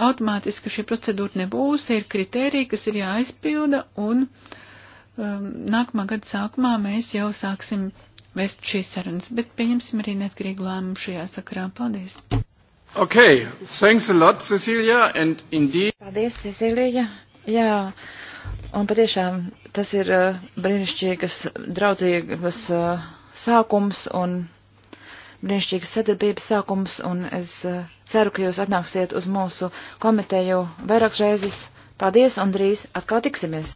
automātiski šī procedūra nebūs, ir kriteriji, kas ir jāizpilda, un um, nākamā gada sākumā mēs jau sāksim vest šīs sarunas, bet pieņemsim arī neatkarīgu lēmumu šajā sakarā. Paldies! Okay, thanks a lot, Cecilia, and indeed. Paldies, Cecilija. Jā, un patiešām tas ir uh, brīnišķīgas, draudzīgas uh, sākums un brīnišķīgas sadarbības sākums, un es uh, ceru, ka jūs atnāksiet uz mūsu komiteju vairākas reizes. Paldies, un drīz atkal tiksimies!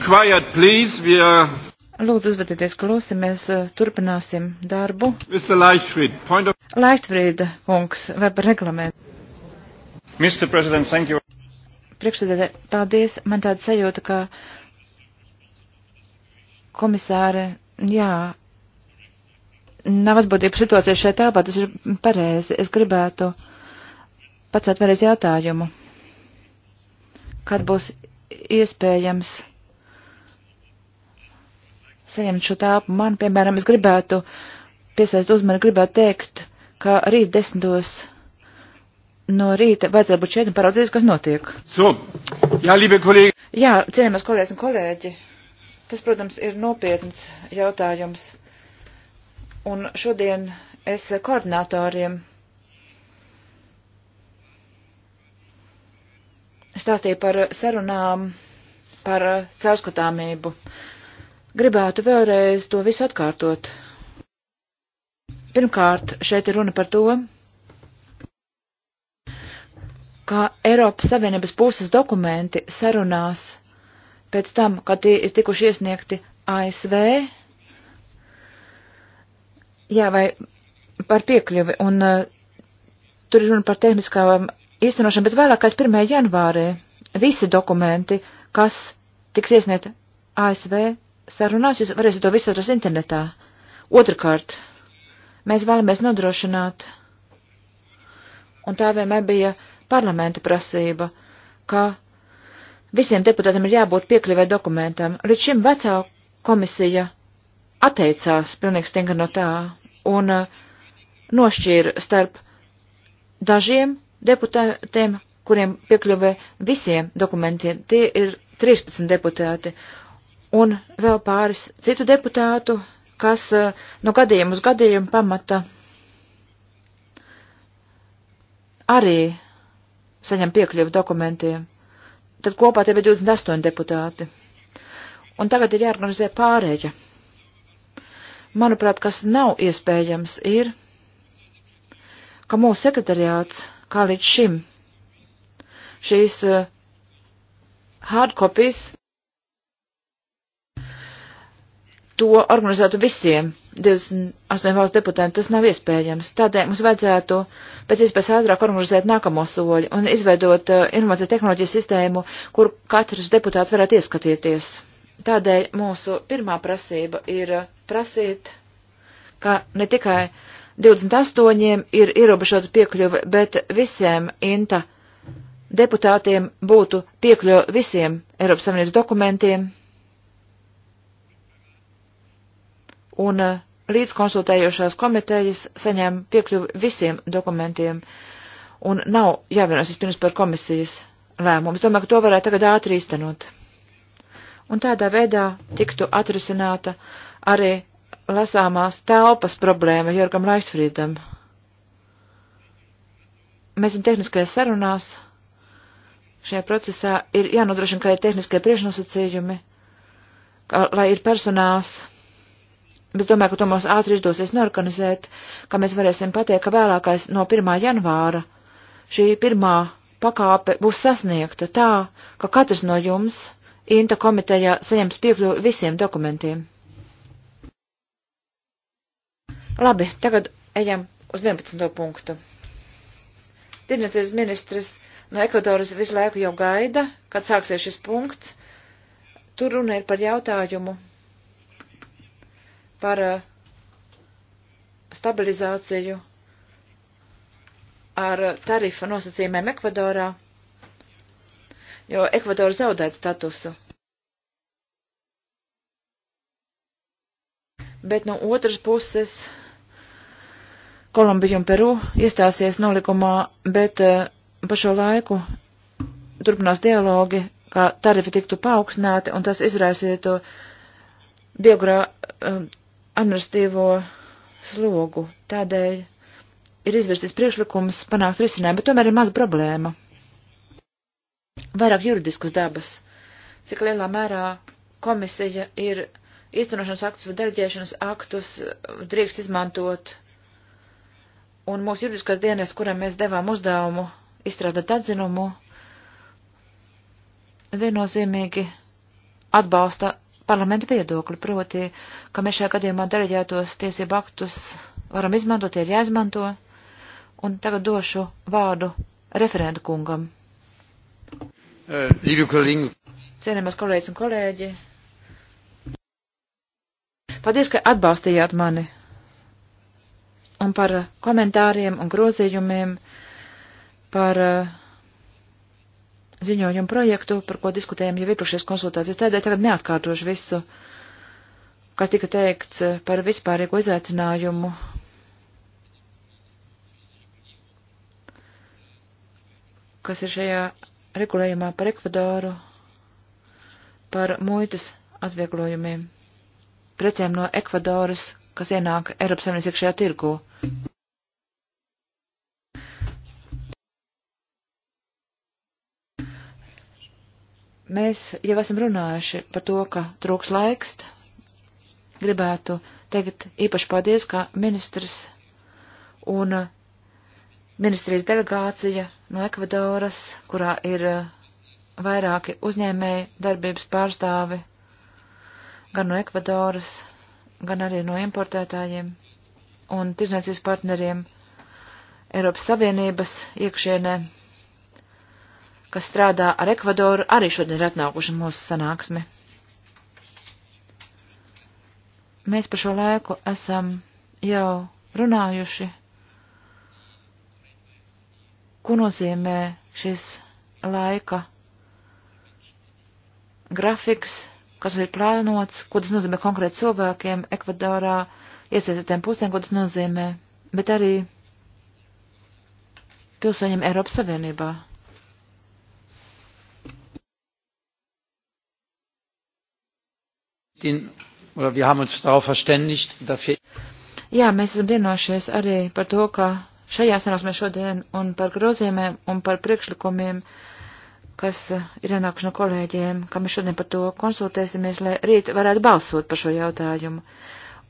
quiet, please. We are... Lūdzu, uzvedieties klusi, mēs uh, turpināsim darbu. Mr. Leichtfried, point of... Leichtfried, kungs, vai par reglamentu? Mr. President, thank you. Priekšsēdētē, paldies. Man tāda sajūta, ka komisāre, jā, nav atbūtība situācija šeit tāpā, tas ir pareizi. Es gribētu pacelt vēlreiz jautājumu, kad būs iespējams saņemt šo tāpu. Man, piemēram, es gribētu piesaist uzmanību, gribētu teikt, ka rīt desmitos no rīta vajadzētu būt šeit un paraudzīties, kas notiek. So, jā, liebe kolēģi. Jā, cienījamās kolēģis un kolēģi, tas, protams, ir nopietns jautājums. Un šodien es koordinatoriem stāstīju par sarunām par caurskatāmību. Uh, gribētu vēlreiz to visu atkārtot. Pirmkārt, šeit ir runa par to, ka Eiropas Savienības puses dokumenti sarunās pēc tam, kad tie ir tikuši iesniegti ASV, jā, vai par piekļuvi, un uh, tur ir runa par tehniskām īstenošanu, bet vēlākais 1. janvārī visi dokumenti, kas tiks iesniegti ASV, sarunās, jūs varēsiet to visu atrast internetā. Otrakārt, mēs vēlamies nodrošināt, un tā vienmēr bija parlamenta prasība, ka visiem deputātiem ir jābūt piekļuvē dokumentam. Līdz šim vecā komisija atteicās pilnīgi stingri no tā un uh, nošķīra starp dažiem deputātiem, kuriem piekļuvē visiem dokumentiem. Tie ir 13 deputāti, un vēl pāris citu deputātu, kas eh, no gadījuma uz gadījumu pamata arī saņem piekļuvu dokumentiem. Tad kopā tie bija 28 deputāti. Un tagad ir jāorganizē pārēģa. Manuprāt, kas nav iespējams, ir, ka mūsu sekretariāts, kā līdz šim, šīs eh, hardcopies to organizētu visiem 28 valsts deputēm, tas nav iespējams. Tādēļ mums vajadzētu pēc iespējas ātrāk organizēt nākamo soļu un izveidot uh, informācijas tehnoloģijas sistēmu, kur katrs deputāts varētu ieskatīties. Tādēļ mūsu pirmā prasība ir prasīt, ka ne tikai 28 ir ierobežota piekļuve, bet visiem INTA deputātiem būtu piekļuve visiem Eiropas Savienības dokumentiem un eh, līdzkonsultējošās komitejas saņem piekļuvi visiem dokumentiem un nav jāvienās vispirms par komisijas lēmumu. Es domāju, ka to varētu tagad ātri īstenot. Un tādā veidā tiktu atrisināta arī lasāmās telpas problēma Jorgam Raistfrīdam. Mēs esam tehniskajās sarunās. Šajā procesā ir jānodrošina, ka ir tehniskie priešnosacījumi, ka, lai ir personāls Bet domāju, ka to mums ātri izdosies norganizēt, ka mēs varēsim pateikt, ka vēlākais no 1. janvāra šī pirmā pakāpe būs sasniegta tā, ka katrs no jums Inta komitejā saņems piekļuvi visiem dokumentiem. Labi, tagad ejam uz 11. punktu. Tirniecības ministrs no Ekvadoras visu laiku jau gaida, kad sāksies šis punkts. Tur runa ir par jautājumu par eh, stabilizāciju ar tarifa nosacījumiem Ekvadorā, jo Ekvadora zaudēt statusu. Bet no otras puses Kolumbija un Peru iestāsies nolikumā, bet eh, pa šo laiku turpinās dialogi, kā tarifi tiktu paaugstināti, un tas izraisītu biogra, eh, administratīvo slogu. Tādēļ ir izvirsties priekšlikums panākt risinājumu, bet tomēr ir maz problēma. Vairāk juridiskas dabas, cik lielā mērā komisija ir īstenošanas aktus vai deleģēšanas aktus eh, drīkst izmantot. Un mūsu juridiskās dienas, kuram mēs devām uzdevumu izstrādāt atzinumu, viennozīmīgi atbalsta parlamenta viedokli, proti, ka mēs šajā gadījumā deleģētos tiesību aktus varam izmantot, ir jāizmanto, un tagad došu vārdu referenta kungam. Eh, Cienījamies kolēģis un kolēģi. Paldies, ka atbalstījāt mani un par komentāriem un grozījumiem, par uh, ziņojumu projektu, par ko diskutējam jau iepriekšējās konsultācijas. Tādēļ tagad neatkārtošu visu, kas tika teikts par vispārīgo izaicinājumu. kas ir šajā regulējumā par Ekvadoru, par muitas atvieglojumiem, precēm no Ekvadoras, kas ienāk Eiropas Savienības iekšējā tirgū. Mēs jau esam runājuši par to, ka trūks laiks. Gribētu teikt īpaši paldies, ka ministrs un uh, ministrijas delegācija no Ekvadoras, kurā ir uh, vairāki uzņēmēji darbības pārstāvi, gan no Ekvadoras, gan arī no importētājiem un tirdzniecības partneriem Eiropas Savienības iekšienē kas strādā ar Ekvadoru, arī šodien ir atnākuši mūsu sanāksme. Mēs par šo laiku esam jau runājuši, ko nozīmē šis laika grafiks, kas ir plānots, ko tas nozīmē konkrēti cilvēkiem Ekvadorā, iesaistītiem pusēm, ko tas nozīmē, bet arī pilsoņiem Eiropas Savienībā. den, oder wir haben uns darauf verständigt, dass wir. Jā, mēs esam vienojušies arī par to, ka šajā sanāksmē šodien un par grozījumiem un par priekšlikumiem, kas eh, ir ienākuši no kolēģiem, ka mēs šodien par to konsultēsimies, lai rīt varētu balsot par šo jautājumu.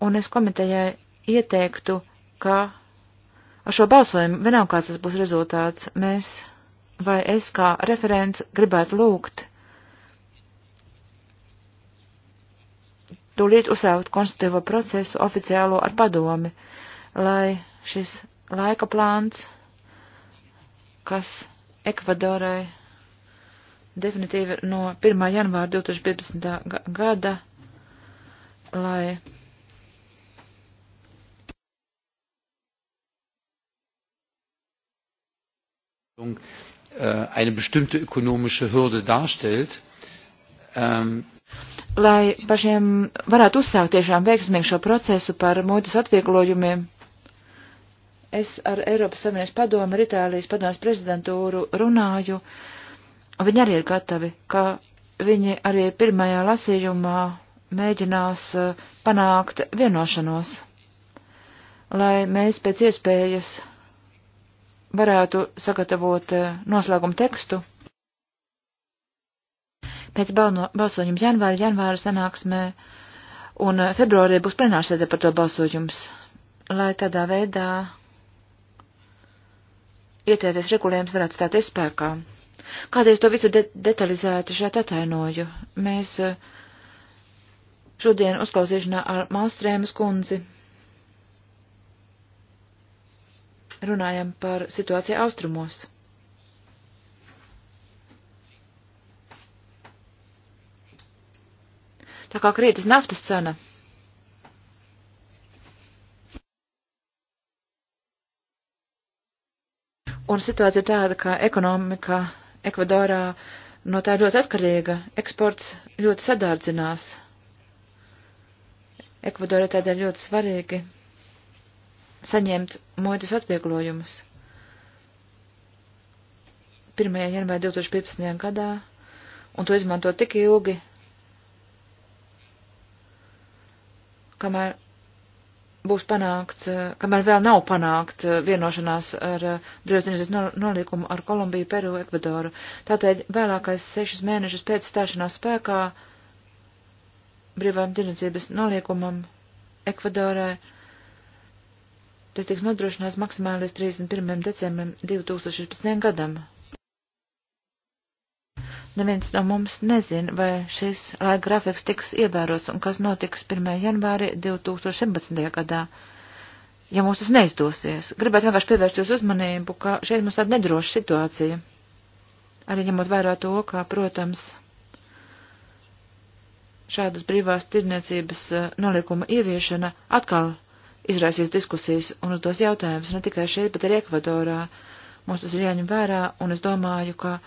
Un es komitejai ieteiktu, ka ar šo balsojumu vienalga kāds tas būs rezultāts, mēs vai es kā referents gribētu lūgt tūlīt uzsākt konstitutīvo procesu oficiālo ar padomi, lai šis laika plāns, kas Ekvadorai definitīvi no 1. janvāra 2015. gada, lai äh, eine bestimmte ökonomische Hürde darstellt, um, lai pašiem varētu uzsākt tiešām veiksmīgu šo procesu par mūtas atvieglojumiem. Es ar Eiropas Savienības padomu, ar Itālijas padomas prezidentūru runāju. Viņi arī ir gatavi, ka viņi arī pirmajā lasījumā mēģinās uh, panākt vienošanos, lai mēs pēc iespējas varētu sagatavot uh, noslēgumu tekstu pēc balsojuma janvāra, janvāra sanāksmē, un eh, februārī būs plenārsēde par to balsojums, lai tādā veidā ietēties regulējums varētu stāt izspēkā. Kādēļ to visu de detalizēti šeit atainoju? Mēs eh, šodien uzklausīšanā ar Malstrēmas kundzi runājam par situāciju austrumos. tā kā krītas naftas cena. Un situācija tāda, ka ekonomika Ekvadorā no tā ļoti atkarīga, eksports ļoti sadārdzinās. Ekvadora tādēļ ļoti svarīgi saņemt muitas atvieglojumus. 1. janvāra 2015. gadā, un to izmanto tik ilgi, kamēr būs panākts, eh, kamēr vēl nav panākt eh, vienošanās ar eh, brīvdienas nolīkumu ar Kolumbiju, Peru, Ekvadoru. Tātad vēlākais sešas mēnešus pēc stāšanās spēkā brīvām tirdzniecības nolīkumam Ekvadorai. Tas tiks nodrošināts maksimāli līdz 31. decembrim 2016. gadam. Neviens no mums nezin, vai šis laika grafiks tiks ievērots un kas notiks 1. janvārī 2017. gadā. Ja mums tas neizdosies, gribētu vienkārši pievērst jūs uzmanību, ka šeit mums tāda nedroša situācija. Arī ņemot vērā to, ka, protams, šādas brīvās tirniecības eh, nolikuma ieviešana atkal izraisīs diskusijas un uzdos jautājumus ne tikai šeit, bet arī Ekvadorā. Mums tas ir jāņem vērā, un es domāju, ka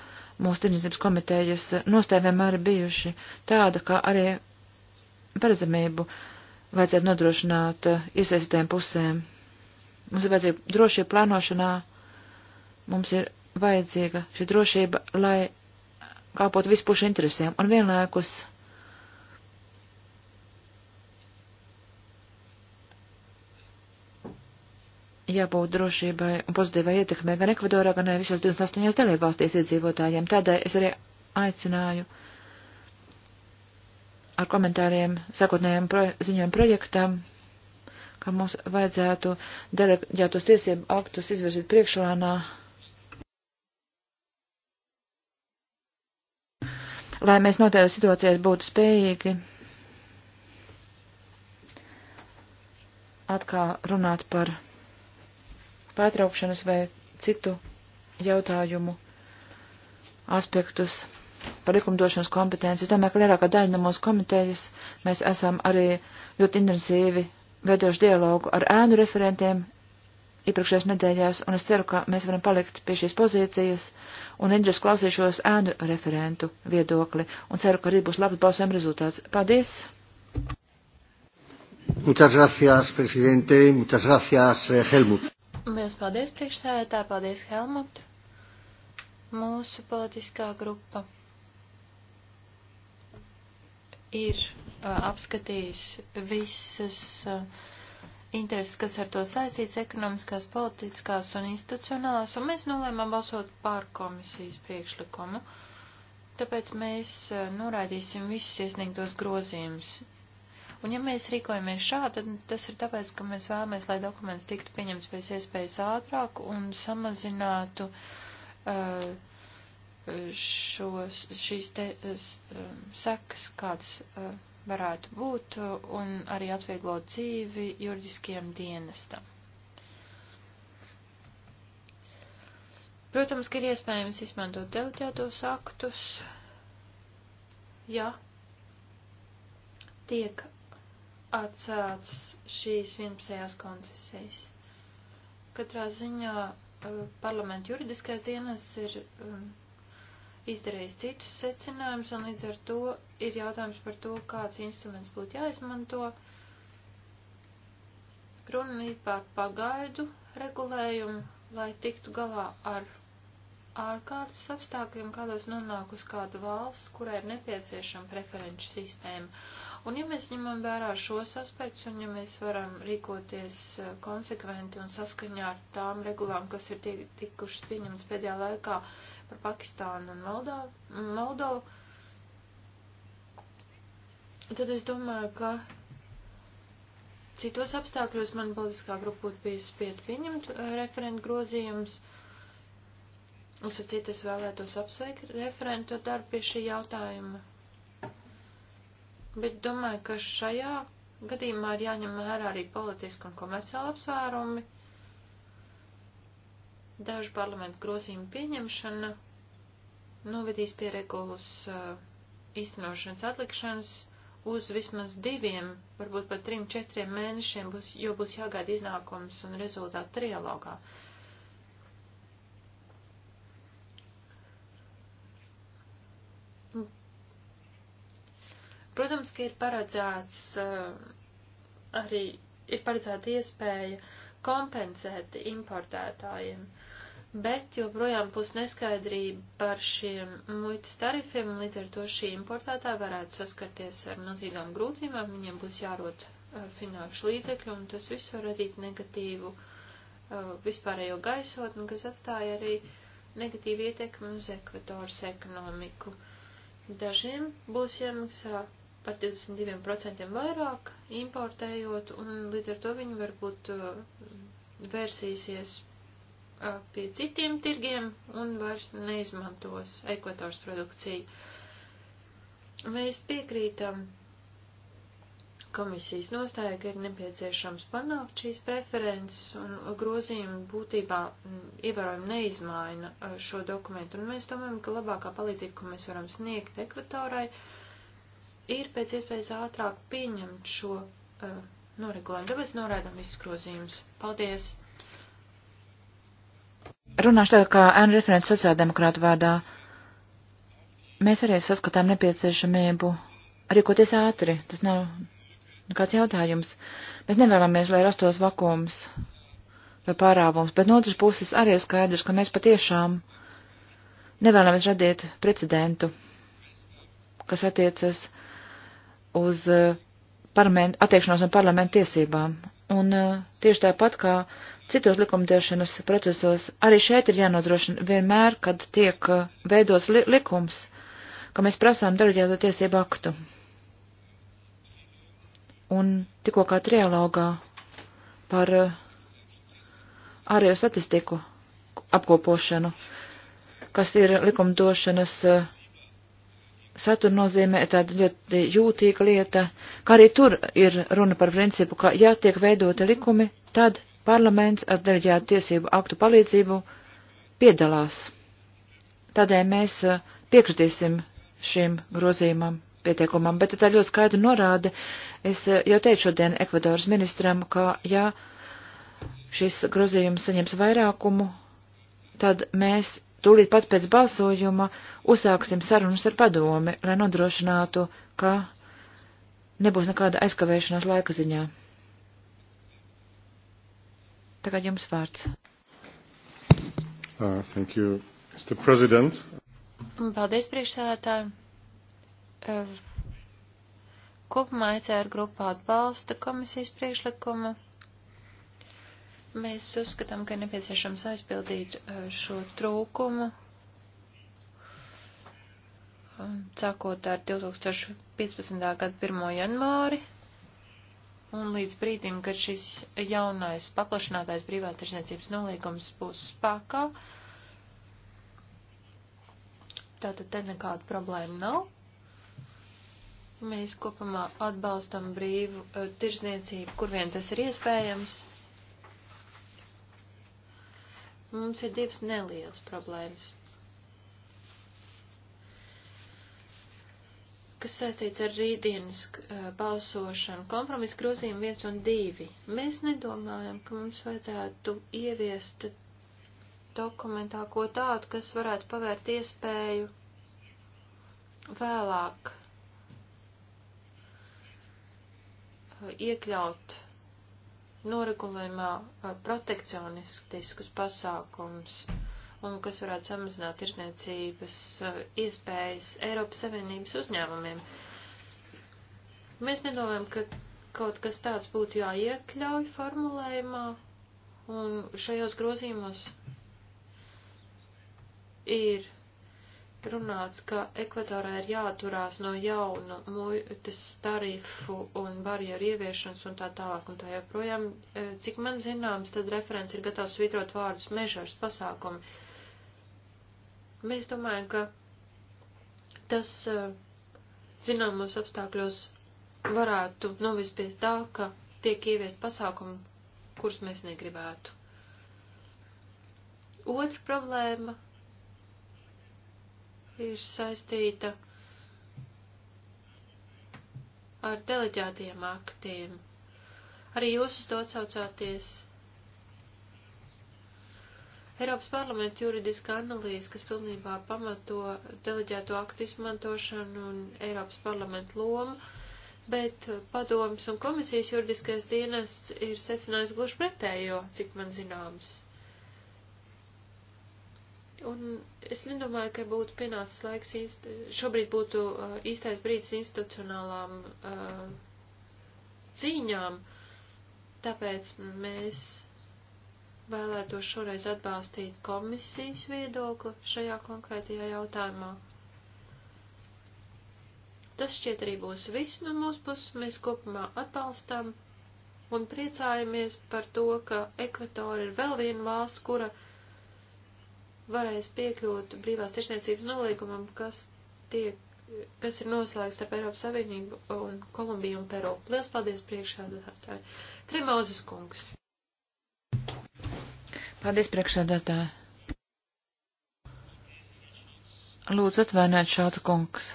mūsu tirdzniecības komitejas nostāja vienmēr bijuši tāda, ka arī paredzamību vajadzētu nodrošināt eh, iesaistītēm pusēm. Mums ir vajadzīga drošība plānošanā, mums ir vajadzīga šī drošība, lai kāpot vispušu interesēm un vienlaikus jābūt drošībai un pozitīvai ietekmē gan Ekvadorā, gan arī visās 28 dalībvalstīs iedzīvotājiem. Tādēļ es arī aicināju ar komentāriem sakotnējiem pro, ziņojumu projektam, ka mums vajadzētu delegētos tiesību aktus izvirzīt priekšlānā, lai mēs noteiktās situācijās būtu spējīgi atkal runāt par pārtraukšanas vai citu jautājumu aspektus par likumdošanas kompetenci. Tomēr, ka lielākā daļa no mūsu komitejas mēs esam arī ļoti intensīvi veidojuši dialogu ar ēnu referentiem iepriekšējās nedēļās, un es ceru, ka mēs varam palikt pie šīs pozīcijas, un Indras klausīšos ēnu referentu viedokli, un ceru, ka arī būs labs balsojuma rezultāts. Paldies! Muchas gracias, presidente. Muchas gracias, eh, Helmut. Lielas paldies priekšsēdētā, paldies Helmut, mūsu politiskā grupa ir uh, apskatījis visas uh, intereses, kas ar to saistīts, ekonomiskās, politiskās un institucionālās, un mēs nolēmām balsot pār komisijas priekšlikumu. Tāpēc mēs uh, noraidīsim visus iesniegtos grozījumus, Un ja mēs rīkojamies šā, tad tas ir tāpēc, ka mēs vēlamies, lai dokuments tiktu pieņemts pēc iespējas ātrāk un samazinātu uh, šos, šīs te uh, sekas, kādas uh, varētu būt, un arī atvieglot dzīvi juridiskiem dienestam. Protams, ka ir iespējams izmantot deleģētos aktus, ja tiek atceltas šīs vienpusējās koncesijas. Katrā ziņā e, parlamenta juridiskais dienests ir um, izdarījis citus secinājumus, un līdz ar to ir jautājums par to, kāds instruments būtu jāizmanto. Runa ir par pagaidu regulējumu, lai tiktu galā ar ārkārtas apstākļiem, kādos nonāk uz kādu valsts, kurai ir nepieciešama preferenču sistēma. Un ja mēs ņemam vērā šos aspektus, un ja mēs varam rīkoties eh, konsekventi un saskaņā ar tām regulām, kas ir tikušas pieņemtas pēdējā laikā par Pakistānu un Moldovu, Moldovu tad es domāju, ka citos apstākļos man politiskā grupa būtu bijusi spiest pieņemt eh, referentu grozījumus. Uzsacīt, es vēlētos apsveikt referentu darbu pie šī jautājuma bet domāju, ka šajā gadījumā ir jāņem vērā arī politiski un komerciāli apsvērumi, dažu parlamentu grozījumu pieņemšana novedīs pie regulas uh, īstenošanas atlikšanas uz vismaz diviem, varbūt pat trim, četriem mēnešiem, būs, jo būs jāgaida iznākums un rezultāti trialogā. Uh, Protams, ka ir paredzēts eh, arī, ir paredzēta iespēja kompensēt importētājiem, bet joprojām būs neskaidrība par šiem muitas tarifiem, un līdz ar to šī importētāja varētu saskarties ar milzīgām grūtībām, viņiem būs jārot eh, finanšu līdzekļu, un tas viss var radīt negatīvu eh, vispārējo gaisotni, kas atstāja arī negatīvu ietekmi uz Ekvadoras ekonomiku. Dažiem būs jāmaksā par 22% vairāk importējot, un līdz ar to viņi varbūt uh, vērsīsies uh, pie citiem tirgiem un vairs neizmantos ekvators produkciju. Mēs piekrītam komisijas nostāja, ka ir nepieciešams panākt šīs preferences un grozījumi būtībā mm, ievērojami neizmaina uh, šo dokumentu. Un mēs domājam, ka labākā palīdzība, ko mēs varam sniegt ekvatorai, uh, ir pēc iespējas ātrāk pieņemt šo uh, noregulējumu. Tāpēc norādām visus grozījumus. Paldies! Runāšu tagad kā ēnu referents sociāldemokrātu vārdā. Mēs arī saskatām nepieciešamību rīkoties ātri. Tas nav nekāds jautājums. Mēs nevēlamies, lai rastos vakums vai pārāvums, bet no otras puses arī ir skaidrs, ka mēs patiešām nevēlamies radīt precedentu, kas attiecas uz eh, attiekšanos no parlamentu tiesībām. Un eh, tieši tāpat kā citos likumdošanas procesos, arī šeit ir jānodrošina vienmēr, kad tiek eh, veidos li likums, ka mēs prasām deleģēto tiesību aktu. Un tikko kā trialogā par ārējo statistiku apkopošanu, kas ir likumdošanas uh, satura nozīmē tāda ļoti jūtīga lieta, kā arī tur ir runa par principu, ka ja tiek veidoti likumi, tad parlaments ar deleģētu tiesību aktu palīdzību piedalās. Tādēļ mēs eh, piekritīsim šim grozījumam pieteikumam, bet tā ļoti skaidri norāda, es eh, jau teicu šodien Ekvadoras ministram, ka ja šis grozījums saņems vairākumu, tad mēs tūlīt pat pēc balsojuma uzsāksim sarunas ar padomi, lai nodrošinātu, ka nebūs nekāda aizkavēšanās laika ziņā. Tagad jums vārds. Uh, thank you, Mr. President. Paldies, priekšsēdētāji. Uh, kopumā ECR grupa atbalsta komisijas priekšlikumu. Mēs uzskatām, ka nepieciešams aizpildīt eh, šo trūkumu, um, sākot ar 2015. gada 1. janvāri, un līdz brīdim, kad šis jaunais paplašinātais brīvās tirsniecības nolīgums būs spēkā, tātad te nekāda problēma nav. Mēs kopumā atbalstam brīvu eh, tirsniecību, kur vien tas ir iespējams. Mums ir divas nelielas problēmas, kas saistīts ar rītdienas balsošanu. Kompromisa grozījumi viens un divi. Mēs nedomājam, ka mums vajadzētu ieviest dokumentā ko tādu, kas varētu pavērt iespēju vēlāk iekļaut noregulējumā protekcionistiskus pasākums un kas varētu samazināt tirzniecības iespējas Eiropas Savienības uzņēmumiem. Mēs nedomājam, ka kaut kas tāds būtu jāiekļauj formulējumā un šajos grozījumos ir runāts, ka Ekvadorā ir jāturās no jauna muitas tarifu un barjeru ieviešanas un tā tālāk un tā joprojām. E, cik man zināms, tad referents ir gatavs svītrot vārdus mežars pasākumi. Mēs domājam, ka tas e, zināmos apstākļos varētu novest pie tā, ka tiek ieviest pasākumi, kurus mēs negribētu. Otra problēma ir saistīta ar deleģētiem aktiem. Arī jūs uz to atsaucāties. Eiropas parlamenta juridiska analīze, kas pilnībā pamato deleģēto aktu izmantošanu un Eiropas parlamenta lomu, bet padomas un komisijas juridiskais dienests ir secinājis gluži pretējo, cik man zināms. Un es nedomāju, ka būtu pienācis laiks, īst, šobrīd būtu uh, īstais brīdis institucionālām uh, cīņām, tāpēc mēs vēlētos šoreiz atbalstīt komisijas viedokli šajā konkrētajā jautājumā. Tas šķiet arī būs viss no mūsu puses, mēs kopumā atbalstam un priecājamies par to, ka Ekvatora ir vēl viena valsts, kura uh, varēs piekļūt brīvās tirsniecības nolīgumam, kas, tiek, kas ir noslēgts starp Eiropas Savienību un Kolumbiju un Peru. Lielas paldies priekšādātāji. Trimauzes kungs. Paldies priekšādātāji. Lūdzu atvainojiet šāds kungs.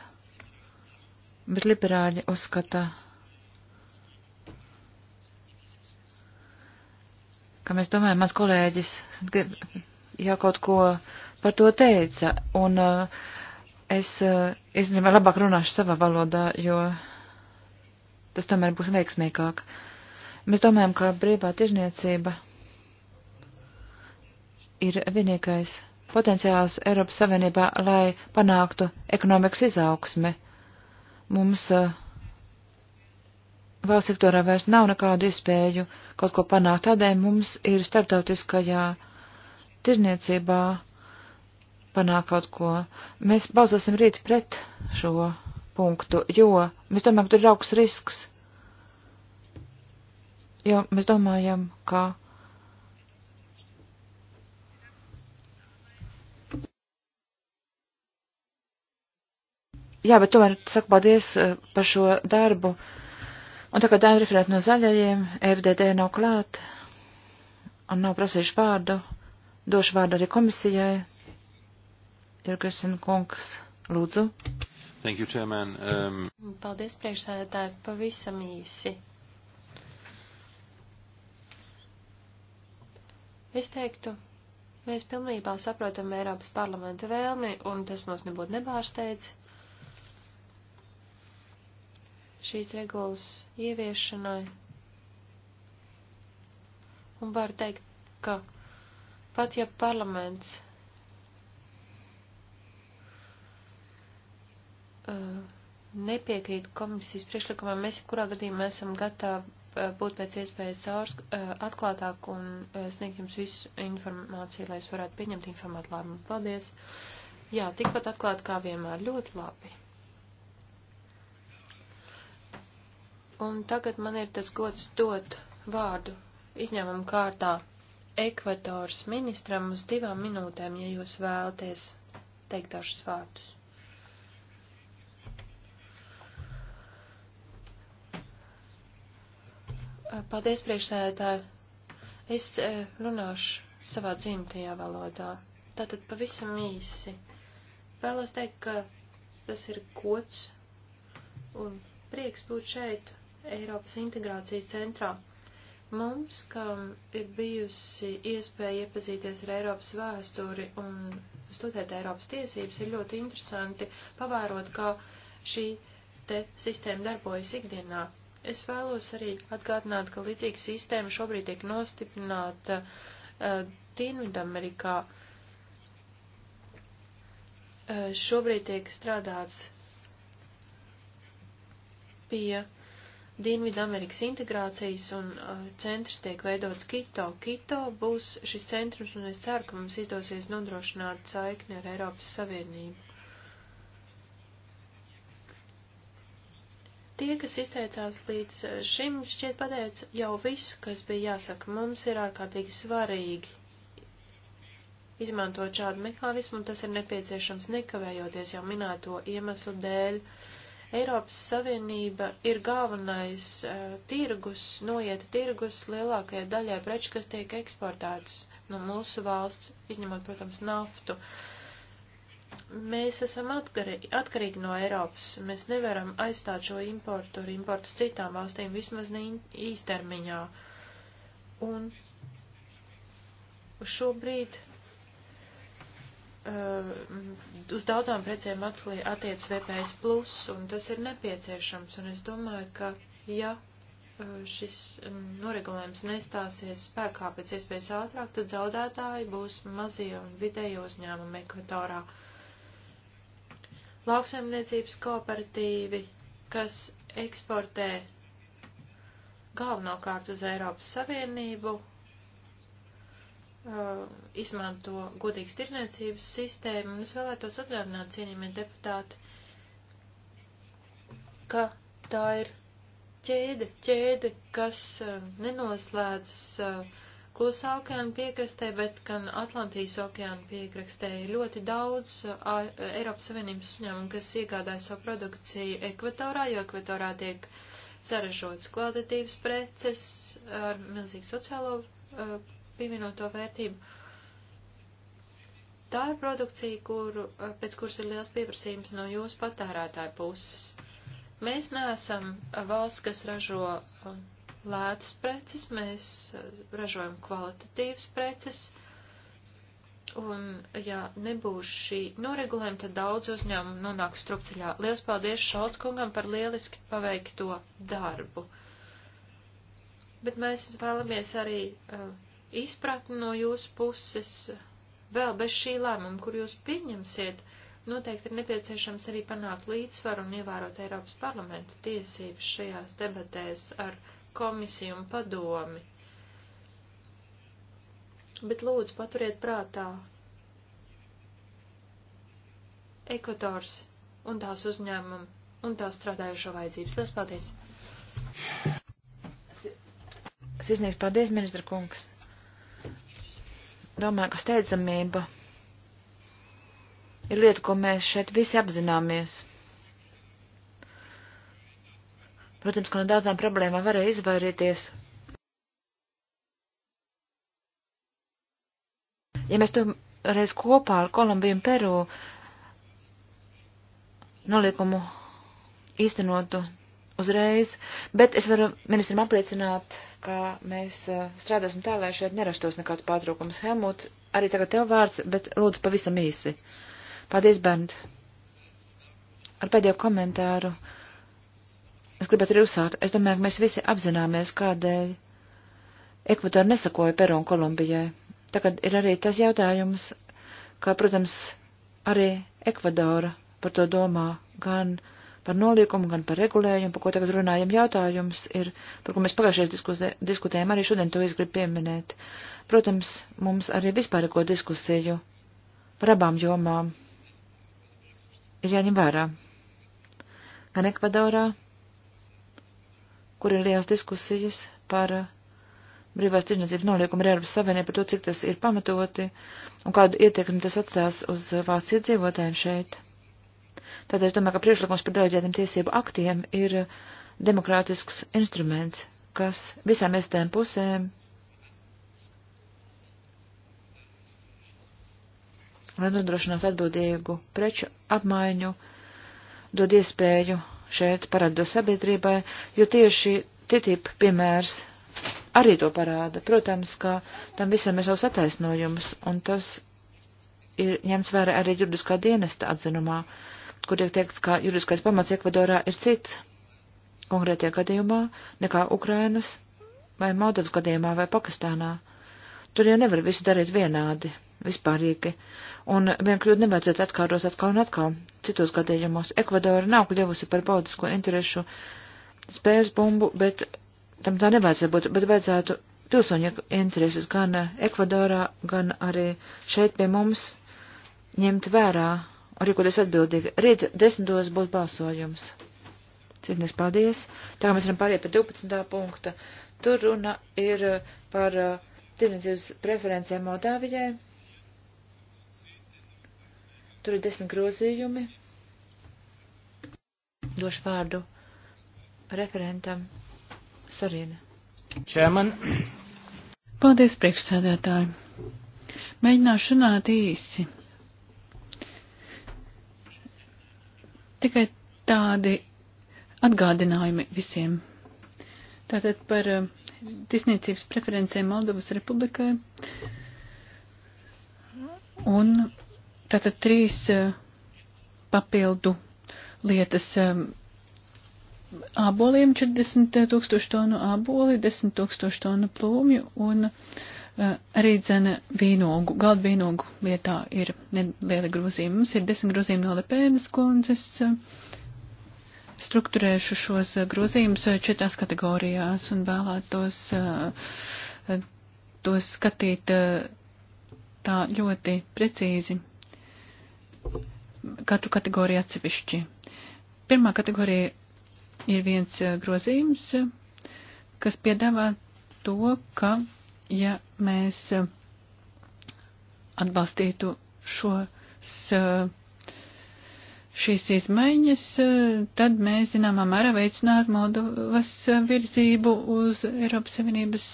Bet liberāļi uzskata, ka mēs domājam, mans kolēģis jau kaut ko par to teica, un uh, es, uh, es nezinu, labāk runāšu savā valodā, jo tas tomēr būs veiksmīgāk. Mēs domājam, ka brīvā tirzniecība ir vienīgais potenciāls Eiropas Savienībā, lai panāktu ekonomikas izaugsmi. Mums uh, valsts sektorā vairs nav nekādu iespēju kaut ko panākt, tādēļ mums ir starptautiskajā tirniecībā panākt kaut ko. Mēs balsosim rīt pret šo punktu, jo mēs domājam, ka tur ir augs risks. Jo mēs domājam, ka. Jā, bet tomēr saku paldies eh, par šo darbu. Un tā kā Dēna referēt no zaļajiem, FDD nav klāt un nav prasījuši vārdu. Došu vārdu arī komisijai. Jurgesen kungs, lūdzu. Thank you, Chairman. Um... Paldies, priekšsēdētāji, pavisam īsi. Es teiktu, mēs pilnībā saprotam Eiropas parlamenta vēlmi, un tas mums nebūtu nebārsteidz. Šīs regulas ieviešanai. Un var teikt, ka Pat ja parlaments uh, nepiekrīt komisijas priekšlikumam, mēs jebkurā gadījumā esam gatavi uh, būt pēc iespējas caurs, uh, atklātāk un sniegt jums visu informāciju, lai es varētu pieņemt informētu lēmumu. Paldies! Jā, tikpat atklāt kā vienmēr. Ļoti labi. Un tagad man ir tas gods dot vārdu izņēmumu kārtā Ekvadors ministram uz divām minūtēm, ja jūs vēlaties teikt dažus vārdus. Paldies, priekšsēdētāji. Es eh, runāšu savā dzimtajā valodā. Tātad pavisam īsi. Vēlos teikt, ka tas ir gods un prieks būt šeit, Eiropas integrācijas centrā. Mums, kam ir bijusi iespēja iepazīties ar Eiropas vēsturi un studēt Eiropas tiesības, ir ļoti interesanti pavērot, kā šī te sistēma darbojas ikdienā. Es vēlos arī atgādināt, ka līdzīga sistēma šobrīd tiek nostiprināta uh, Dienvidamerikā. Uh, šobrīd tiek strādāts pie Dienvidamerikas integrācijas un uh, centrs tiek veidots Kito. Kito būs šis centrs, un es ceru, ka mums izdosies nodrošināt saikni ar Eiropas Savienību. Tie, kas izteicās līdz uh, šim, šķiet pateica jau visu, kas bija jāsaka. Mums ir ārkārtīgi svarīgi izmantot šādu mehānismu, un tas ir nepieciešams nekavējoties jau minēto iemeslu dēļ. Uh, Eiropas Savienība ir galvenais uh, tirgus, noiet tirgus lielākajai daļai preču, kas tiek eksportētas no mūsu valsts, izņemot, protams, naftu. Mēs esam atkarīgi, atkarīgi no Eiropas. Mēs nevaram aizstāt šo importu ar importu citām valstīm, vismaz ne īstermiņā. Un šobrīd Uh, uz daudzām precēm attiec VPS plus, un tas ir nepieciešams, un es domāju, ka ja uh, šis um, noregulējums nestāsies spēkā pēc iespējas ātrāk, tad zaudētāji būs mazie un vidēji uzņēmumi ekvatorā. Lauksaimniecības kooperatīvi, kas eksportē galvenokārt uz Eiropas Savienību, Uh, izmanto godīgas tirniecības sistēmu, un es vēlētos atgādināt, cienījamie deputāti, ka tā ir ķēde, ķēde, kas uh, nenoslēdzas uh, klusā okeāna piekrastē, bet gan Atlantijas okeāna piekrastē ir ļoti daudz Eiropas Savienības uzņēmumu, kas iegādāja savu produkciju ekvatorā, jo ekvatorā tiek saražotas kvalitatīvas preces ar milzīgu sociālo uh, pievienoto vērtību. Tā ir produkcija, kuru, eh, pēc kuras ir liels pieprasījums no jūsu patērētāju puses. Mēs neesam valsts, kas ražo eh, lētas preces, mēs eh, ražojam kvalitatīvas preces. Un, ja nebūs šī noregulējuma, tad daudz uzņēmumu nonāks strupceļā. Lielas paldies Šaltkungam par lieliski paveikto darbu. Bet mēs vēlamies arī uh, izpratni no jūsu puses vēl bez šī lēmuma, kur jūs pieņemsiet, noteikti ir nepieciešams arī panākt līdzsvaru un ievērot Eiropas parlamenta tiesības šajās debatēs ar komisiju un padomi. Bet lūdzu, paturiet prātā Ekvators un tās uzņēmumu un tās strādājušo vajadzības. Lies paldies! Sirsnieks, paldies, ministra kungs! domāju, ka steidzamība ir lieta, ko mēs šeit visi apzināmies. Protams, ka no daudzām problēmām varēja izvairīties. Ja mēs to reiz kopā ar Kolumbiju un Peru noliekumu īstenotu uzreiz, bet es varu ministram apliecināt, ka mēs eh, strādāsim tā, lai šeit nerastos nekāds pārtraukums. Helmut, arī tagad tev vārds, bet lūdzu pavisam īsi. Paldies, Bernd. Ar pēdējo komentāru es gribētu arī uzsākt. Es domāju, ka mēs visi apzināmies, kādēļ Ekvadora nesakoja Peru un Kolumbijai. Tagad ir arī tas jautājums, kā, protams, arī Ekvadora par to domā gan. Uh, par noliekumu, gan par regulējumu, par ko tagad runājam. Jautājums ir, par ko mēs pagājušajā diskutējām, arī šodien to es gribu pieminēt. Protams, mums arī vispār ir ko diskusiju par abām jomām. Ir jāņem vērā. Gan Ekvadorā, kur ir liels diskusijas par uh, brīvās tirdzniecības noliekumu ar Eiropas Savienību par to, cik tas ir pamatoti un kādu ietekmi tas atstās uz uh, valsts iedzīvotājiem šeit. Tad es domāju, ka priekšlikums par deleģētiem tiesību aktiem ir demokrātisks instruments, kas visām iestādēm pusēm, lai nodrošinātu atbildīgu preču apmaiņu, dod iespēju šeit parādo sabiedrībai, jo tieši TTIP piemērs arī to parāda. Protams, ka tam visam ir savs attaisnojums, un tas ir ņemts vērā arī juridiskā dienesta atzinumā. Uh, kur tiek teikts, ka juridiskais pamats Ekvadorā ir cits konkrētajā gadījumā nekā Ukrainas vai Moldovas gadījumā vai Pakistānā. Tur jau nevar visu darīt vienādi, vispārīgi, un vien kļūdu nevajadzētu atkārtot atkal un atkal. Citos gadījumos Ekvadora nav kļuvusi par baudisko interešu spēles bumbu, bet tam tā nevajadzētu būt, bet vajadzētu pilsoņu intereses gan Ekvadorā, gan arī šeit pie mums ņemt vērā rīkoties atbildīgi. Rīt desmitos būs balsojums. Cietnieks, paldies. Tā mēs varam pāriet pie 12. punkta. Tur runa ir uh, par uh, tirdzniecības preferencēm Moldāvijai. Tur ir desmit grozījumi. Došu vārdu referentam Sarīna. Čēman. Paldies, priekšsēdētāji. Mēģināšu runāt īsi Tikai tādi atgādinājumi visiem. Tātad par eh, tisniecības preferencēm Moldovas republikai. Un tātad trīs eh, papildu lietas eh, āboliem 40 tūkstošu tonu āboli, 10 tūkstošu tonu plūmju un uh, Eh, arī dzene vīnogu, galda vīnogu lietā ir neliela grozījuma. Mums ir desmit grozījumi no Lepēnas kundzes. Struktūrēšu šos eh, grozījumus eh, četrās kategorijās un vēlētos tos skatīt tā ļoti precīzi. Katru kategoriju atsevišķi. Pirmā kategorija ir viens grozījums, kas piedāvā to, ka ja mēs eh, atbalstītu šos, eh, šīs izmaiņas, eh, tad mēs zināmā mērā veicinātu Moldovas virzību uz Eiropas Savienības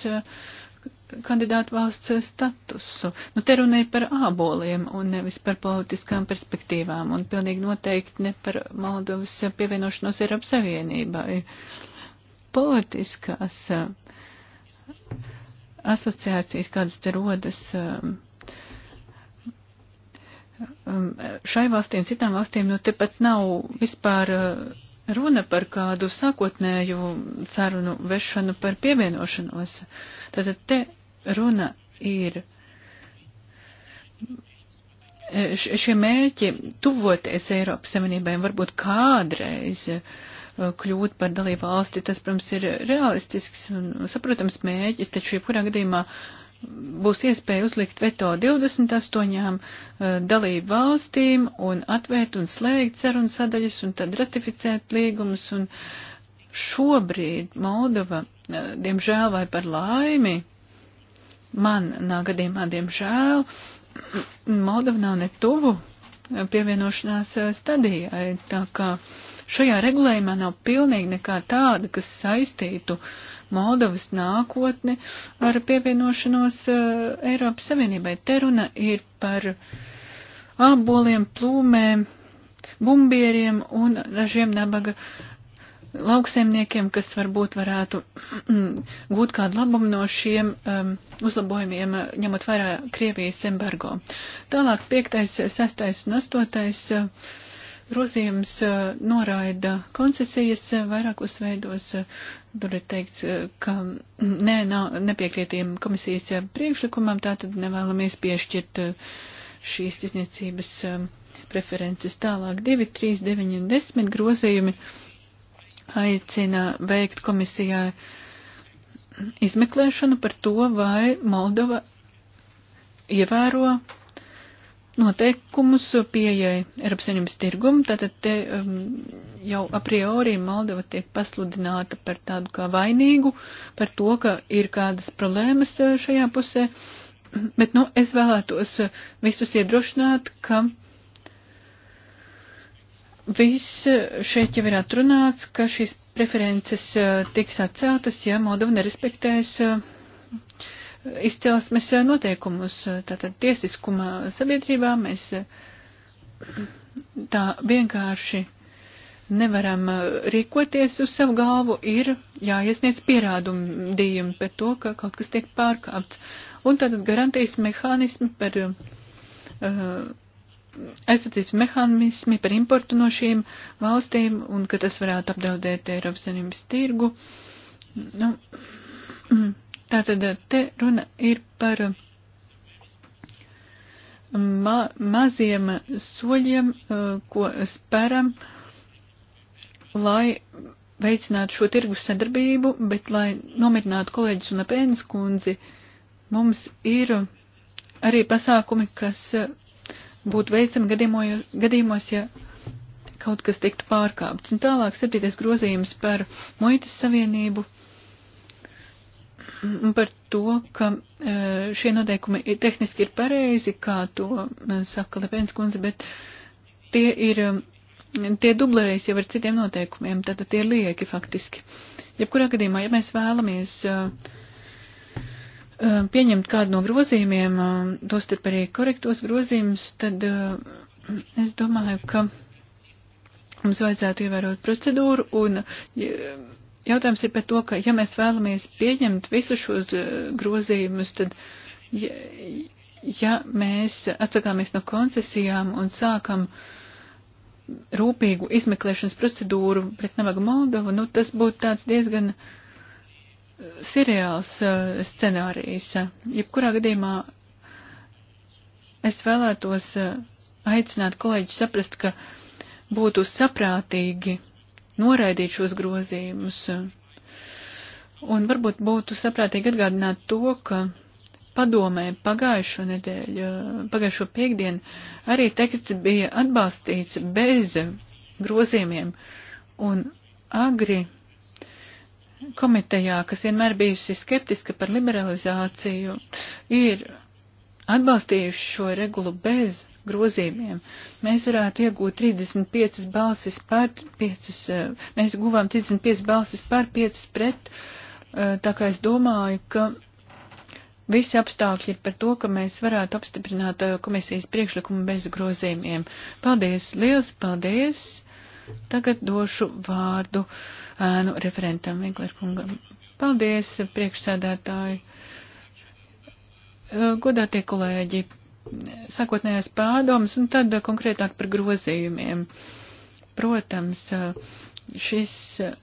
kandidātu valsts statusu. Nu, te runēja par āboliem un nevis par politiskām perspektīvām un pilnīgi noteikti ne par Moldovas pievienošanos Eiropas Savienībai. Politiskās asociācijas, kādas te rodas um, um, šai valstī un citām valstīm, nu te pat nav vispār uh, runa par kādu sākotnēju sarunu vešanu par pievienošanos. Tātad te runa ir e, šie mērķi tuvoties Eiropas Savienībai un varbūt kādreiz uh, Eh, kļūt par dalību valsti. Tas, protams, ir realistisks un saprotams mēģis, taču jebkurā gadījumā būs iespēja uzlikt veto 28 eh, dalību valstīm un atvērt un slēgt sarunu sadaļas un tad ratificēt līgumus. Un šobrīd Moldova, eh, diemžēl vai par laimi, man nāk gadījumā, diemžēl, Moldova nav ne tuvu pievienošanās stadijai, tā kā uh, Šajā regulējumā nav pilnīgi nekā tāda, kas saistītu Moldovas nākotni ar pievienošanos uh, Eiropas Savienībai. Te runa ir par āboliem, plūmēm, bumbieriem un dažiem nabaga lauksaimniekiem, kas varbūt varētu gūt kādu labumu no šiem um, uzlabojumiem, uh, ņemot vērā Krievijas embargo. Tālāk 5., 6. un 8 grozījums noraida koncesijas vairākos veidos. Tur ir teikts, ka nē, nav, nepiekrietiem komisijas priekšlikumam, tātad nevēlamies piešķirt šīs izniecības preferences. Tālāk 2, 3, 9 un 10 grozījumi aicina veikt komisijai izmeklēšanu par to, vai Moldova ievēro noteikumus pieejai Eiropas Savienības tirgumu, tātad te, um, jau a priori Moldova tiek pasludināta par tādu kā vainīgu, par to, ka ir kādas problēmas uh, šajā pusē, bet, nu, es vēlētos uh, visus iedrošināt, ka viss uh, šeit jau ir atrunāts, ka šīs preferences tiks atceltas, ja Moldova nerespektēs uh, izcelsmes noteikumus. Tātad tiesiskuma sabiedrībā mēs tā vienkārši nevaram rīkoties uz savu galvu, ir jāiesniedz pierādījumi par to, ka kaut kas tiek pārkāpts. Un tātad garantijas mehānismi par uh, aizsardzības mehānismi par importu no šīm valstīm un ka tas varētu apdraudēt Eiropas Savienības tirgu. Nu, Tātad eh, te runa ir par eh, ma maziem soļiem, eh, ko spēram, lai veicinātu šo tirgus sadarbību, bet lai nomirinātu kolēģis un apēnas kundzi, mums ir arī pasākumi, kas būtu veicami gadījumos, ja kaut kas tiktu pārkāpts. Un tālāk septītais grozījums par muitas savienību par to, ka e, šie noteikumi ir tehniski ir pareizi, kā to e, saka Lepens kundze, bet tie ir, e, tie dublējas jau ar citiem noteikumiem, tātad tie ir lieki faktiski. Jebkurā gadījumā, ja mēs vēlamies pieņemt kādu no grozījumiem, tostarp arī korektos grozījumus, tad es domāju, ka mums vajadzētu ievērot procedūru un jautājums ir par to, ka ja mēs vēlamies pieņemt visu šos eh, grozījumus, tad ja, ja mēs atsakāmies no koncesijām un sākam rūpīgu izmeklēšanas procedūru pret Navagu Moldovu, nu tas būtu tāds diezgan eh, seriāls eh, scenārijs. Jebkurā gadījumā es vēlētos aicināt kolēģi saprast, ka būtu saprātīgi noraidīt šos grozījumus. Un varbūt būtu saprātīgi atgādināt to, ka padomē pagājušo nedēļu, eh, pagājušo piekdienu arī teksts bija atbalstīts bez grozījumiem. Un agri komitejā, kas vienmēr bijusi skeptiska par liberalizāciju, ir atbalstījuši šo regulu bez grozījumiem. Mēs varētu iegūt 35 balsis par 5, eh, mēs guvām 35 balsis par 5 pret, eh, tā kā es domāju, ka visi apstākļi ir par to, ka mēs varētu apstiprināt eh, komisijas priekšlikumu bez grozījumiem. Paldies, liels paldies! Tagad došu vārdu ēnu referentam Vinklerkungam. Paldies, priekšsēdētāji! Godātie kolēģi, sākotnējās pārdomas un tad eh, konkrētāk par grozījumiem. Protams, eh, šis. Eh,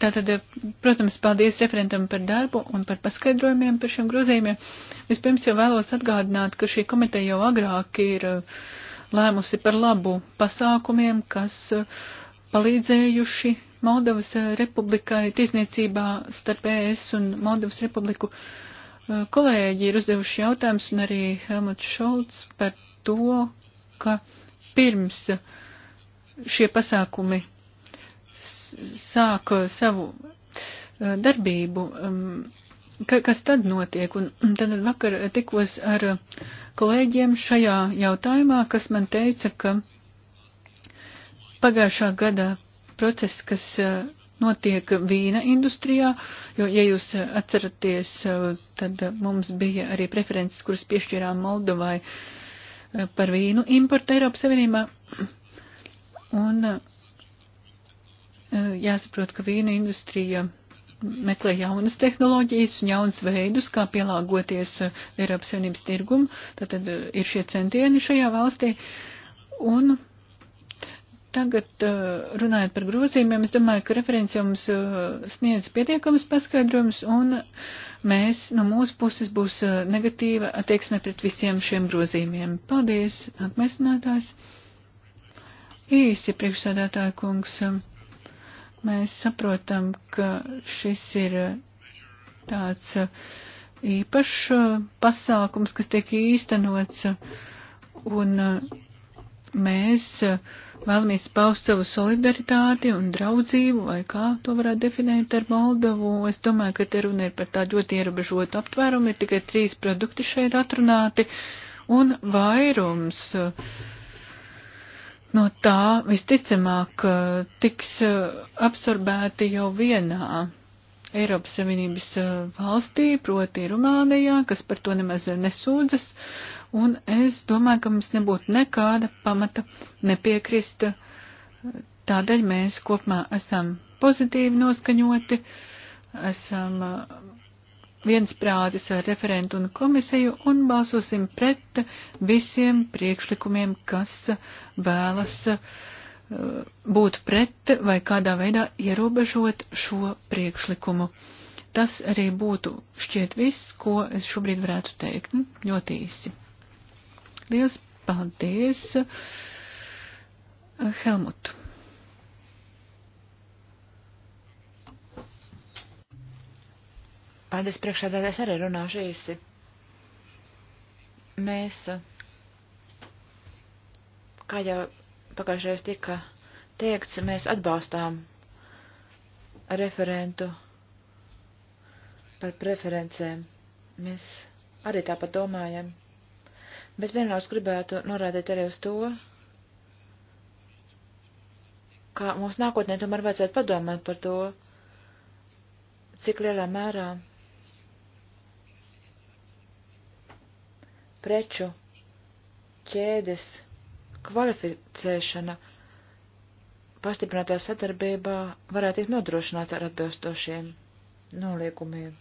tātad, protams, paldies referentam par darbu un par paskaidrojumiem par šiem grozījumiem. Vispirms jau vēlos atgādināt, ka šī komiteja jau agrāk ir lēmusi par labu pasākumiem, kas palīdzējuši Moldovas republikai tiesniecībā starp ES un Moldovas republiku uh, Kolēģi ir uzdevuši jautājumus un arī Helmuts Šolts par to, ka pirms šie pasākumi sāka savu darbību, ka, kas tad notiek. Un tad vakar tikos ar kolēģiem šajā jautājumā, kas man teica, ka pagājušā gada process, kas notiek vīna industrijā, jo, ja jūs atceraties, tad mums bija arī preferences, kuras piešķirām Moldovai eh, par vīnu importu Eiropas Savienībā. Un eh, jāsaprot, ka vīna industrija meklē jaunas tehnoloģijas un jaunas veidus, kā pielāgoties eh, Eiropas Savienības tirgumu. Tātad ir šie centieni šajā valstī. Un Tagad uh, runājot par grozījumiem, es domāju, ka referents jau mums uh, sniedz pietiekamus paskaidrojumus, un mēs no mūsu puses būs uh, negatīva attieksme pret visiem šiem grozījumiem. Paldies, atmaisinātājs. Īsi priekšsādātāja kungs, mēs saprotam, ka šis ir tāds īpašs pasākums, kas tiek īstenots, un mēs eh, vēlamies paust savu solidaritāti un draudzību, vai kā to varētu definēt ar Moldovu. Es domāju, ka te runa ir par tādu ļoti ierobežotu aptvērumu, ir tikai trīs produkti šeit atrunāti, un vairums eh, no tā visticamāk eh, tiks absorbēti jau vienā Eiropas Savienības valstī, proti Rumānijā, kas par to nemaz nesūdzas, un es domāju, ka mums nebūtu nekāda pamata nepiekrist. Tādēļ mēs kopumā esam pozitīvi noskaņoti, esam viensprātis ar referentu un komisiju un balsosim pret visiem priekšlikumiem, kas vēlas uh, Uh, būt pret vai kādā veidā ierobežot šo priekšlikumu. Tas arī būtu šķiet viss, ko es šobrīd varētu teikt. Nu, ļoti īsi. Lielas paldies, uh, Helmut. Paldies priekšādātājs arī runāšu īsi. Mēs, uh, kā jau pagājušais tika teikts, mēs atbalstām referentu par preferencēm. Mēs arī tāpat domājam. Bet vienlaikus gribētu norādīt arī uz to, ka mums nākotnē tomēr vajadzētu padomāt par to, cik lielā mērā preču ķēdes kvalificēšana pastiprinātā sadarbībā varētu tikt nodrošināta ar atbilstošiem noliekumiem.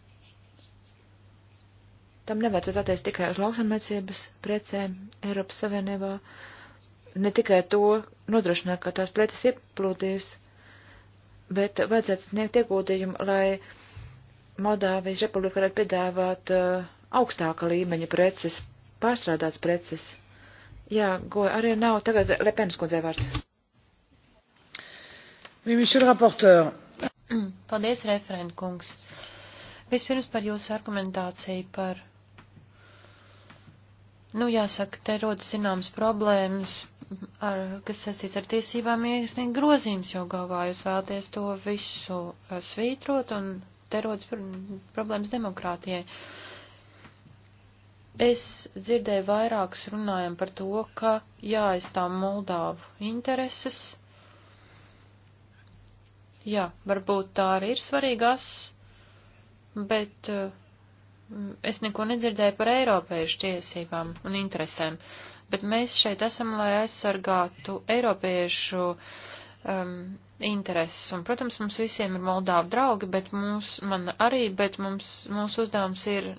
Tam nevajadzētu attiec tikai uz lauksamniecības precēm Eiropas Savienībā, ne tikai to nodrošināt, ka tās preces ieplūdīs, bet vajadzētu sniegt ieguldījumu, lai Moldāvijas republika varētu piedāvāt uh, augstāka līmeņa preces, pārstrādāts preces. Jā, goja arī nav. Tagad Lepenas kundzei vārds. Oui, monsieur le rapporteur. Paldies, referent kungs. Vispirms par jūsu argumentāciju par. Nu, jāsaka, te rodas zināmas problēmas, ar, kas sasīs ar tiesībām iesniegt grozījums, jo galvā jūs vēlaties to visu eh, svītrot, un te rodas pr problēmas demokrātijai. Uh, Es dzirdēju vairākus runājam par to, ka jāaizstāv Moldāvu intereses. Jā, varbūt tā arī ir svarīgas, bet mm, es neko nedzirdēju par eiropiešu tiesībām un interesēm. Bet mēs šeit esam, lai aizsargātu eiropiešu um, intereses. Un, protams, mums visiem ir Moldāvu draugi, bet mums, man arī, bet mums, mūsu uzdevums ir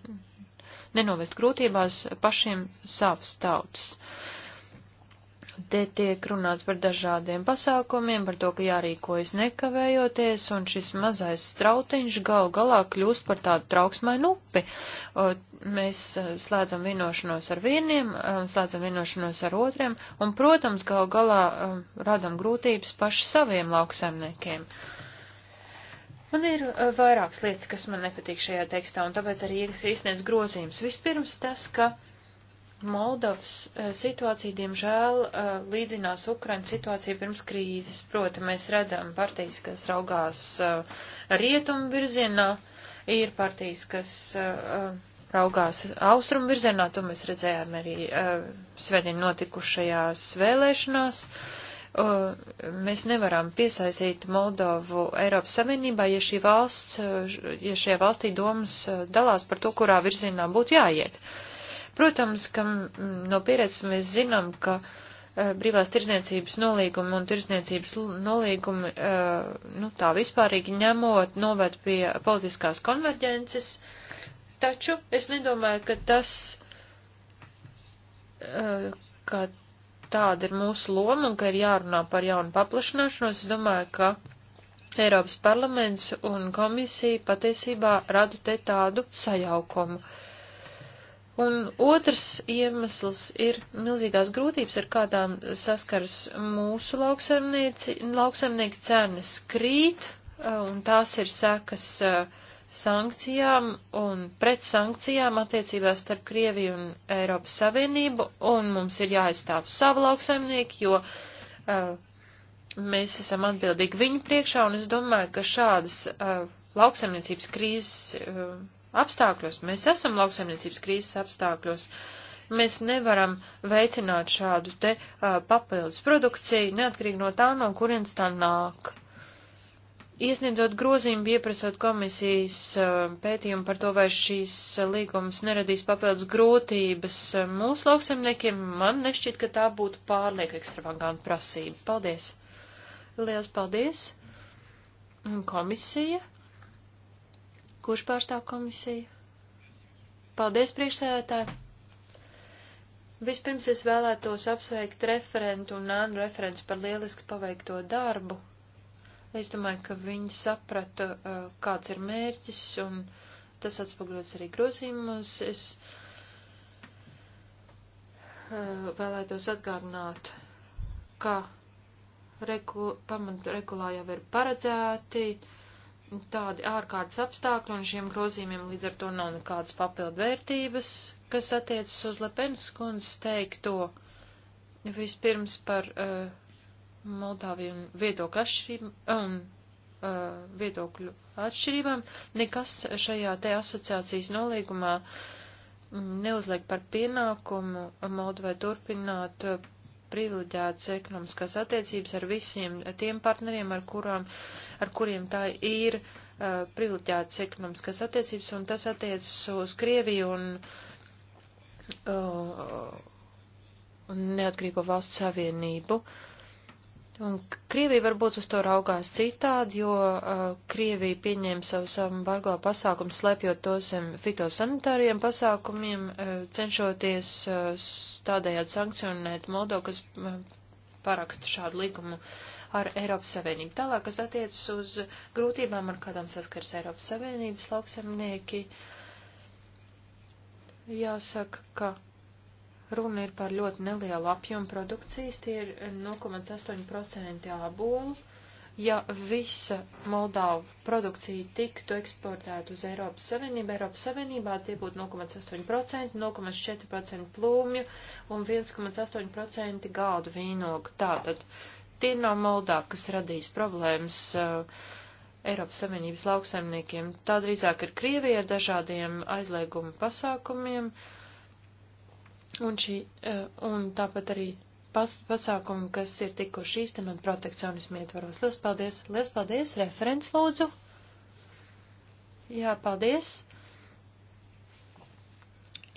nenovest grūtībās pašiem savas tautas. Te tiek runāts par dažādiem pasākumiem, par to, ka jārīkojas nekavējoties, un šis mazais strautiņš gal galā kļūst par tādu trauksmainu upi. Mēs e, slēdzam vienošanos ar vieniem, e, slēdzam vienošanos ar otriem, un, protams, gal galā e, radam grūtības paši saviem lauksaimniekiem. Uh, Man ir uh, vairākas lietas, kas man nepatīk šajā tekstā, un tāpēc arī iesniedz grozījums. Vispirms tas, ka Moldovas uh, situācija, diemžēl, uh, līdzinās Ukrainas situācija pirms krīzes. Proti, mēs redzam partijas, kas raugās rietumu virzienā, ir partijas, kas raugās austrumu virzienā, to mēs redzējām arī svedien notikušajās vēlēšanās. Uh, Mēs nevaram piesaistīt Moldovu Eiropas Savienībā, ja šī valsts, ja šajā valstī domas dalās par to, kurā virzienā būtu jāiet. Protams, ka no pieredzes mēs zinām, ka e, brīvās tirzniecības nolīgumi un tirzniecības nolīgumi, e, nu tā vispārīgi ņemot, noved pie politiskās konverģences, taču es nedomāju, ka tas, e, ka tāda ir mūsu loma un ka ir jārunā par jaunu paplašināšanos, es domāju, ka Eiropas parlaments un komisija patiesībā rada te tādu sajaukumu. Un otrs iemesls ir milzīgās grūtības, ar kādām saskars mūsu lauksaimnieki, cenas krīt, uh, un tās ir sekas uh, sankcijām un pret sankcijām attiecībās starp Krieviju un Eiropas Savienību, un mums ir jāaizstāv savu lauksaimnieku, jo uh, mēs esam atbildīgi viņu priekšā, un es domāju, ka šādas uh, lauksaimniecības krīzes uh, apstākļos, mēs esam lauksaimniecības krīzes apstākļos, mēs nevaram veicināt šādu te uh, papildus produkciju, neatkarīgi no tā, no kurienes tā nāk. Uh, Iesniedzot grozījumu, pieprasot komisijas pētījumu par to, vai šīs līgumas neradīs papildus grūtības mūsu lauksemniekiem, man nešķiet, ka tā būtu pārlieku ekstravaganta prasība. Paldies! Liels paldies! Komisija. Kurš pārstāv komisiju? Paldies, priekšsēdētāji! Vispirms es vēlētos apsveikt referentu un nānu referents par lieliski paveikto darbu. Es domāju, ka viņi saprata, uh, kāds ir mērķis, un tas atspoguļos arī grozījumos. Es uh, vēlētos atgādināt, ka regu, pamatregulā jau ir paredzēti tādi ārkārtas apstākļi, un šiem grozījumiem līdz ar to nav nekādas papildvērtības, kas attiecas uz Lepenas kundzes teikto vispirms par uh, Moldāviju un viedokļu atšķirībām, um, uh, viedokļu atšķirībām, nekas šajā te asociācijas nolīgumā neuzliek par pienākumu Moldovai turpināt uh, privileģētas ekonomiskās attiecības ar visiem tiem partneriem, ar, kurām, ar kuriem tā ir uh, privileģētas ekonomiskās attiecības, un tas attiecas uz Krieviju un uh, Neatkarīgo valstu savienību. Uh, Un Krievija varbūt uz to raugās citādi, jo uh, Krievija pieņēma savus embargo pasākumus, slēpjot tos fitosanitāriem pasākumiem, uh, cenšoties uh, tādējādi sankcionēt Moldovu, kas uh, parakstu šādu līgumu ar Eiropas Savienību. Tālāk, kas attiecas uz grūtībām, ar kādām saskars Eiropas Savienības lauksemnieki, jāsaka, ka Runa ir par ļoti nelielu apjomu produkcijas, tie ir 0,8% ābolu. Ja visa Moldāvu produkcija tiktu eksportēta uz Eiropas Savienību, Eiropas Savienībā tie būtu 0,8%, 0,4% plūmju un 1,8% galdu vīnogu. Tātad tie nav Moldāvi, kas radīs problēmas uh, Eiropas Savienības lauksaimniekiem. Tā drīzāk ir Krievija ar dažādiem aizlieguma pasākumiem. Uh, Un, šī, e, un tāpat arī pas, pasākumi, kas ir tikuši īstenot protekcionismu ietvaros. Lielas paldies! Lielas paldies! Referents lūdzu! Jā, paldies!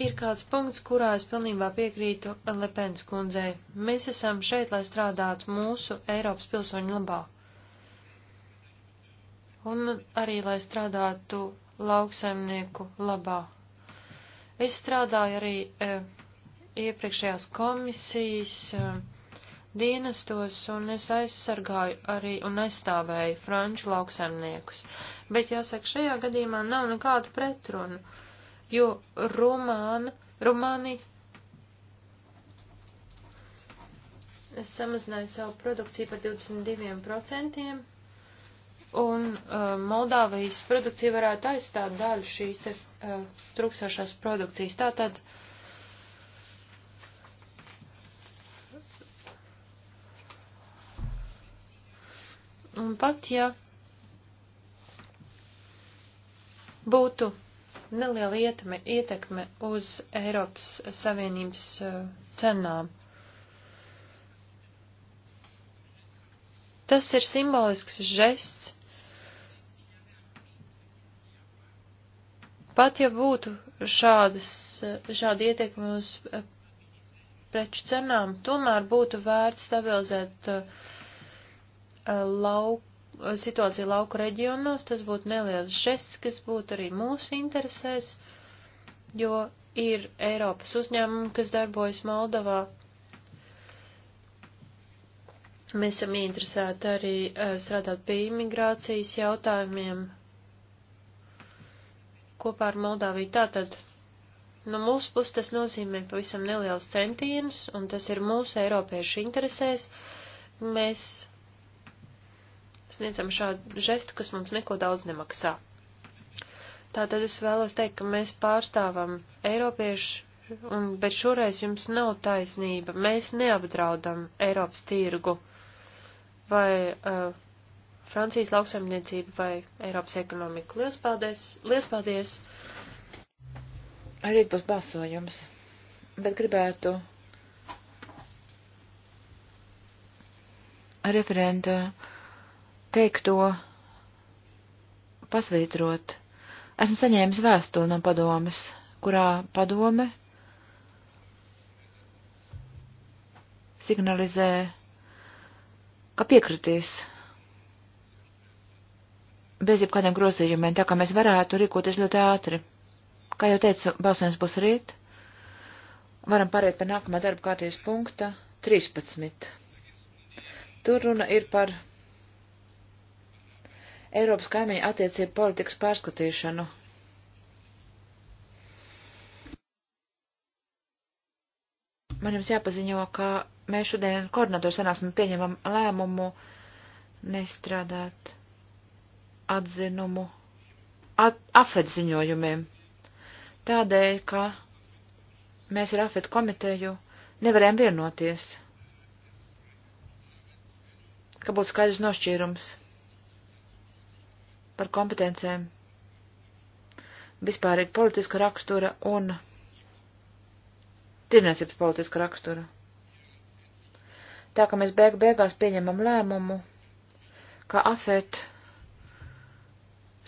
Ir kāds punkts, kurā es pilnībā piekrītu Lepens kundzei. Mēs esam šeit, lai strādātu mūsu Eiropas pilsoņu labā. Un arī, lai strādātu lauksaimnieku labā. Es strādāju arī e, iepriekšējās komisijas eh, dienestos un es aizsargāju arī un aizstāvēju franču lauksaimniekus. Bet jāsaka, šajā gadījumā nav nekādu pretrunu, jo Rumāna, Rumāni samazināja savu produkciju par 22% un uh, Moldāvijas produkcija varētu aizstāt daļu šīs te, uh, trūkstošās produkcijas. Tātad uh, Un pat ja būtu neliela ietme, ietekme uz Eiropas Savienības eh, cenām, tas ir simbolisks žests. Pat ja būtu šādas, eh, šāda ietekme uz eh, preču cenām, tomēr būtu vērts stabilizēt uh, lauk, situāciju lauku reģionos, tas būtu neliels žests, kas būtu arī mūsu interesēs, jo ir Eiropas uzņēmumi, kas darbojas Moldovā. Mēs esam interesēti arī eh, strādāt pie imigrācijas jautājumiem kopā ar Moldāviju. Tātad No mūsu puses tas nozīmē pavisam neliels centienus, un tas ir mūsu eiropiešu interesēs. Mēs sniedzam šādu žestu, kas mums neko daudz nemaksā. Tātad es vēlos teikt, ka mēs pārstāvam Eiropiešu, un, bet šoreiz jums nav taisnība. Mēs neapdraudam Eiropas tirgu vai uh, Francijas lauksaimniecību vai Eiropas ekonomiku. Lielas paldies! Lielas paldies! Arī būs balsojums, bet gribētu referenta teikto pasvītrot. Esmu saņēmis vēstuli no padomes, kurā padome signalizē, ka piekritīs bez jebkādiem grozījumiem, tā kā mēs varētu rīkoties ļoti ātri. Kā jau teicu, balsojums būs rīt. Varam pāriet pie nākamā darba kārtības punkta 13. Tur runa ir par Eiropas kaimiņu attiecību politikas pārskatīšanu. Man jums jāpaziņo, ka mēs šodien koordinatoru sanāksmi pieņemam lēmumu nestrādāt atzinumu at, afetziņojumiem. Tādēļ, ka mēs ar afet komiteju nevarējām vienoties, ka būtu skaidrs nošķīrums par kompetencēm vispārīgi politiska rakstura un tirniecības politiska rakstura. Tā ka mēs beig beigās pieņemam lēmumu, ka afet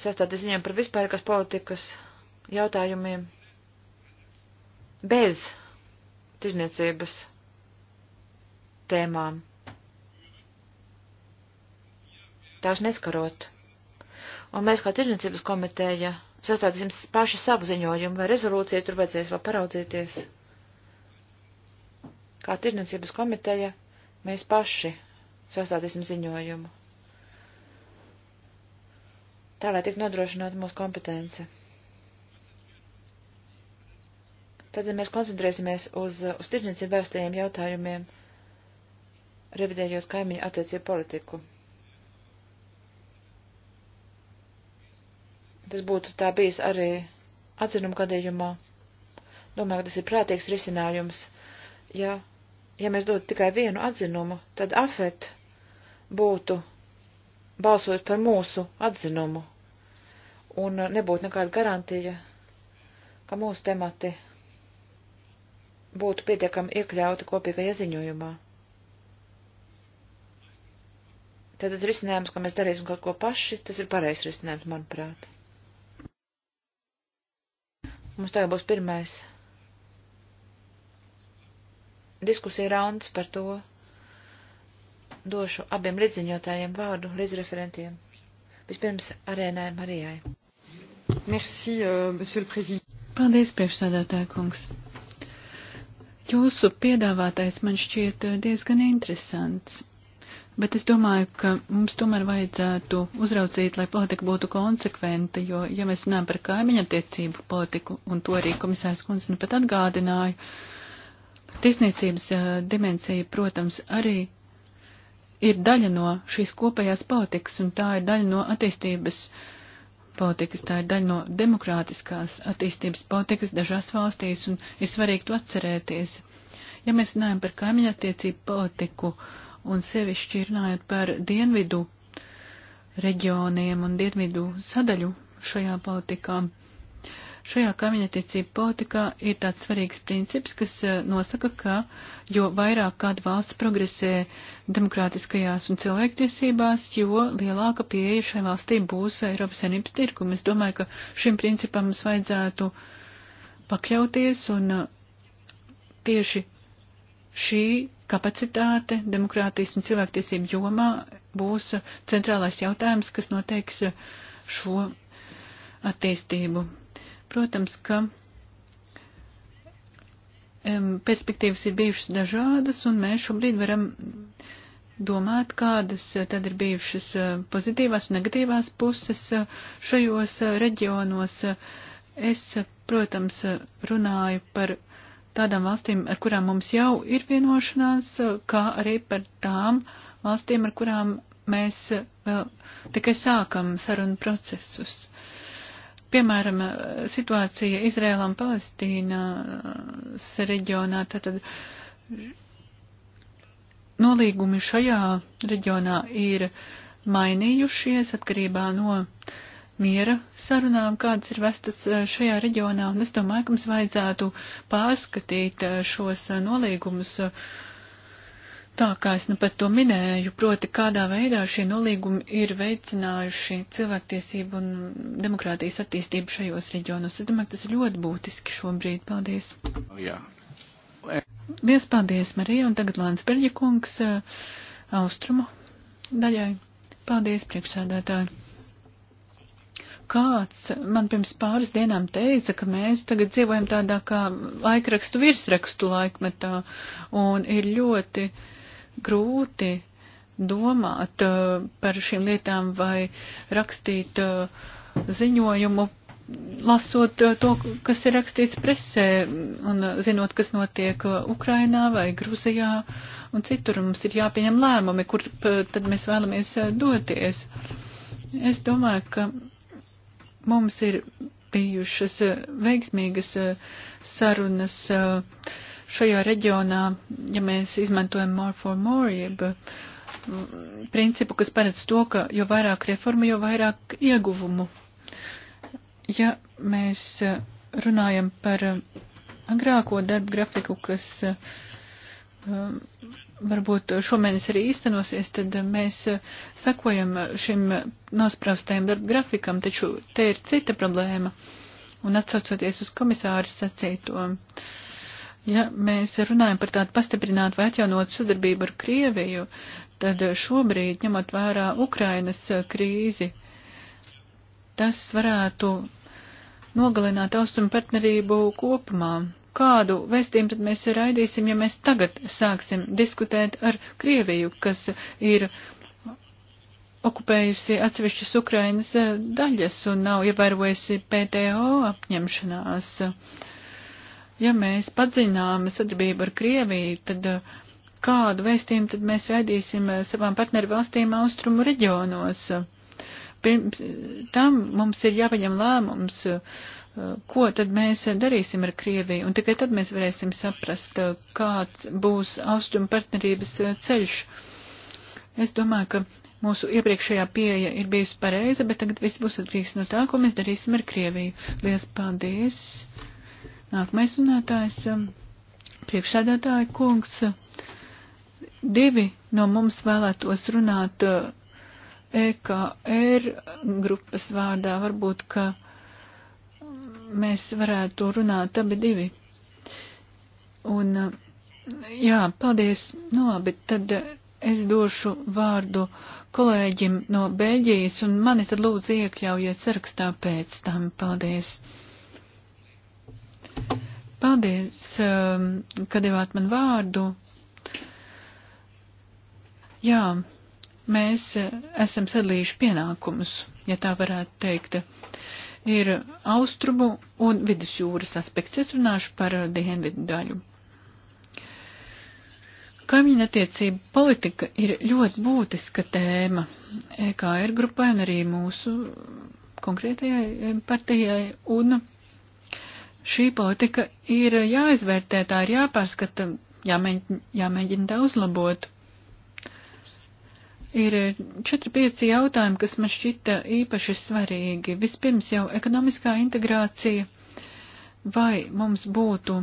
sastāda ziņām par vispārīgās politikas jautājumiem bez tirniecības tēmām. Tās neskarot. Un mēs kā tirdzniecības komiteja sastādīsim paši savu ziņojumu vai rezolūciju, tur vajadzēs vēl paraudzīties. Kā tirdzniecības komiteja mēs paši sastādīsim ziņojumu. Tā, lai tik nodrošinātu mūsu kompetence. Tad, ja mēs koncentrēsimies uz, uz tirdzniecību vēstījiem jautājumiem, revidējot kaimiņu attiecību politiku. Tas būtu tā bijis arī atzinuma gadījumā. Domāju, ka tas ir prātīgs risinājums. Ja, ja mēs dotu tikai vienu atzinumu, tad afet būtu balsot par mūsu atzinumu. Un nebūtu nekāda garantija, ka mūsu temati būtu pietiekami iekļauti kopīgajā ziņojumā. Tātad risinājums, ka mēs darīsim kaut ko paši, tas ir pareizs risinājums, manuprāt. Mums tagad būs pirmais diskusija rauns par to. Došu abiem redziņotājiem vārdu līdzreferentiem. Vispirms arēnai Marijai. Merci, uh, monsieur le président. Paldies, priekšsādātāja kungs. Jūsu piedāvātais man šķiet euh, diezgan interesants. Bet es domāju, ka mums tomēr vajadzētu uzraucīt, lai politika būtu konsekventa, jo, ja mēs runājam par kaimiņattiecību politiku, un to arī komisārs Kunz nu pat atgādināja, tisniecības uh, eh, dimensija, protams, arī ir daļa no šīs kopējās politikas, un tā ir daļa no attīstības politikas, tā ir daļa no demokrātiskās attīstības politikas dažās valstīs, un ir svarīgi to atcerēties. Ja mēs runājam par kaimiņattiecību politiku, uh, un sevišķi runājot par dienvidu reģioniem un dienvidu sadaļu šajā politikā. Šajā kaimiņattiecību politikā ir tāds svarīgs princips, kas eh, nosaka, ka jo vairāk kāda valsts progresē demokrātiskajās un cilvēktiesībās, jo lielāka pieeja šai valstī būs Eiropas Savienības tirkum. Es domāju, ka šim principam mums vajadzētu pakļauties un eh, tieši šī kapacitāte demokrātijas un cilvēktiesību jomā būs centrālais jautājums, kas noteiks šo attīstību. Protams, ka perspektīvas ir bijušas dažādas, un mēs šobrīd varam domāt, kādas tad ir bijušas eh, pozitīvās un negatīvās puses eh, šajos eh, reģionos. Es, protams, runāju par tādām valstīm, ar kurām mums jau ir vienošanās, kā arī par tām valstīm, ar kurām mēs vēl eh, tikai sākam sarunu procesus. Piemēram, eh, situācija Izrēlā un Palestīnas eh, reģionā, tātad nolīgumi šajā reģionā ir mainījušies atkarībā no uh, miera sarunām, kādas ir vestas eh, šajā reģionā, un es domāju, ka mums vajadzētu pārskatīt eh, šos eh, nolīgumus tā, kā es nu pat to minēju, proti, kādā veidā šie nolīgumi ir veicinājuši cilvēktiesību un demokrātijas attīstību šajos reģionos. Es domāju, ka tas ir ļoti būtiski šobrīd. Paldies! Jā. Oh, Liels paldies, Marija, un tagad Lāns Berģikungs austrumu daļai. Paldies, priekšsēdētāji! kāds man pirms pāris dienām teica, ka mēs tagad dzīvojam tādā kā laikrakstu virsrakstu laikmetā, un ir ļoti grūti domāt uh, par šīm lietām vai rakstīt uh, ziņojumu, lasot uh, to, kas ir rakstīts presē, un uh, zinot, kas notiek uh, Ukrainā vai Gruzijā, un citur mums ir jāpieņem lēmumi, kur uh, tad mēs vēlamies doties. Es domāju, ka Mums ir bijušas eh, veiksmīgas eh, sarunas eh, šajā reģionā, ja mēs izmantojam more for more, jeb mm, principu, kas paredz to, ka jo vairāk reforma, jo vairāk ieguvumu. Ja mēs runājam par agrāko darbu grafiku, kas varbūt šomēnes arī īstenosies, tad mēs sakojam šim nospraustajam darba grafikam, taču te ir cita problēma. Un atsaucoties uz komisāru sacīto, ja mēs runājam par tādu pastiprinātu vai atjaunotu sadarbību ar Krieviju, tad šobrīd, ņemot vērā Ukrainas krīzi, tas varētu nogalināt austrumu partnerību kopumā kādu vēstījumu tad mēs raidīsim, ja mēs tagad sāksim diskutēt ar Krieviju, kas ir okupējusi atsevišķas Ukrainas eh, daļas un nav ievērojusi PTO apņemšanās. Ja mēs padzinām sadarbību ar Krieviju, tad eh, kādu vēstījumu tad mēs raidīsim eh, savām partneru valstīm austrumu reģionos? Pirms tam mums ir jāpaņem lēmums. Uh, ko tad mēs darīsim ar Krieviju, un tikai tad mēs varēsim saprast, uh, kāds būs austrumu partnerības uh, ceļš. Es domāju, ka mūsu iepriekšējā pieeja ir bijusi pareiza, bet tagad viss būs atkarīgs no tā, ko mēs darīsim ar Krieviju. Lielas paldies! Nākamais runātājs, um, priekšsēdētāja kungs. Divi no mums vēlētos runāt uh, EKR grupas vārdā, varbūt, ka mēs varētu runāt abi divi. Un, jā, paldies, no, nu, bet tad es došu vārdu kolēģim no Bēļģijas, un mani tad lūdzu iekļaujiet sarakstā pēc tam. Paldies! Paldies, um, ka devāt man vārdu. Jā, mēs uh, esam sadalījuši pienākumus, ja tā varētu teikt. Uh, ir austrumu un vidusjūras aspekts. Es runāšu par dienvidu daļu. Kaimiņa attiecība politika ir ļoti būtiska tēma EKR grupai un arī mūsu konkrētajai partijai un šī politika ir jāizvērtē, tā ir jāpārskata, jāmēģina, jāmēģina tā uzlabot. Ir 4-5 jautājumi, kas man šķita īpaši svarīgi. Vispirms jau ekonomiskā integrācija, vai mums būtu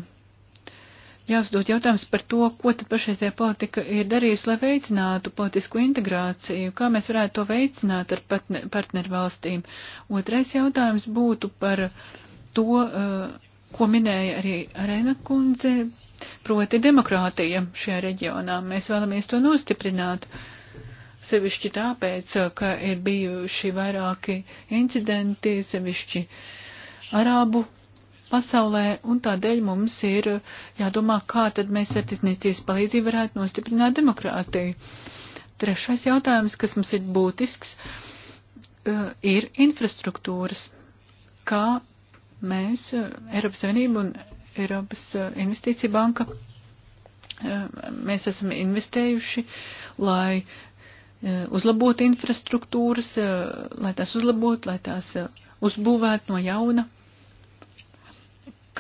jāuzdod jautājums par to, ko tad pašreizējā politika ir darījusi, lai veicinātu politisku integrāciju, kā mēs varētu to veicināt ar partnervalstīm. Otrais jautājums būtu par to, uh, ko minēja arī Arena kundze, proti demokrātija šajā reģionā. Mēs vēlamies to nostiprināt. Uh, sevišķi tāpēc, ka ir bijuši vairāki incidenti, sevišķi arābu pasaulē, un tādēļ mums ir jādomā, kā tad mēs ar tirsniecības palīdzību varētu nostiprināt demokrātiju. Trešais jautājums, kas mums ir būtisks, eh, ir infrastruktūras. Kā mēs, eh, Eiropas Savienība un Eiropas eh, Investīcija banka, mēs esam investējuši, lai Eh, uzlabot infrastruktūras, eh, lai tās uzlabot, lai tās eh, uzbūvēt no jauna.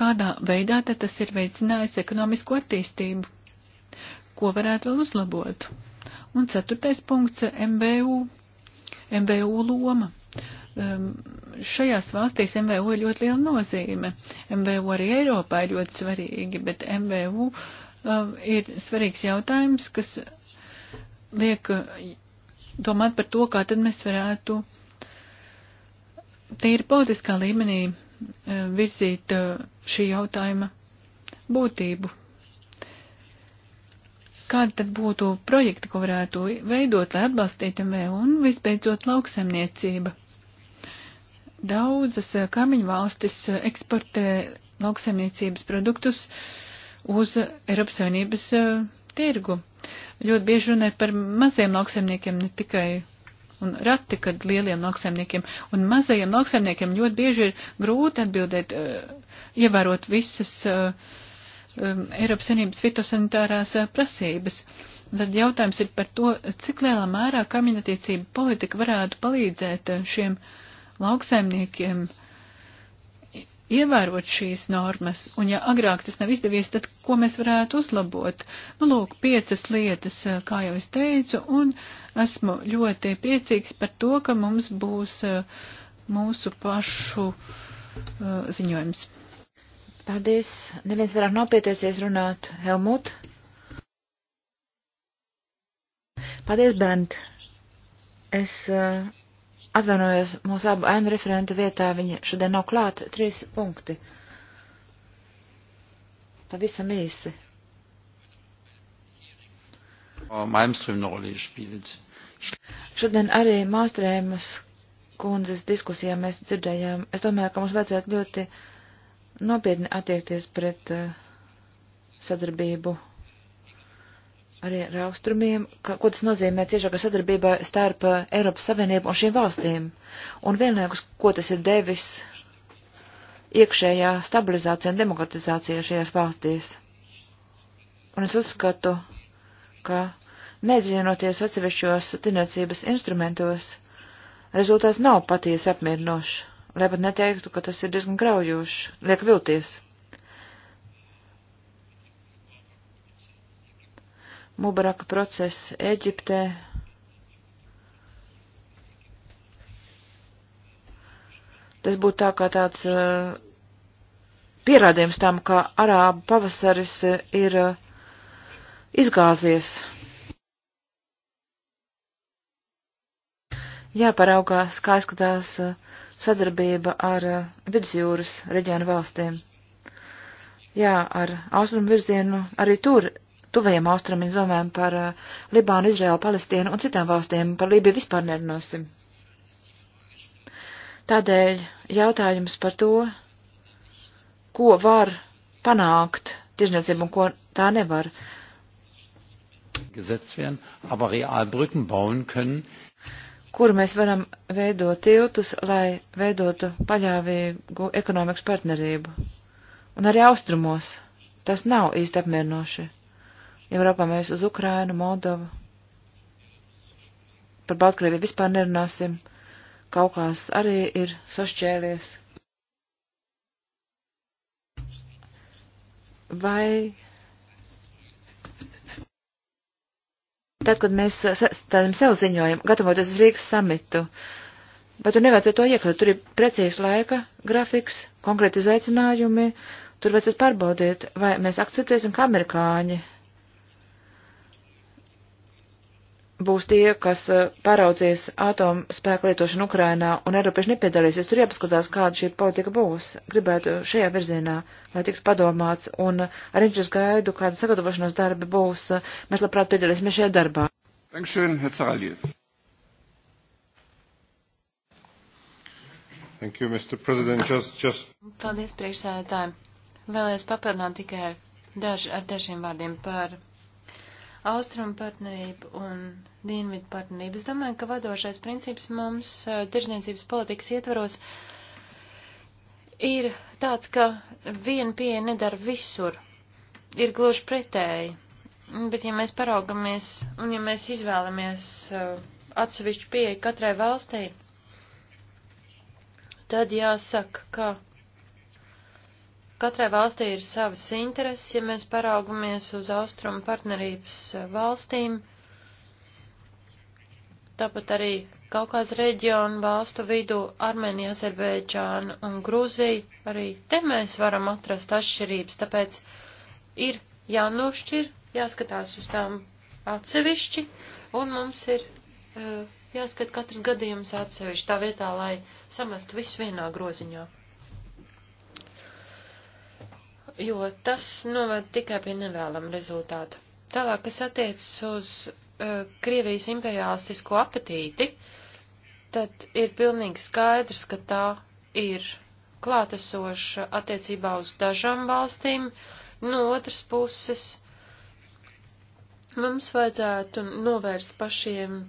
Kādā veidā tad tas ir veicinājis ekonomisko attīstību? Ko varētu vēl uzlabot? Un ceturtais punkts - MVU. MVU loma. Um, šajās valstīs MVU ir ļoti liela nozīme. MVU arī Eiropā ir ļoti svarīgi, bet MVU um, ir svarīgs jautājums, kas liek domāt par to, kā tad mēs varētu tīri politiskā līmenī e, virzīt e, šī jautājuma būtību. Kādi tad būtu projekti, ko varētu veidot, lai atbalstītu MVU un visbeidzot lauksemniecība? Daudzas e, kaimiņu valstis eksportē lauksemniecības produktus uz Eiropas Savienības tirgu ļoti bieži runāja par maziem lauksaimniekiem, ne tikai un rati, kad lieliem lauksaimniekiem un mazajiem lauksaimniekiem ļoti bieži ir grūti atbildēt, eh, ievērot visas eh, um, Eiropas Savienības fitosanitārās eh, prasības. Tad jautājums ir par to, cik lielā mērā kaimiņattiecība politika varētu palīdzēt šiem lauksaimniekiem uh, ievērot šīs normas, un ja agrāk tas nav izdevies, tad ko mēs varētu uzlabot? Nu, lūk, piecas lietas, eh, kā jau es teicu, un esmu ļoti priecīgs par to, ka mums būs eh, mūsu pašu eh, ziņojums. Paldies. Neviens vairāk nav pieteicies runāt. Helmut. Paldies, Bent. Es uh, Atvainojos, mūsu abu ēnu referentu vietā viņa šodien nav klāt. Trīs punkti. Pavisam īsi. Šodien arī māstrēmas kundzes diskusijā mēs dzirdējām. Es domāju, ka mums vajadzētu ļoti nopietni attiekties pret eh, sadarbību arī ar austrumiem, ka, ko tas nozīmē ciešākā sadarbība starp eh, Eiropas Savienību un šīm valstīm, un vienlaikus, ko tas ir devis iekšējā stabilizācija un demokratizācija šajās valstīs. Un es uzskatu, ka nedzienoties atsevišķos tirniecības instrumentos, rezultāts nav patiesi apmierinošs, lai pat neteiktu, ka tas ir diezgan graujošs, liek vilties. Mubaraka process Eģiptē. Tas būtu tā kā tāds uh, pierādījums tam, ka arābu pavasaris uh, ir uh, izgāzies. Jāparaugās, kā izskatās uh, sadarbība ar uh, vidusjūras reģionu valstīm. Jā, ar austrumu virzienu arī tur tuvajiem austrumiem, domājam par eh, Libānu, Izraēlu, Palestīnu un citām valstīm, par Lībiju vispār nerunāsim. Tādēļ jautājums par to, ko var panākt tirzniecību un ko tā nevar. Gesetzt werden, aber real Brücken bauen können, kur mēs varam veidot tiltus, lai veidotu paļāvīgu ekonomikas partnerību. Un arī austrumos tas nav īsti apmierinoši ja raugāmies uz Ukrainu, Moldovu, par Baltkrieviju vispār nerunāsim, Kaukās arī ir sašķēlies. Vai tad, kad mēs tādam sev ziņojam, gatavoties uz Rīgas samitu, bet tur nevajadzētu to iekļaut, tur ir precīzs laika grafiks, konkrēti izaicinājumi, tur vajadzētu pārbaudīt, vai mēs akceptēsim, ka amerikāņi būs tie, kas eh, paraudzīs atomu spēku lietošanu Ukrainā un Eiropieši nepiedalīsies. Tur jāpaskatās, kāda šī politika būs. Gribētu šajā virzienā, lai tiktu padomāts, un eh, ar interesi gaidu, kāda sagatavošanās darbi būs. Mēs labprāt piedalīsimies šajā darbā. Dankšön, Herr Zahalier. Thank you, Mr. President. Just, just... Paldies, priekšsēdētāji. Vēlējos papildināt tikai daž, ar dažiem vārdiem par austrumu partnerību un dienvidu partnerību. Es domāju, ka vadošais princips mums eh, tirzniecības politikas ietvaros ir tāds, ka viena pieeja nedara visur. Ir gluži pretēji. Bet ja mēs paraugamies un ja mēs izvēlamies eh, atsevišķu pieeju katrai valstī, tad jāsaka, ka Katrai valstī ir savas intereses, ja mēs paraugamies uz austrumu partnerības eh, valstīm, tāpat arī Kaukās reģionu valstu vidū Armēnija, Azerbeidžāna un Grūzija, arī te mēs varam atrast atšķirības, tāpēc ir jānošķir, jāskatās uz tām atsevišķi, un mums ir uh, jāskat katrs gadījums atsevišķi, tā vietā, lai samestu visu vienā groziņā jo tas noved tikai pie nevēlama rezultāta. Tālāk, kas attiecas uz uh, Krievijas imperialistisko apetīti, tad ir pilnīgi skaidrs, ka tā ir klātesoša attiecībā uz dažām valstīm. No otras puses, mums vajadzētu novērst pašiem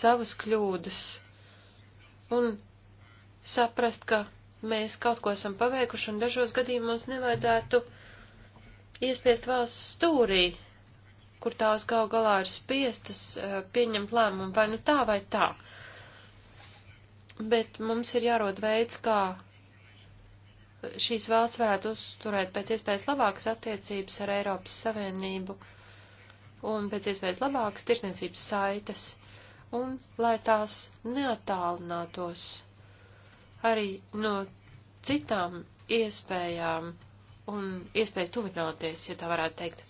savas kļūdas un saprast, ka mēs kaut ko esam paveikuši, un dažos gadījumos nevajadzētu iespiest valsts stūrī, kur tās gal galā ir spiestas eh, pieņemt lēmumu vai nu tā vai tā. Bet mums ir jārod veids, kā šīs valsts varētu uzturēt pēc iespējas labākas attiecības ar Eiropas Savienību un pēc iespējas labākas tirsniecības saites, un lai tās neatālinātos arī no citām iespējām un iespējas tuvināties, ja tā varētu teikt.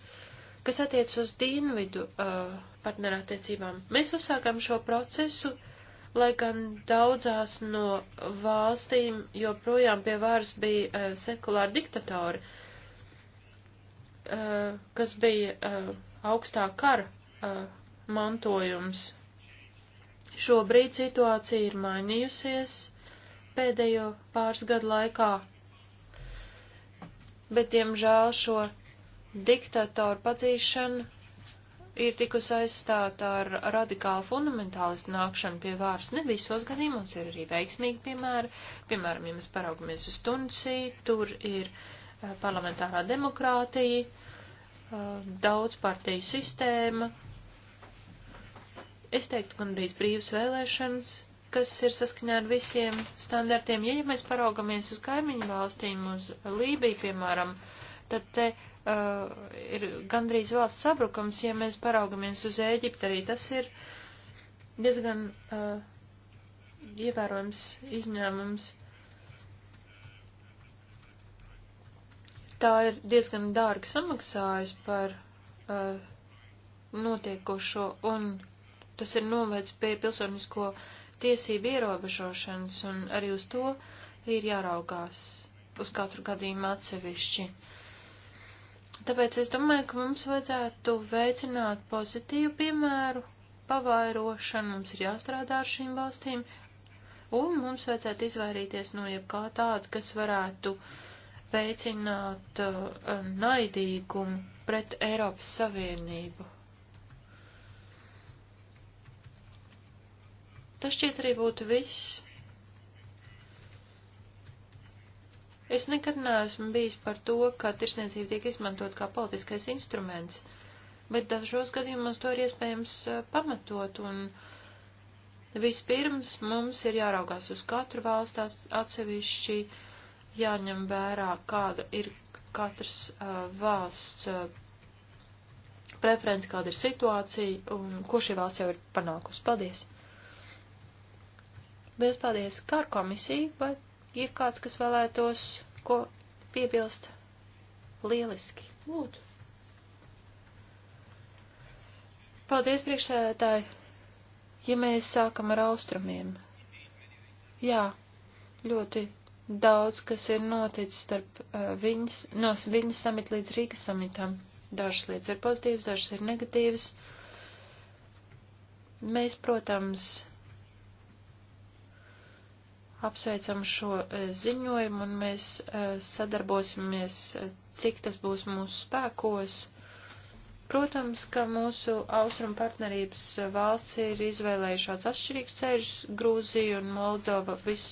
Kas attiec uz dienvidu uh, partnerattiecībām, mēs uzsākam šo procesu, lai gan daudzās no valstīm joprojām pie varas bija uh, sekulāri diktatori, uh, kas bija uh, augstā kara uh, mantojums. Šobrīd situācija ir mainījusies pēdējo pāris gadu laikā. Bet, diemžēl, šo diktatoru padzīšana ir tikusi aizstāta ar radikālu fundamentālistu nākšanu pie vāras. Ne visos gadījumos ir arī veiksmīgi piemēri. Piemēram, ja mēs paraugamies uz Tunisiju, tur ir eh, parlamentārā demokrātija, eh, daudz partiju sistēma. Es teiktu, gandrīz brīvas vēlēšanas, kas ir saskaņā ar visiem standartiem. Ja, ja mēs paraugamies uz kaimiņu valstīm, uz Lībiju, piemēram, tad te uh, ir gandrīz valsts sabrukums, ja mēs paraugamies uz Ēģipti, arī tas ir diezgan uh, ievērojams izņēmums. Tā ir diezgan dārgi samaksājis par uh, notiekošo, un tas ir novēc pie pilsonisko uh, tiesību ierobežošanas, un arī uz to ir jāraugās uz katru gadījumu atsevišķi. Tāpēc es domāju, ka mums vajadzētu veicināt pozitīvu piemēru, pavairošanu, mums ir jāstrādā ar šīm valstīm, un mums vajadzētu izvairīties no jebkā tāda, kas varētu veicināt uh, naidīgumu pret Eiropas Savienību. Tas šķiet arī būtu viss. Es nekad neesmu bijis par to, ka tirsniecība tiek izmantot kā politiskais instruments, bet dažos gadījumos to ir iespējams pamatot, un vispirms mums ir jāraugās uz katru valstu atsevišķi, jāņem vērā, kāda ir katras uh, valsts uh, preference, kāda ir situācija un ko šī valsts jau ir panākusi. Paldies! Liels paldies! Kā ar komisiju? Vai ir kāds, kas vēlētos ko piebilst? Lieliski! Lūdzu! Paldies, priekšsēdētāji! Ja mēs sākam ar austrumiem. Jā, ļoti daudz, kas ir noticis starp uh, viņas, no viņas samita līdz Rīgas samitam. Dažas lietas ir pozitīvas, dažas ir negatīvas. Mēs, protams, apsveicam šo e, ziņojumu un mēs e, sadarbosimies, e, cik tas būs mūsu spēkos. Protams, ka mūsu austrumu partnerības valsts ir izvēlējušās atšķirīgus ceļus. Grūzija un Moldova vis,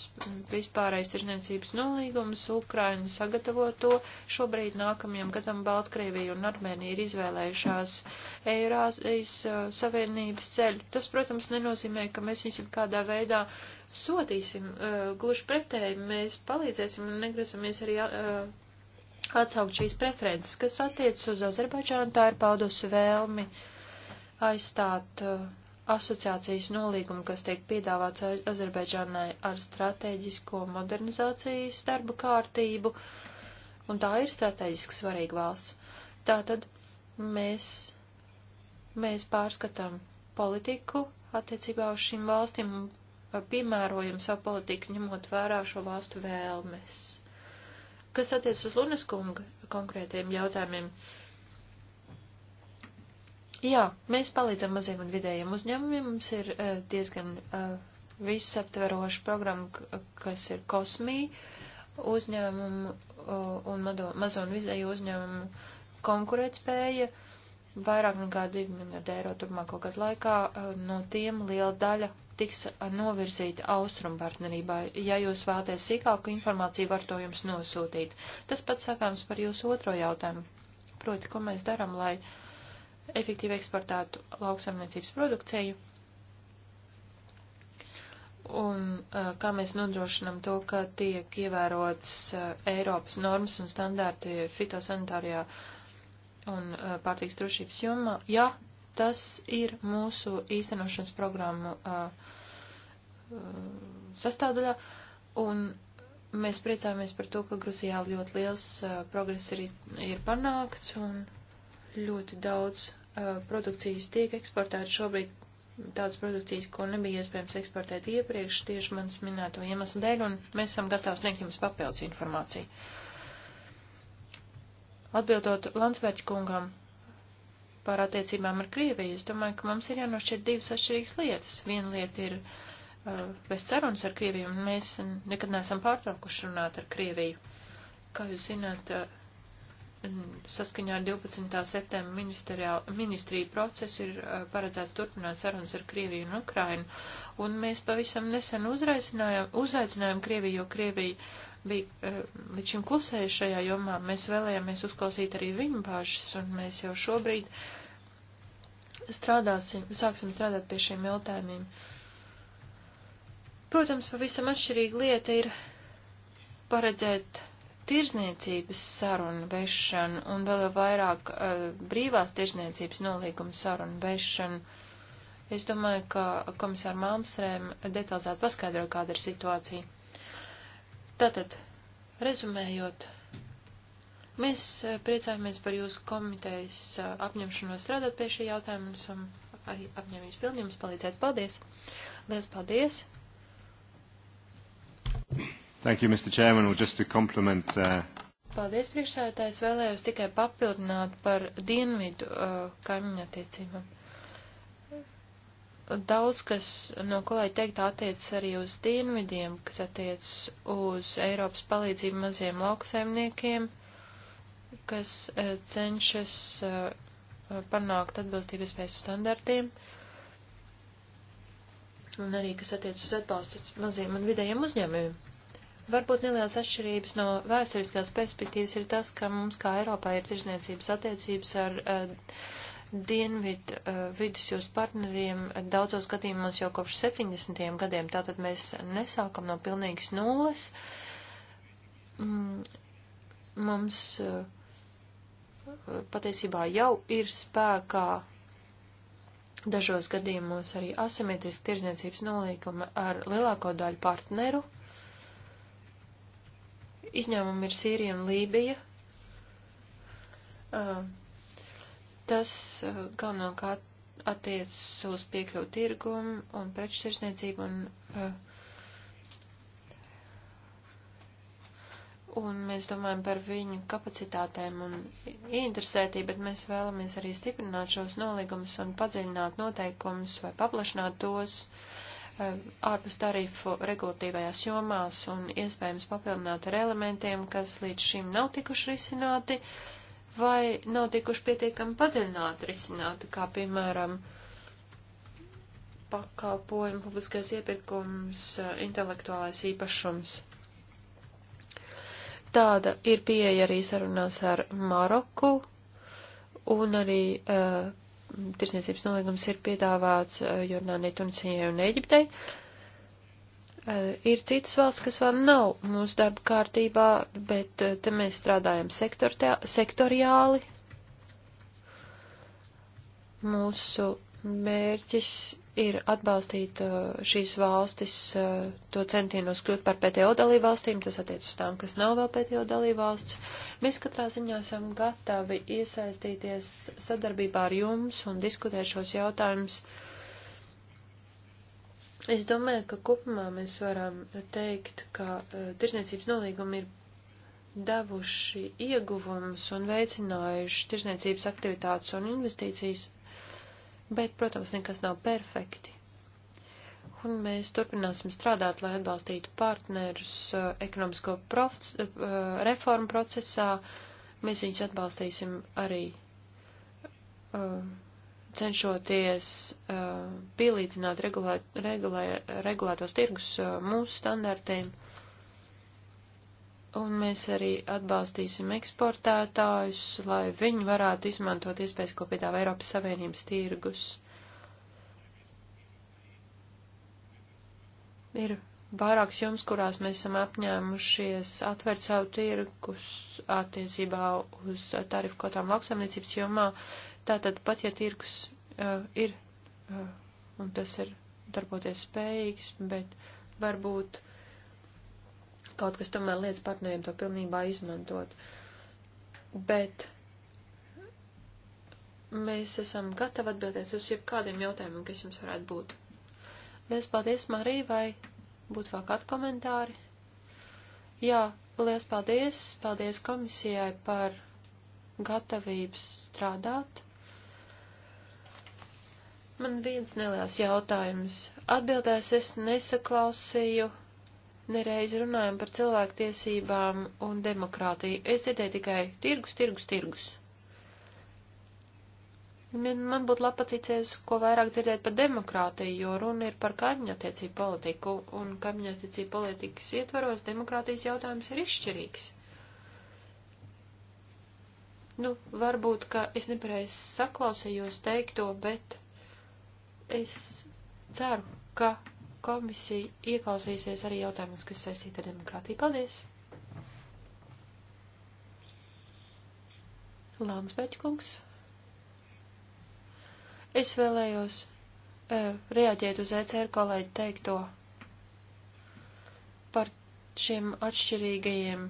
vispārējais tirzniecības nolīgums, Ukraina sagatavo to. Šobrīd nākamajam gadam Baltkrievija un Armēnija ir izvēlējušās Eirāzijas Savienības ceļu. Tas, protams, nenozīmē, ka mēs viņus kādā veidā sodīsim, eh, gluži pretēji mēs palīdzēsim un negrasamies arī eh, atsaukt šīs preferences, kas attiecas uz Azerbaidžānu, tā ir paudusi vēlmi aizstāt uh, asociācijas nolīgumu, kas tiek piedāvāts Azerbaidžānai ar strateģisko modernizācijas darba kārtību, un tā ir strateģiski svarīga valsts. Tātad mēs, mēs pārskatām politiku attiecībā uz šīm valstīm un piemērojam savu politiku, ņemot vērā šo valstu vēlmes. Kas attiec uz Luneskunga konkrētiem jautājumiem? Jā, mēs palīdzam maziem un vidējiem uzņēmumiem. Mums ir uh, diezgan uh, visaptveroša programma, kas ir kosmī uzņēmumu uh, un mado, mazo un vidēju uzņēmumu konkurētspēja. Vairāk nekā 2 miljardi eiro turpmāko gadu laikā uh, no tiem liela daļa tiks novirzīta austrumu partnerībā. Ja jūs vēlaties sīkāku informāciju, var to jums nosūtīt. Tas pats sakāms par jūsu otro jautājumu. Proti, ko mēs daram, lai efektīvi eksportētu lauksaimniecības produkciju un kā mēs nodrošinam to, ka tiek ievērots Eiropas normas un standārti fitosanitārijā un pārtīks drošības jomā. Ja Tas ir mūsu īstenošanas programmu sastāvdaļā, un mēs priecājamies par to, ka Gruzijā ļoti liels progress ir, ir panākts, un ļoti daudz produkcijas tiek eksportēta šobrīd, tādas produkcijas, ko nebija iespējams eksportēt iepriekš, tieši manas minēto iemeslu dēļ, un mēs esam gatavi sniegt jums papildus informāciju. Atbildot Landsvērķa kungam, par attiecībām ar Krieviju, es domāju, ka mums ir jānošķir divas atšķirīgas lietas. Viena lieta ir uh, bez sarunas ar Krieviju, un mēs nekad neesam pārtraukuši runāt ar Krieviju. Kā jūs zināt, uh, saskaņā ar 12. septembra ministriju procesu ir paredzēts turpināt sarunas ar Krieviju un Ukrainu, un mēs pavisam nesen uzaicinājām Krieviju, jo Krievija bija līdz šim klusēja šajā jomā. Mēs vēlējāmies uzklausīt arī viņu bāžas, un mēs jau šobrīd strādāsim, sāksim strādāt pie šiem jautājumiem. Protams, pavisam atšķirīga lieta ir paredzēt tirzniecības sarunu vešanu un vēl vairāk uh, brīvās tirzniecības nolīguma sarunu vešanu. Es domāju, ka komisāra Malmstrēm detalizēti paskaidroja, kāda ir situācija. Tātad, rezumējot, mēs eh, priecājamies par jūsu komitejas eh, apņemšanos strādāt pie šī jautājuma un esam arī apņēmības pilnījums palīdzēt. Paldies! Liels paldies! Thank you. Thank you, Mr. Chairman. Well, just to compliment. Uh... Paldies, priekšsēdētājs. Vēlējos tikai papildināt par dienvidu uh, kaimiņu attiecībām. Daudz, kas no kolēģi teikt, attiecas arī uz dienvidiem, kas attiecas uz Eiropas palīdzību maziem lauksaimniekiem, kas uh, cenšas uh, uh panākt atbilstību iespējas standartiem. Un arī, kas attiec uz atbalstu maziem un vidējiem uzņēmumiem. Varbūt nelielas atšķirības no vēsturiskās perspektīvas ir tas, ka mums kā Eiropā ir tirzniecības attiecības ar uh, eh, dienvidu uh, eh, vidusjūras partneriem daudzos gadījumos jau kopš 70. gadiem, tātad mēs nesākam no pilnīgas nulles. Mm, mums uh, patiesībā jau ir spēkā dažos gadījumos arī asimetriski tirzniecības nolīguma ar lielāko daļu partneru. Izņēmumi ir Sīrija un Lībija. Tas galvenokārt attiecas uz piekļuvu tirgumu un preču tirsniecību un, un mēs domājam par viņu kapacitātēm un interesētību, bet mēs vēlamies arī stiprināt šos nolīgumus un padziļināt noteikumus vai paplašināt tos. Uh, Um, ārpus tarifu regulatīvajās jomās un iespējams papildināt ar elementiem, kas līdz šim nav tikuši risināti vai nav tikuši pietiekami padziļināti risināti, kā piemēram pakalpojumu publiskais iepirkums, uh, intelektuālais īpašums. Tāda ir pieeja arī sarunās ar Maroku un arī uh, tirsniecības nolīgums ir piedāvāts eh, Jordānijai, Tunisijai un Eģiptei. Eh, ir citas valsts, kas vēl nav mūsu darba kārtībā, bet eh, te mēs strādājam sektor, te, sektoriāli. Mūsu mērķis ir atbalstīt uh, šīs valstis uh, to centienos kļūt par PTO dalībvalstīm, tas attiec uz tām, kas nav vēl PTO dalībvalsts. Mēs katrā ziņā esam gatavi iesaistīties sadarbībā ar jums un diskutēt šos jautājumus. Es domāju, ka kopumā mēs varam teikt, ka uh, tirsniecības nolīgumi ir devuši ieguvumus un veicinājuši tirsniecības aktivitātes un investīcijas bet, protams, nekas nav perfekti. Un mēs turpināsim strādāt, lai atbalstītu partnerus uh, ekonomisko prof, uh, reformu procesā. Mēs viņus atbalstīsim arī uh, cenšoties pielīdzināt regulē, regulē, regulētos tirgus mūsu standartiem un mēs arī atbalstīsim eksportētājus, lai viņi varētu izmantot iespējas, ko piedāvā Eiropas Savienības tirgus. Ir vairākas jums, kurās mēs esam apņēmušies atvērt savu tirgus attiecībā uz tarifu kotām lauksaimniecības jomā. Tātad pat, ja tirgus uh, ir, uh, un tas ir darboties spējīgs, bet varbūt kaut kas tomēr liedz partneriem to pilnībā izmantot. Bet mēs esam gatavi atbildēt uz jebkādiem jautājumiem, kas jums varētu būt. Liels paldies, Marija, vai būtu vēl kādi komentāri? Jā, liels paldies, paldies komisijai par gatavību strādāt. Man viens neliels jautājums. Atbildēs es nesaklausīju nereiz runājam par cilvēktiesībām un demokrātiju. Es dzirdēju tikai tirgus, tirgus, tirgus. Man būtu labi paticies, ko vairāk dzirdēt par demokrātiju, jo runa ir par kaimiņu attiecību politiku, un kaimiņu attiecību politikas ietvaros demokrātijas jautājums ir izšķirīgs. Nu, varbūt, ka es nepareiz saklausījos teikto, bet es ceru, ka komisija ieklausīsies arī jautājumus, kas saistīti ar demokrātiju. Paldies! Lānsbeķkungs. Es vēlējos e, reaģēt uz ECR kolēģi teikto par šiem atšķirīgajiem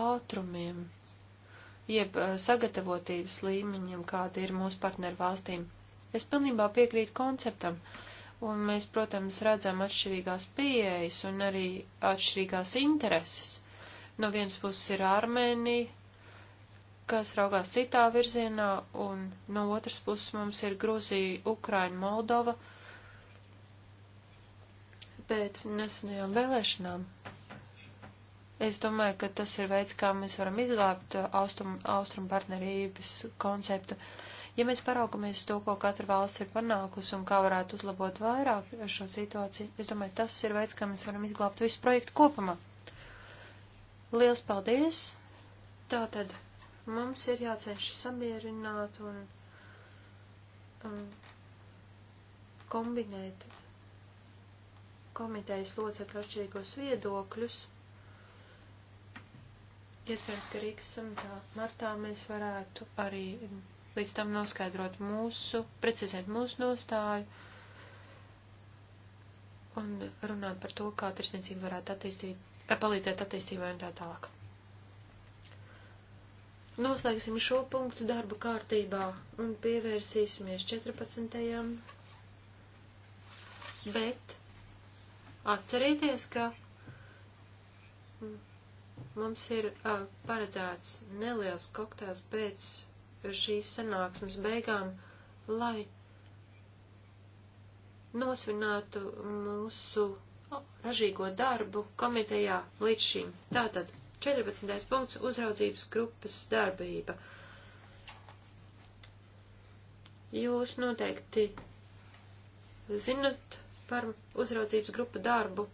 ātrumiem, jeb eh, sagatavotības līmeņiem, kādi ir mūsu partneru valstīm. Es pilnībā piekrītu konceptam. Uh, un mēs, protams, redzam atšķirīgās pieejas un arī atšķirīgās intereses. No vienas puses ir Armēnija, kas raugās citā virzienā, un no otras puses mums ir Gruzija, Ukraina, Moldova pēc nesenajām vēlēšanām. Es domāju, ka tas ir veids, kā mēs varam izglābt uh, austrum, austrum partnerības konceptu. Uh, Ja mēs paraugamies to, ko katra valsts ir panākusi un kā varētu uzlabot vairāk šo situāciju, es domāju, tas ir veids, kā mēs varam izglābt visu projektu kopumā. Liels paldies! Tātad mums ir jācenšas samierināt un um, kombinēt komitejas locekļu atšķirīgos viedokļus. Iespējams, ka Rīgas samitā martā mēs varētu arī līdz tam noskaidrot mūsu, precizēt mūsu nostāju un runāt par to, kā tirsniecība varētu attīstīt, eh, palīdzēt attīstībai un tā tālāk. Noslēgsim šo punktu darba kārtībā un pievērsīsimies 14. Bet atcerieties, ka mums ir uh, paredzēts neliels koktāls pēc šīs sanāksmes beigām, lai nosvinātu mūsu ražīgo darbu komitejā līdz šim. Tātad 14. punkts - uzraudzības grupas darbība. Jūs noteikti zinat par uzraudzības grupu darbu.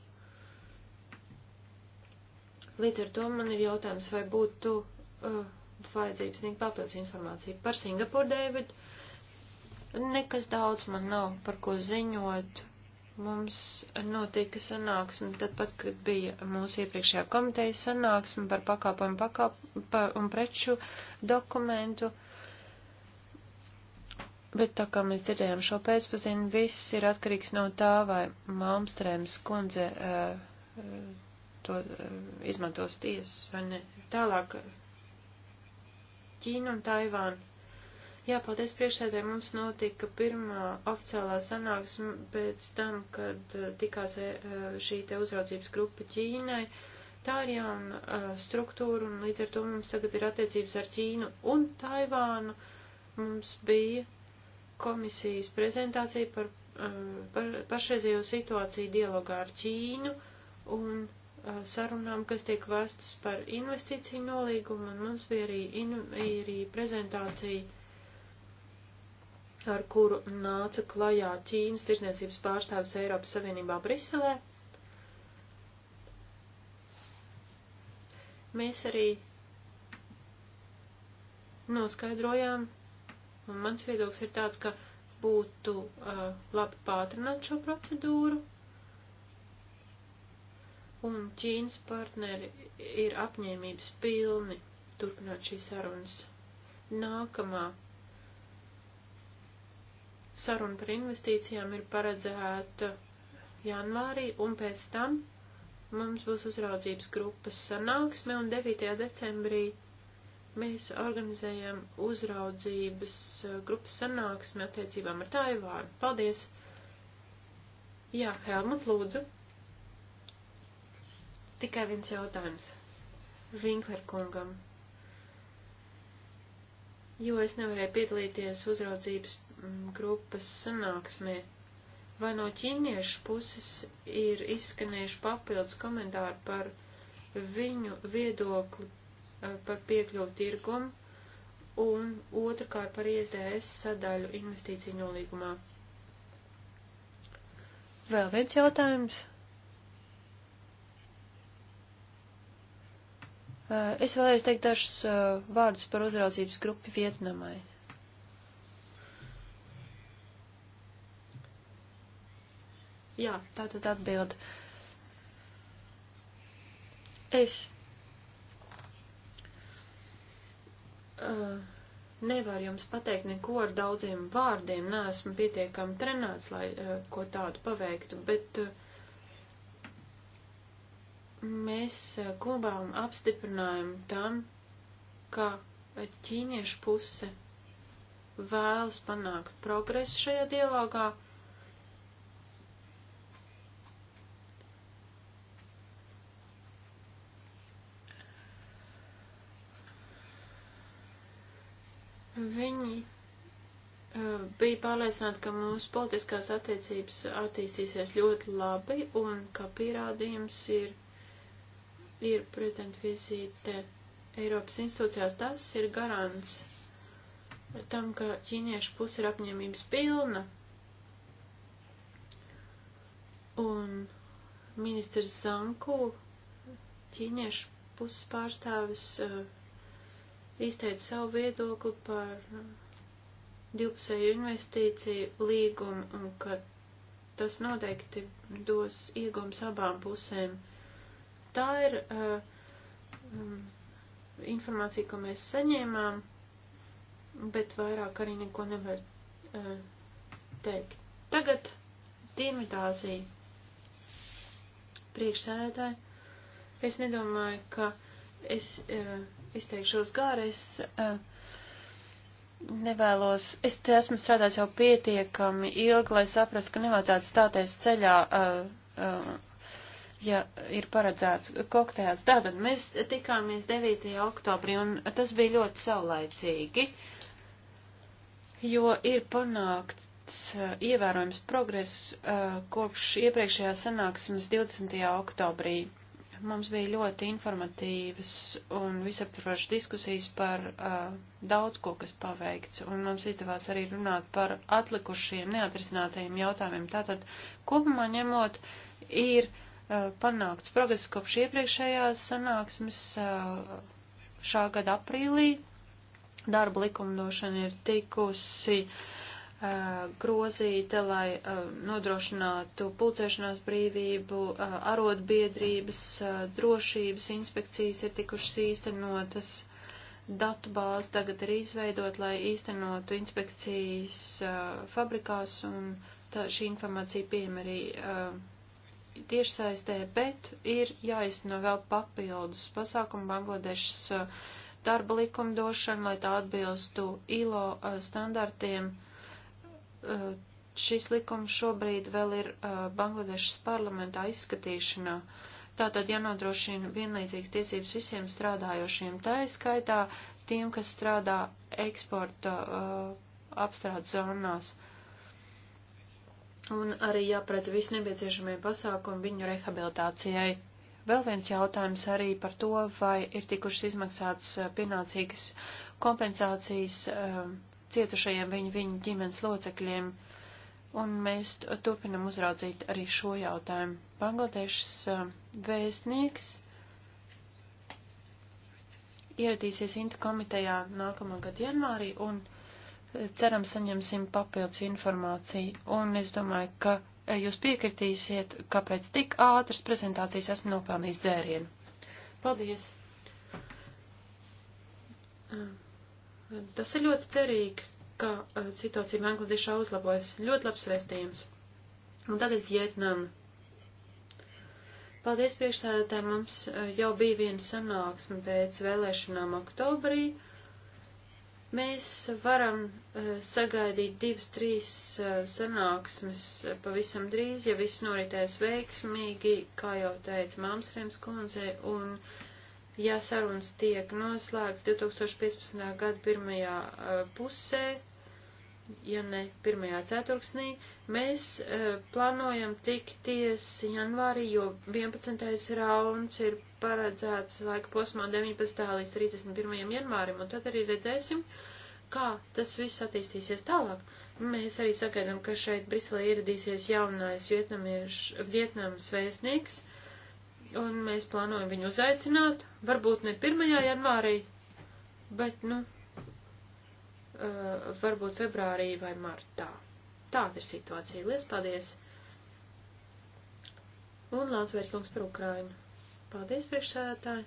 Līdz ar to man ir jautājums, vai būtu uh, vajadzības sniegt papildus informāciju. Par Singapuru, David, nekas daudz man nav par ko ziņot. Mums notika sanāksme, tad pat, kad bija mūsu iepriekšējā komitejas sanāksme par pakāpojumu pakāp, pa, un preču dokumentu. Bet tā kā mēs dzirdējām šo pēcpazienu, viss ir atkarīgs no tā, vai Malmstrēms kundze uh, uh to uh, izmantos tiesas vai ne. Tālāk Ķīnu un Taivānu. Jā, paldies priekšsēdē, mums notika pirmā oficiālā sanāksme pēc tam, kad eh, tikās eh, šī te uzraudzības grupa Ķīnai. Tā ir jauna eh, struktūra un līdz ar to mums tagad ir attiecības ar Ķīnu un Taivānu. Mums bija komisijas prezentācija par, par pašreizējo situāciju dialogā ar Ķīnu un Uh, sarunām, kas tiek vēstas par investīciju nolīgumu, un mums bija arī, in, arī prezentācija, ar kuru nāca klajā Ķīnas tirsniecības pārstāvis Eiropas Savienībā Briselē. Mēs arī noskaidrojām, un mans viedoklis ir tāds, ka būtu uh, labi pātrināt šo procedūru, un Ķīnas partneri ir apņēmības pilni turpināt šīs sarunas. Nākamā saruna par investīcijām ir paredzēta janvārī, un pēc tam mums būs uzraudzības grupas sanāksme, un 9. decembrī mēs organizējam uzraudzības eh, grupas sanāksmi attiecībām ar Taivānu. Paldies! Jā, Helmut, lūdzu! Tikai viens jautājums. Vinkler kungam. Jo es nevarēju piedalīties uzraudzības mm, grupas sanāksmē. Vai no ķīniešu puses ir izskanējuši papildus komentāri par viņu viedokli eh, par piekļuvu tirgumu un otrkārt par ISDS sadaļu investīciju nolīgumā? Vēl viens jautājums. Eh, es vēlējos teikt dažus eh, vārdus par uzraudzības grupu Vietnamai. Jā, tā tad atbild. Es uh, nevaru jums pateikt neko ar daudziem vārdiem, neesmu pietiekami trenēts, lai uh, ko tādu paveiktu, bet uh, mēs guvām eh, apstiprinājumu tam, ka ķīniešu puse vēlas panākt progresu šajā dialogā. Viņi uh, bija pārliecināti, ka mūsu politiskās attiecības attīstīsies ļoti labi un ka pierādījums ir ir prezidenta vizīte Eiropas institūcijās, tas ir garants tam, ka ķīniešu puse ir apņēmības pilna. Un ministrs Zanku, ķīniešu puses pārstāvis, eh, izteica savu viedokli par eh, divpusēju investīciju līgumu un ka tas noteikti dos iegums abām pusēm. Tā ir uh, um, informācija, ko mēs saņēmām, bet vairāk arī neko nevar uh, teikt. Tagad Dienvidāzija. Priekšsēdētāji, es nedomāju, ka es uh, izteikšos gāri, es uh, nevēlos, es te esmu strādājis jau pietiekami ilgi, lai saprastu, ka nevajadzētu stāties ceļā. Uh, uh, ja ir paredzēts kokteils. Tātad mēs tikāmies 9. oktobrī, un tas bija ļoti saulaicīgi, jo ir panākts uh, ievērojams progress uh, kopš iepriekšējā sanāksmes 20. oktobrī. Mums bija ļoti informatīvas un visaptvarošas diskusijas par uh, daudz ko, kas paveikts, un mums izdevās arī runāt par atlikušiem neatrisinātajiem jautājumiem. Tātad, kopumā ņemot, ir uh, Uh, panākts progress kopš iepriekšējās sanāksmes uh, šā gada aprīlī. Darba likumdošana ir tikusi uh, grozīta, lai nodrošinātu pulcēšanās brīvību, arotbiedrības, drošības inspekcijas ir tikušas īstenotas, datubāze tagad ir izveidot, lai īstenotu inspekcijas fabrikās, un tā, šī informācija pieejama arī tiešsaistē, bet ir jāizteno vēl papildus pasākumu Bangladešas uh, darba likumdošana, lai tā atbilstu ILO uh, standartiem. Uh, šis likums šobrīd vēl ir Bangladešas parlamentā izskatīšanā. Tātad jānodrošina ja vienlīdzīgas tiesības visiem strādājošiem, tā izskaitā tiem, kas strādā eksporta uh, apstrādes zonās. Uh, un arī jāpredz visi nepieciešamie pasākumi viņu rehabilitācijai. Vēl viens jautājums arī par to, vai ir tikušas izmaksātas eh, pienācīgas kompensācijas eh, cietušajiem viņu, viņu ģimenes locekļiem, un mēs turpinam uzraudzīt arī šo jautājumu. Bangladešas eh, vēstnieks ieradīsies Inta komitejā nākamā gada janvārī un ceram saņemsim papildus informāciju, un es domāju, ka jūs piekritīsiet, kāpēc tik ātras prezentācijas esmu nopelnījis dzērienu. Paldies! Tas ir ļoti cerīgi, ka situācija Bangladešā uzlabojas. Ļoti labs vēstījums. Un tagad Vietnama. Paldies priekšsēdētājiem, mums jau bija viena sanāksme pēc vēlēšanām oktobrī. Uh, Mēs varam uh, sagaidīt divas, trīs uh, sanāksmes uh, pavisam drīz, ja viss noritēs veiksmīgi, kā jau teica Māmsrēms kundze, un ja sarunas tiek noslēgts 2015. gada pirmajā pusē, ja ne pirmajā ceturksnī, mēs uh, plānojam tikties janvārī, jo 11. rauns ir paredzēts laika posmā 19. līdz 31. janvārim, un tad arī redzēsim, kā tas viss attīstīsies tālāk. Mēs arī sagaidām, ka šeit Briselē ieradīsies jaunais Vietnams vēstnieks, un mēs plānojam viņu uzaicināt, varbūt ne 1. janvārī, bet, nu, Eh, varbūt februārī vai martā. Tāda ir situācija. Lies paldies! Un Lācvērkungs par Ukrainu. Paldies, priekšsēdētāji!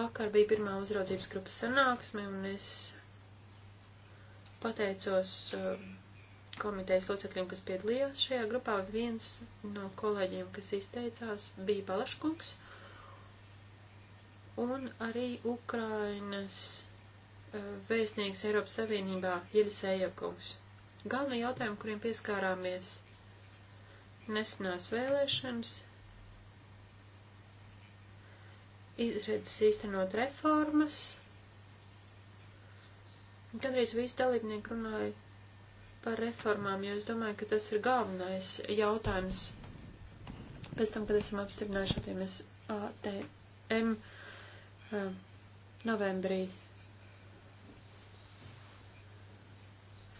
Vakar bija pirmā uzraudzības grupas sanāksme, un es pateicos eh, komitejas locekļiem, kas piedalījās šajā grupā. Viens no kolēģiem, kas izteicās, bija Balaškungs un arī Ukrainas e, vēstnieks Eiropas Savienībā Jidis Ejakungs. Galvenie jautājumi, kuriem pieskārāmies nesenās vēlēšanas, izredzes īstenot reformas, Gandrīz visi dalībnieki runāja par reformām, jo es domāju, ka tas ir galvenais jautājums. Pēc tam, kad esam apstiprinājuši ATM novembrī.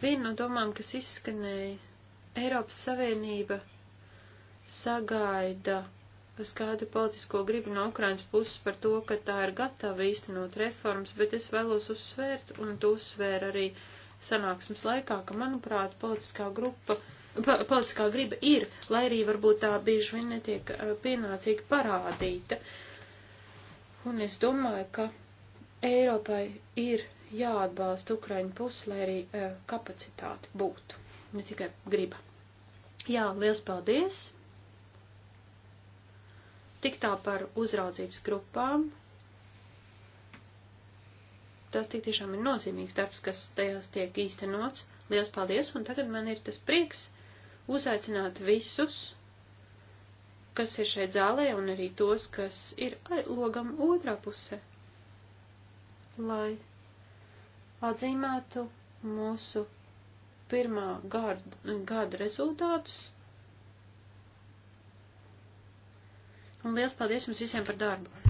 Viena no domām, kas izskanēja, Eiropas Savienība sagaida uz kādu politisko gribu no Ukrainas puses par to, ka tā ir gatava īstenot reformas, bet es vēlos uzsvērt, un tu uzsvēr arī sanāksmes laikā, ka, manuprāt, politiskā grupa, pa, politiskā griba ir, lai arī varbūt tā bieži vien netiek pienācīgi parādīta. Uh, Un es domāju, ka Eiropai ir jāatbalsta Ukraiņu pusi, lai arī e, kapacitāte būtu, ne tikai griba. Jā, liels paldies! Tik tā par uzraudzības grupām. Tas tik tiešām ir nozīmīgs darbs, kas tajās tiek īstenots. Liels paldies, un tagad man ir tas prieks uzaicināt visus kas ir šeit zālē, un arī tos, kas ir logam otrā pusē, lai atzīmētu mūsu pirmā gada, gada rezultātus. Un liels paldies jums visiem par darbu!